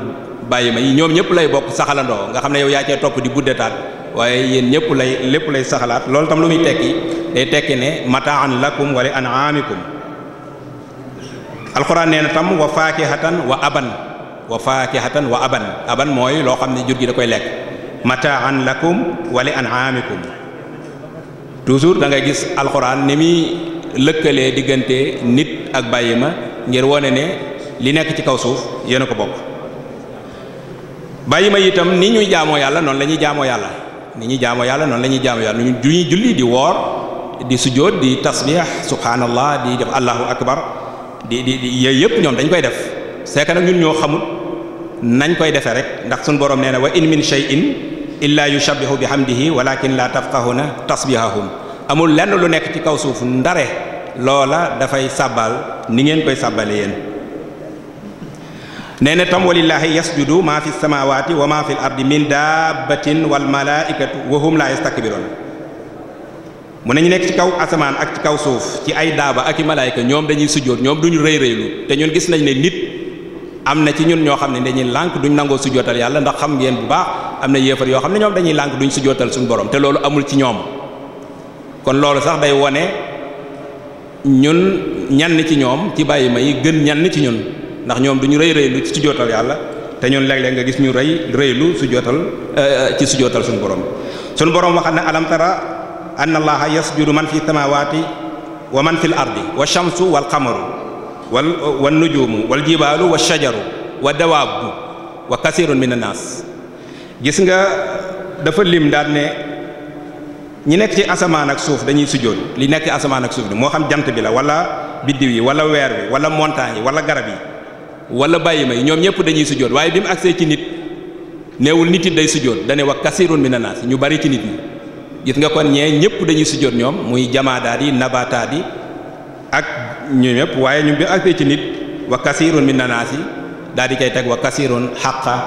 bàyyi may ñoom ñëpp lay bokk saxalandoo nga xam ne yow yaa cee topp di buddetaat waaye yéen ñëpp lay lépp lay saxalaat loolu tam lu muy tekki day tekki ne mataa an mataan lakum wala anaamikum alxuraan nee na tam wa faakihatan wa aban wa faakihatan wa aban aban mooy loo xam ne jur gi da koy lekk mataan lakum wala anaamikum toujours da ngay gis alxuraan ni muy lëkkalee diggante nit ak bàyyi ma ngir wone ne li nekk ci kaw suuf yéen ko bokk bàyyi ma itam ni ñuy jaamoo yàlla noonu lañuy ñuy jaamoo yàlla ni ñuy jaamu yàlla noonu la ñuy jaamu yàlla ñu ñuy julli di woor di sujjóot di tasbih subhanallah di def allahu akbar di di di yooyu yëpp ñoom dañ koy def c'est nag ñun ñoo xamul nañ koy defee rek ndax suñu borom nee na wa in min shay'in illaa yu bi yushabbihu bihamdihi walakin la na tasbihahum amul lenn lu nekk ci kaw suuf ndare loola dafay sàbbal ni ngeen koy sàbbale yéen nee na tam walillaahi yasjudu maa fi samaawaati wa maa fi l ardi min daabatin wal malaaikatu wa hum laa yastakbiroon mu ne ñu nekk ci kaw asamaan ak ci kaw suuf ci ay daaba ak i malaayika ñoom dañuy sujjóot ñoom duñu rëy rëylu te ñun gis nañ ne nit am na ci ñun ñoo xam ne dañuy lànk duñ nangoo sujjóotal yàlla ndax xam ngeen bu baax am na yéefar yoo xam ne ñoom dañuy lànk duñ sujjóotal suñu borom te loolu amul ci ñoom kon loolu sax day wone ñun ñenn ci ñoom ci bàyyi ma yi gën ñenn ci ñun ndax ñoom du ñu rëy rëy lu ci jootal yàlla te ñun léeg-léeg nga gis ñu rey rëy lu su jootal euh, ci su jootal suñu borom suñu borom waxat ne alam tara anna allaha yasjudu man fi samawati wa man fi l ardi wa shamsu wal qamaru wal wal nujumu jibaalu wa shajaru wa dawaabu wa kasirun min gis nga dafa lim daal ne ñi nekk ci asamaan ak suuf dañuy sujjóot li nekk asamaan ak suuf bi moo xam jant bi la wala biddiw yi wala weer wi wala montagne yi wala garab yi wala bàyyi may ñoom ñëpp dañuy sujjóot waaye bi mu agsee ci nit neewul nit it day sujjóot dane wax kasirun mina naas ñu bari ci nit ñi gis nga ko ñee ñëpp dañuy sujjóot ñoom muy jamaadaat yi nabaataat ak ñu ñëpp waaye ñu bi mu agsee ci nit wa kasirun mina naas yi daal di cay teg wa kasirun xaqa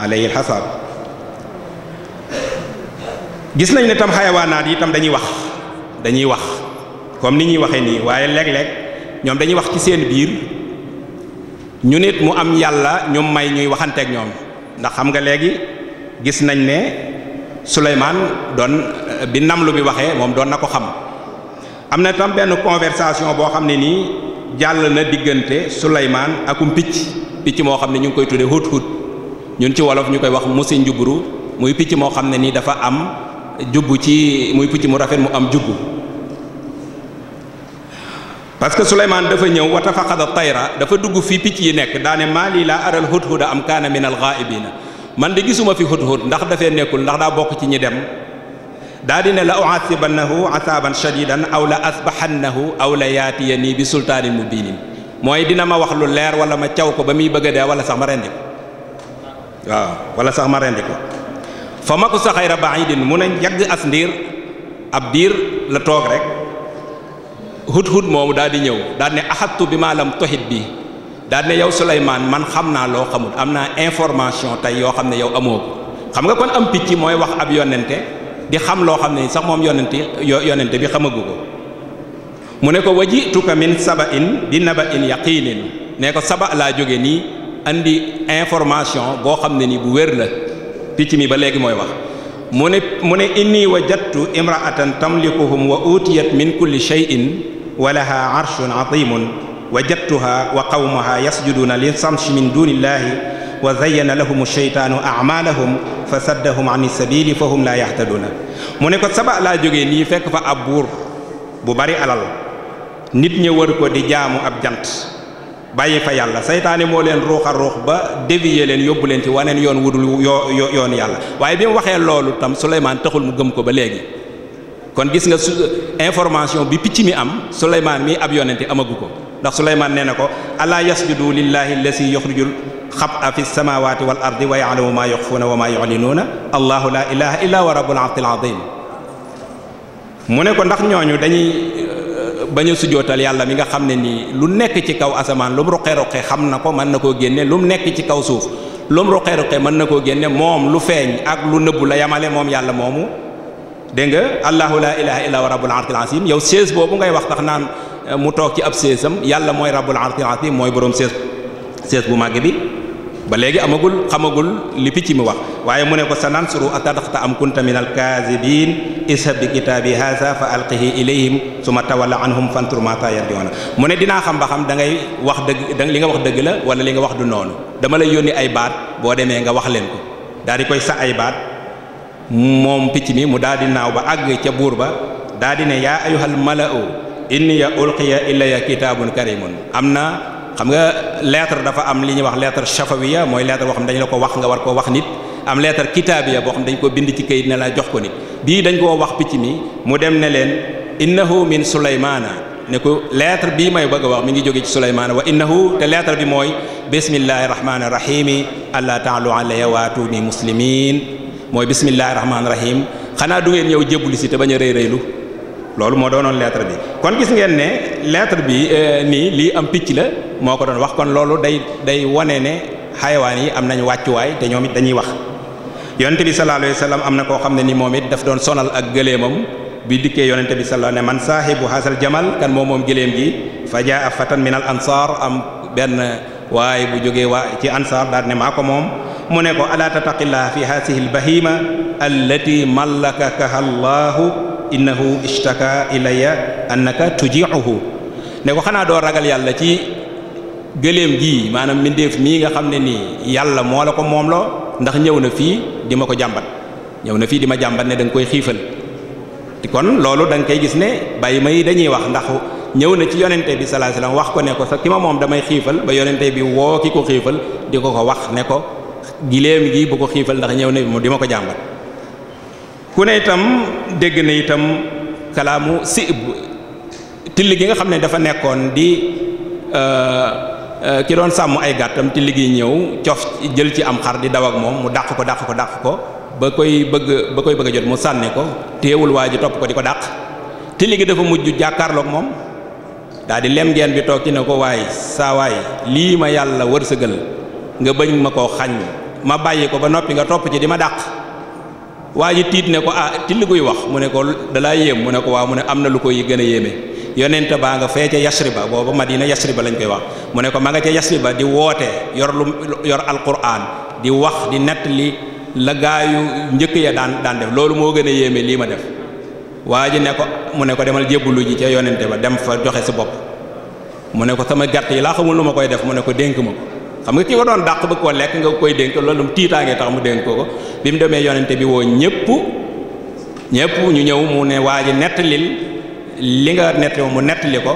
alayhi xasaab gis nañ ne tam xayawaanaat yi tam dañuy wax dañuy wax comme ni ñuy waxee nii waaye léeg-léeg ñoom dañuy wax ci seen biir ñu nit mu am yàlla ñu may ñuy waxanteeg ñoom ndax xam nga léegi gis nañ ne Souleymane doon euh, bi lu bi waxee moom doon na ko xam am na tam benn conversation boo xam ne nii jàll na diggante Souleymane akum picc picc moo xam ne ñu ngi koy tuddee hut hut ñun ci wolof ñu koy wax musi njubru muy picc moo xam ne nii dafa am jubbu ci muy picc mu rafet mu am jubbu parce que Souleymane dafa ñëw watafaqada tayra dafa dugg fi picc yi nekk daane maa lii laa aral hudhuda am kaana min al ghaibina man di gisuma fi hudhud ndax dafee nekkul ndax daa bokk ci ñi dem daa di ne la u'asibannahu asaban shadidan aw la asbahannahu aw la yaatiyani bi sultaanin mubinin mooy dina ma wax lu leer wala ma caw ko ba muy bëgg a dee wala sax ma rendi ko waaw wala sax ma rendi ko fa ma ko sa xayra mu ne yàgg as ndiir ab diir la toog rek hudhud moomu daal di ñëw daal ne bi maa lam toxit bi daal ne yow Souleymane man xam naa loo xamul am naa information tey yoo xam ne yow amoo xam nga kon am picc mooy wax ab yonente di xam loo xam ne sax moom yonente yonente bi xamagu ko mu ne ko wajituka min saba in bi naba in yaqinin ne ko saba laa jóge nii andi information boo xam ne ni bu wér la picc mi ba léegi mooy wax mu ne mu ne inni wajattu imraatan tamlikuhum wa utiyat min kulli shay'in wa laha arshun azimun wajadtuha wa qawmaha yasjuduuna lissamsi min dunillahi wa zayyana lahum sheytaanu amalahum fa saddahum an sabili fa hum laa yaxtaduuna mu ne ko saba laa jógee nii fekk fa ab buur bu bari alal nit ña wër ko di jaamu ab jant bàyyi fa yàlla saytaane moo leen ruuxa ruux ba dévier leen yóbbu leen ci waneen yoon wudul yoo yoon yàlla waaye bi mu waxee loolu tam Suleymaan taxul mu gëm ko ba léegi kon gis nga su information bi picc mi am Suleymaan mi ab yonente amagu ko ndax Suleymaan nee na ko alaa yasjudu lillahi allasi yuxrijul xaba fi samawati wal ardi wa yaalamu maa yuxfuuna wa maa yulinuuna allahu laa ilaha illaa wa rabbul arsil azim mu ne ko ndax ñooñu dañuy bañ a sujootal yàlla mi nga xam ne nii lu nekk ci kaw asamaan lu mu ruqe-ruqe xam na ko mën na koo génne lu mu nekk ci kaw suuf lu mu ruqe-ruqe mën na koo génne moom lu feeñ ak lu nëbbu la yamale moom yàlla moomu dégg nga allahu la ilaha illa wa rabbul arshil azim yow sées boobu ngay wax tax naan eh, mu toog ci ab séesam yàlla mooy rabbul arshil azim mooy boroom sées sées bu màgg bi ba léegi amagul xamagul li picc mi wax waaye mu ne ko sa nansuru atadaqta am kunta min alkaazibin ishab bi kitaabi haza fa alqihi ilayhim suma tawalla anhum fantur mata yardiuna mu ne dinaa xam ba xam da ngay wax dëgg li nga wax dëgg la wala li nga wax du noonu dama lay yónni ay baat boo demee nga wax leen ko daal di koy sa ay baat moom picc mi mu daal di naaw ba àgg ca buur ba daal di ne yaa ayuhal mala'u ya ulqiya ilayya kitaabun karimun am na xam nga lettre dafa am li ñuy wax lettre shafawiya mooy lettre boo xam ne dañu la ko wax nga war koo wax nit am lettre kitaabiya boo xam ne bind ci kayit ne la jox ko nit bii dañ koo wax picc mi mu dem ne leen innahu min sulaymana ne ko lettre bii may bëgg wax mu ngi jóge ci Souleymane wa innahu te lettre bi mooy bismillahi rahmaani rahim allah taalu alayya waatu mi muslimin mooy bismillahi rahmaani rahim xanaa du ngeen ñëw jébbuli si te bañ a rëy rëylu loolu moo doonoon lettre bi kon gis ngeen ne lettre bi euh, nii lii am picc la moo ko doon wax kon loolu day day wane ne xayawaan yi am nañu wàccuwaay te ñoom it dañuy wax yonente bi sallallahu alayhi wasallam am na koo xam ne ni moom it daf doon sonal ak gëleemam bi dikkee yonente bi sallallahu ne man saahibu hasal jamal kan moo moom gëléem gi fa jaa fatan min al ansar am benn waaye bu jógee waa ci ansar daal ne maa ko moom mu ne ko alaa tattaqillaha fi haasihi albahima allati malakakaha allahu innahu ishtaka ilayya annaka tujiuhu ne ko xanaa doo ragal yàlla ci gëléem gi maanaam mbindeef mii nga xam ne nii yàlla moo la ko moom loo ndax ñëw na fii di ma ko jàmbat ñëw na fii di ma jàmbat ne da koy xiifal kon loolu da koy gis ne bàyyi ma yi dañuy wax ndax ñëw na ci yonente bi sallallahu alayhi wax ko ne ko sa ki ma moom damay xiifal ba yonente bi woo ki ko xiifal di ko ko giléem gi bu ko xiifal ndax ñëw na di ma ko jàmbat ku ne itam dégg na itam kalaamu si till gi nga xam ne dafa nekkoon di euh, euh, ki doon sàmm ay gàttam till gi ñëw cof jël ci am xar di daw ak moom mu dàq ko dàq ko dàq ko ba koy bëgg ba koy bëgg a jot mu sànni ko téewul waa ji topp ko di ko dàq till gi dafa mujj jàkkaarloog moom daal di lem geen bi toog ci ne ko waaye saa waay lii ma yàlla wërsëgal nga bañ ma koo xañ ma bàyyi ko ba noppi nga topp ci di ma dàq waa ji tiit ne ko ah till guy wax mu ne ko dalaa yéem mu ne ko waaw mu ne am na lu koy gën a yéeme yonent baa nga fee ca yasriba booba madina yasriba lañ koy wax mu ne ko ma nga ca yasriba di woote yor lu yor alquran di wax di nettali la gaayu njëkk ya daan daan def loolu moo gën a yéeme lii ma def waa ji ne ko mu ne ko demal lu ji ca yonente ba dem fa joxe sa bopp mu ne ko sama gàtt yi laa xamul lu ma koy def mu ne ko dénk ma xam nga ki ko doon dàq bëgg koo lekk nga koy dénk loolu tiitaangee tax mu dénk ko ko bi mu demee yonente bi woo ñëpp ñëpp ñu ñëw mu ne waa ji nettalil li nga nettali mu nettali ko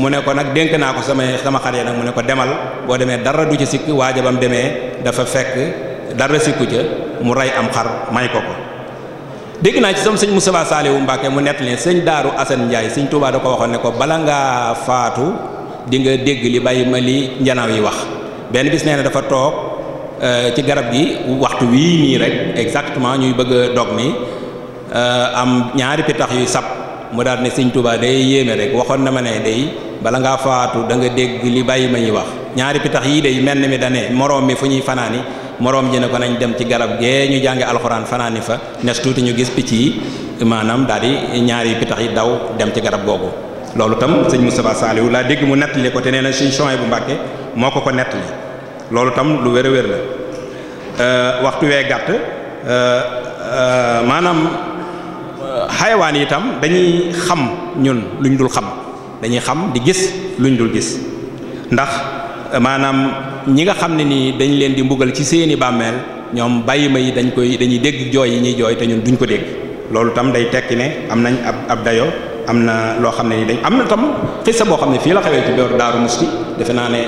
mu ne ko nag dénk naa ko sama sama xar nag mu ne ko demal boo demee dara du ci waaja bam demee dafa fekk dara sikku ca mu rey am xar may ko ko dégg naa ci sama sëñ Moustapha Saliou Mbacké mu nett leen sëñ Daaru Assane Ndiaye sëñ Touba da ko waxoon ne ko bala ngaa faatu di nga dégg li bàyyi ma li njanaw yi wax benn bis nee dafa toog euh, ci garab gi waxtu wii nii rek exactement ñuy bëgg dog ni euh, am ñaari pitax yuy sab mu daal ne sëñ Tuubaa day yéeme rek na ma ne day bala ngaa faatu da nga dégg li bàyyi ma ñuy wax ñaari pitax yii day mel ni mi dane moroom mi fu ñuy fanaani moroom ji ne ko nañ dem ci garab gee ñu jànge alxuraan fanaani fa nes tuuti ñu gis picc yi maanaam daal di ñaari pitax yi daw dem ci garab googu loolu tam sëñ Moustapha Saliou laa dégg mu nettali ko te nee na sëñ Chouaïbou bu Mbàkke moo ko ko nettali loolu tam lu wér a wér la euh, waxtu wee gàtt euh, euh, maanaam xayawaan yi tam dañuy xam ñun luñ dul xam dañuy xam di gis lu luñ dul gis ndax maanaam ñi nga xam ne nii dañ leen di mbugal ci seeni bàmmeel ñoom bàyyi ma yi dañ koy dañuy dégg jooy yi ñuy jooy te ñun duñ ko dégg loolu tam day tekki ne am nañ ab ab dayo am na loo xam ne ni dañ am na tam xisa boo xam ne fii la xewee ci door Daaru Musti defe naa ne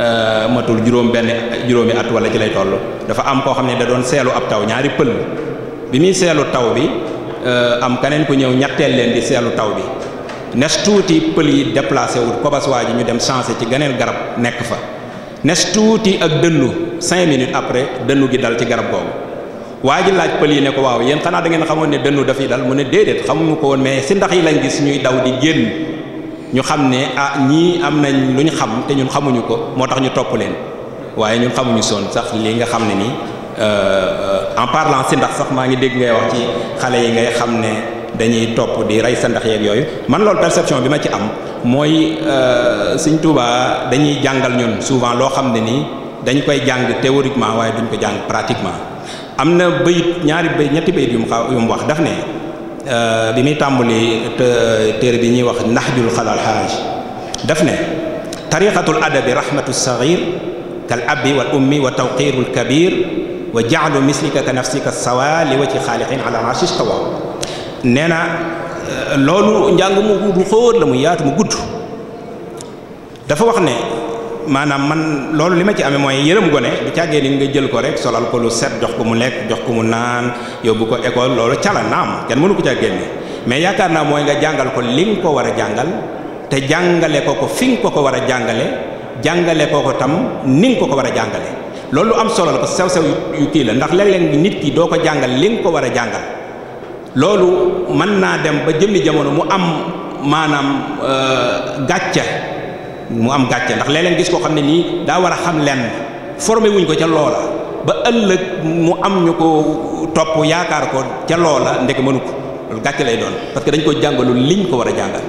Euh, matul juróom benn juróomi at wala ci lay toll dafa am koo xam ne da doon seelu ab taw ñaari pël bi muy seelu taw bi euh, am keneen ku ñëw ñetteel leen di seelu taw bi nes tuuti pël yi déplacé wut kobas waa ji ñu dem changé ci geneen garab nekk fa nes tuuti ak dënnu cinq minutes après dënnu gi dal ci garab googu waa ji laaj pël yi ne ko waaw yéen xanaa da ngeen xamoon ne dënnu dafiy dal mu ne déedéet xamuñu ko woon mais si ndax yi lañ gis ñuy daw di génn ñu xam ne ah ñii am nañ lu ñu xam te ñun xamuñu ko moo tax ñu topp leen waaye ñun xamuñu soon sax lii nga xam ne nii euh, euh, en parlant si ndax sax maa ngi dégg ngay wax ci xale yi ngay xam ne dañuy topp di rey sa ndax yeeg yooyu man loolu perception bi ma ci am mooy euh, Sëriñ Tuubaa dañuy jàngal ñun souvent loo xam ne nii dañ koy jàng théoriquement waaye duñ ko jàng pratiquement am na bayit ñaari bayit ñetti bayit yu mu xaw yu mu wax daf ne Euh, bi muy tàmbali téere bi ñuy wax naxjul xalal xaaj daf ne tariqatul adabi rahmatu saxiir kal abi wal ummi wa tawqiirul kabiir wa jaalu mislika ka li wa ci xaaliqin ala arshi stawa nee euh, loolu njàng mu gudd la mu mu gudd dafa wax maanaam man loolu li ma ci ame mooy yërëm gone du càggee ni nga jël ko rek solal ko lu set jox ko mu lekk jox ko mu naan yóbbu ko école loolu cala naam kenn mënu ko caa génne mais yaakaar naa mooy nga jàngal ko li nga ko war a jàngal te jàngale ko ko fi nga ko ko war a jàngale jàngale ko ko tam ni nga ko ko war a jàngale loolu am solo la parce que sew-sew yu kii la ndax léeg-léeg nit ki doo ko jàngal li nga ko war a jàngal loolu mën naa dem ba jëmmi jamono mu am maanaam euh, gàcce mu am gàcce ndax leneen gis koo xam ne nii daa war a xam lenn formé wuñ ko ca loola ba ëllëg mu am ñu ko topp yaakaar ko ca loola ndek mënu ko loolu gàcce lay doon parce que dañ ko jàngalu liñ ko war a jàngal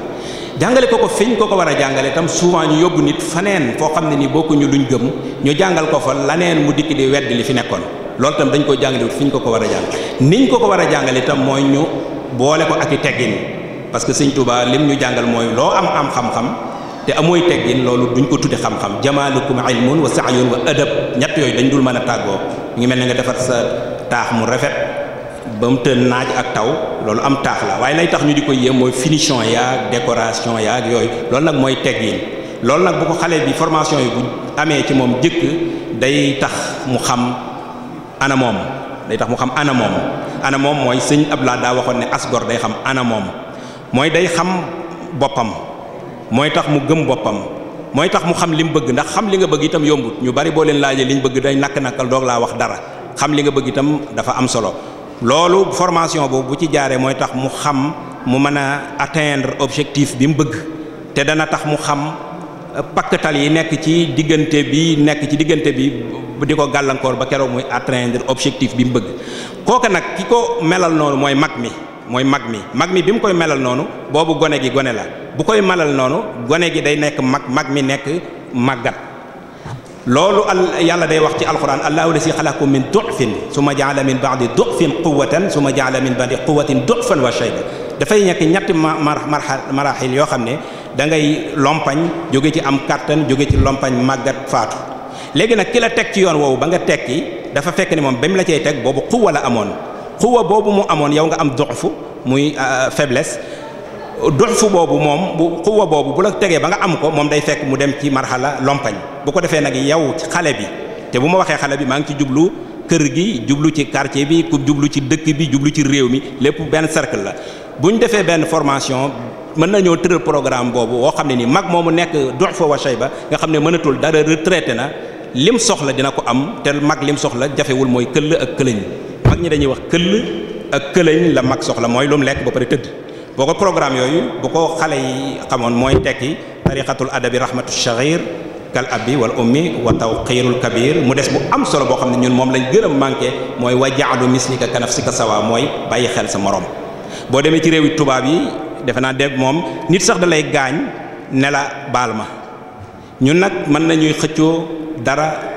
jàngale ko ko fiñ ko ko war a jàngale tam souvent ñu yóbbu nit faneen foo xam ne ni bokkuñu luñ gëm ñu jàngal ko fa laneen mu dikk di wedd li fi nekkoon loolu tam dañ ko jàngale wut ko ko war a jàng niñ ko ko war a jàngale itam mooy ñu boole ko ak i teggin parce que sëñ Touba lim ñu jàngal mooy loo am am xam-xam te amooy teggin loolu duñ ko tudde xam-xam jamaalukum ilmun wa sa'yun wa adab ñett yooyu dañ dul mën a tàggoo ñu ngi mel ni nga defar sa taax mu rafet ba mu tën naaj ak taw loolu am taax la waaye lay tax ñu di koy yéem mooy finition yaag décoration yaag yooyu loolu nag mooy teggin loolu nag bu ko xale bi formation yi bu amee ci moom jëkk day tax mu xam ana moom day tax mu xam ana moom ana moom mooy sëñ Abdoulaye daa waxoon ne asgor day xam ana moom mooy day xam boppam mooy tax mu gëm boppam mooy tax mu xam li mu bëgg ndax xam li nga bëgg itam yombut ñu bari boo leen laajee li bëgg day nakk-nakkal doog laa wax dara xam li nga bëgg itam dafa am solo loolu formation boobu bu ci jaaree mooy tax mu xam mu mën a atteindre objectif bi mu bëgg te dana tax mu xam euh, pakkatal yi nekk ci diggante bi nekk ci diggante bi di ko gàllankoor ba keroog muy atteindre objectif bi mu bëgg kooka nag ki ko melal noonu mooy mag mi mooy mag mi mag mi bi mu koy melal noonu boobu gone gi gone la bu koy melal noonu gone gi day nekk mag mag mi nekk màggat loolu al yàlla day wax ci alquran allahu lasi xalakum min dufin suma jaala min baadi su quwatan suma jaala min baadi quwatin dufan wa shayba dafay nekk ñetti maraaxil yoo xam ne dangay ngay lompañ jóge ci am kàttan jóge ci lompañ màggat faatu léegi nag ki la teg ci yoon woowu ba nga tekki dafa fekk ne moom ba mu teg boobu quwa la amoon xuwa boobu mu amoon yow nga am doxfu muy euh, faiblesse doxfu boobu moom bu xuwa boobu bu la tegee ba nga am ko moom day fekk mu dem ci marxala lompañ bu ko defee nag yow ci xale bi te bu ma waxee xale bi maa ngi ci jublu kër gi jublu ci quartier bi ku jublu ci dëkk bi jublu ci réew mi lépp benn cercle la bu ñu defee benn formation mën nañoo tëral programme boobu woo xam ne ni mag moomu nekk dox fa wa shayba nga xam ne mënatul dara retraité na lim soxla dina ko am te mag lim soxla jafewul mooy këll ak këlëñ ñi dañuy wax këll ak këlañ la mag soxla mooy lu mu lekk ba pare tëdd boo ko programme yooyu bu ko xale yi xamoon mooy tekki tariqatul adabi rahmatu shaghir kal abi wal ummi wa tawqirul kabir mu des bu am solo boo xam ne ñun moom lañ gën a manqué mooy wajaalu mislika kanafsika sawa mooy bàyyi xel sa morom boo demee ci réewi tubaab yi defe naa dégg moom nit sax da lay gaañ ne baal ma ñun nag mën nañuy xëccoo dara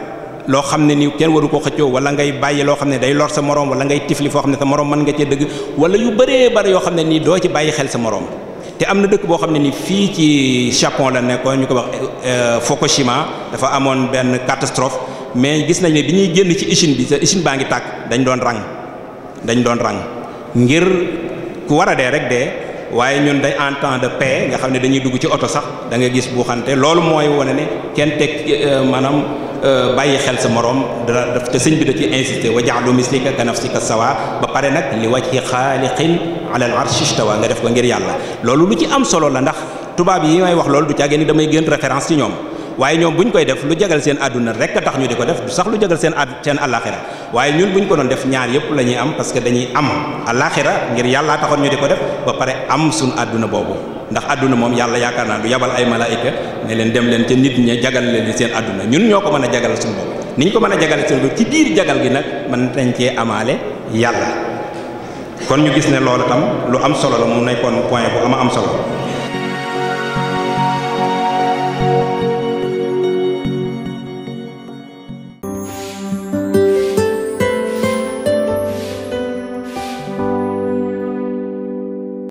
loo xam ne ni kenn waru ko xëccoo wala ngay bàyyi loo xam ne day lor sa moroom wala ngay tifli foo xam ne sa moroom mën nga cee dëgg wala yu bëree bëri yoo xam ne ni doo ci bàyyi xel sa moroom te am na dëkk boo xam ne ni fii ci Japon la nekkoon ñu ko wax euh, Fukushima dafa amoon benn catastrophe mais gis nañ ne bi ñuy génn ci usine bi sa usine baa ngi tàkk dañ doon rang dañ doon ràng ngir ku war a dee rek dee waaye ñun day en temps de paix nga xam ne dañuy dugg ci oto sax da gis buuxante loolu mooy wone ne kenn teg euh, maanaam Euh, bàyyi xel sa morom dara te sëñ bi da ci insisté wa ja'lu si ka nafsika sawa ba pare nag li wajhi xaaliqin ala al arshi istawa nga def ko ngir yàlla loolu lu ci am solo la ndax tubaab yi may wax loolu du caagee ni damay gën référence ci ñoom waaye ñoom bu ñu koy def lu jagal seen àdduna rek a tax ñu di ko def sax lu jagal seen a seen àllaaxira waaye ñun bu ñu ko doon def ñaar yëpp la ñuy am parce que dañuy am àllaaxira ngir yàllaa taxoon ñu di ko def ba pare am suñ àdduna boobu ndax àdduna moom yàlla yaakaar naa du yabal ay malaayika ne leen dem leen ca nit ña jagal leen seen àdduna ñun ñoo ko mën a jagal suñu bopp niñ ko mën a jagal suñu ci biir jagal gi nag mën nañ cee amaale yàlla kon ñu gis ne loolu tam lu am solo la mu nekkoon point bu ama am solo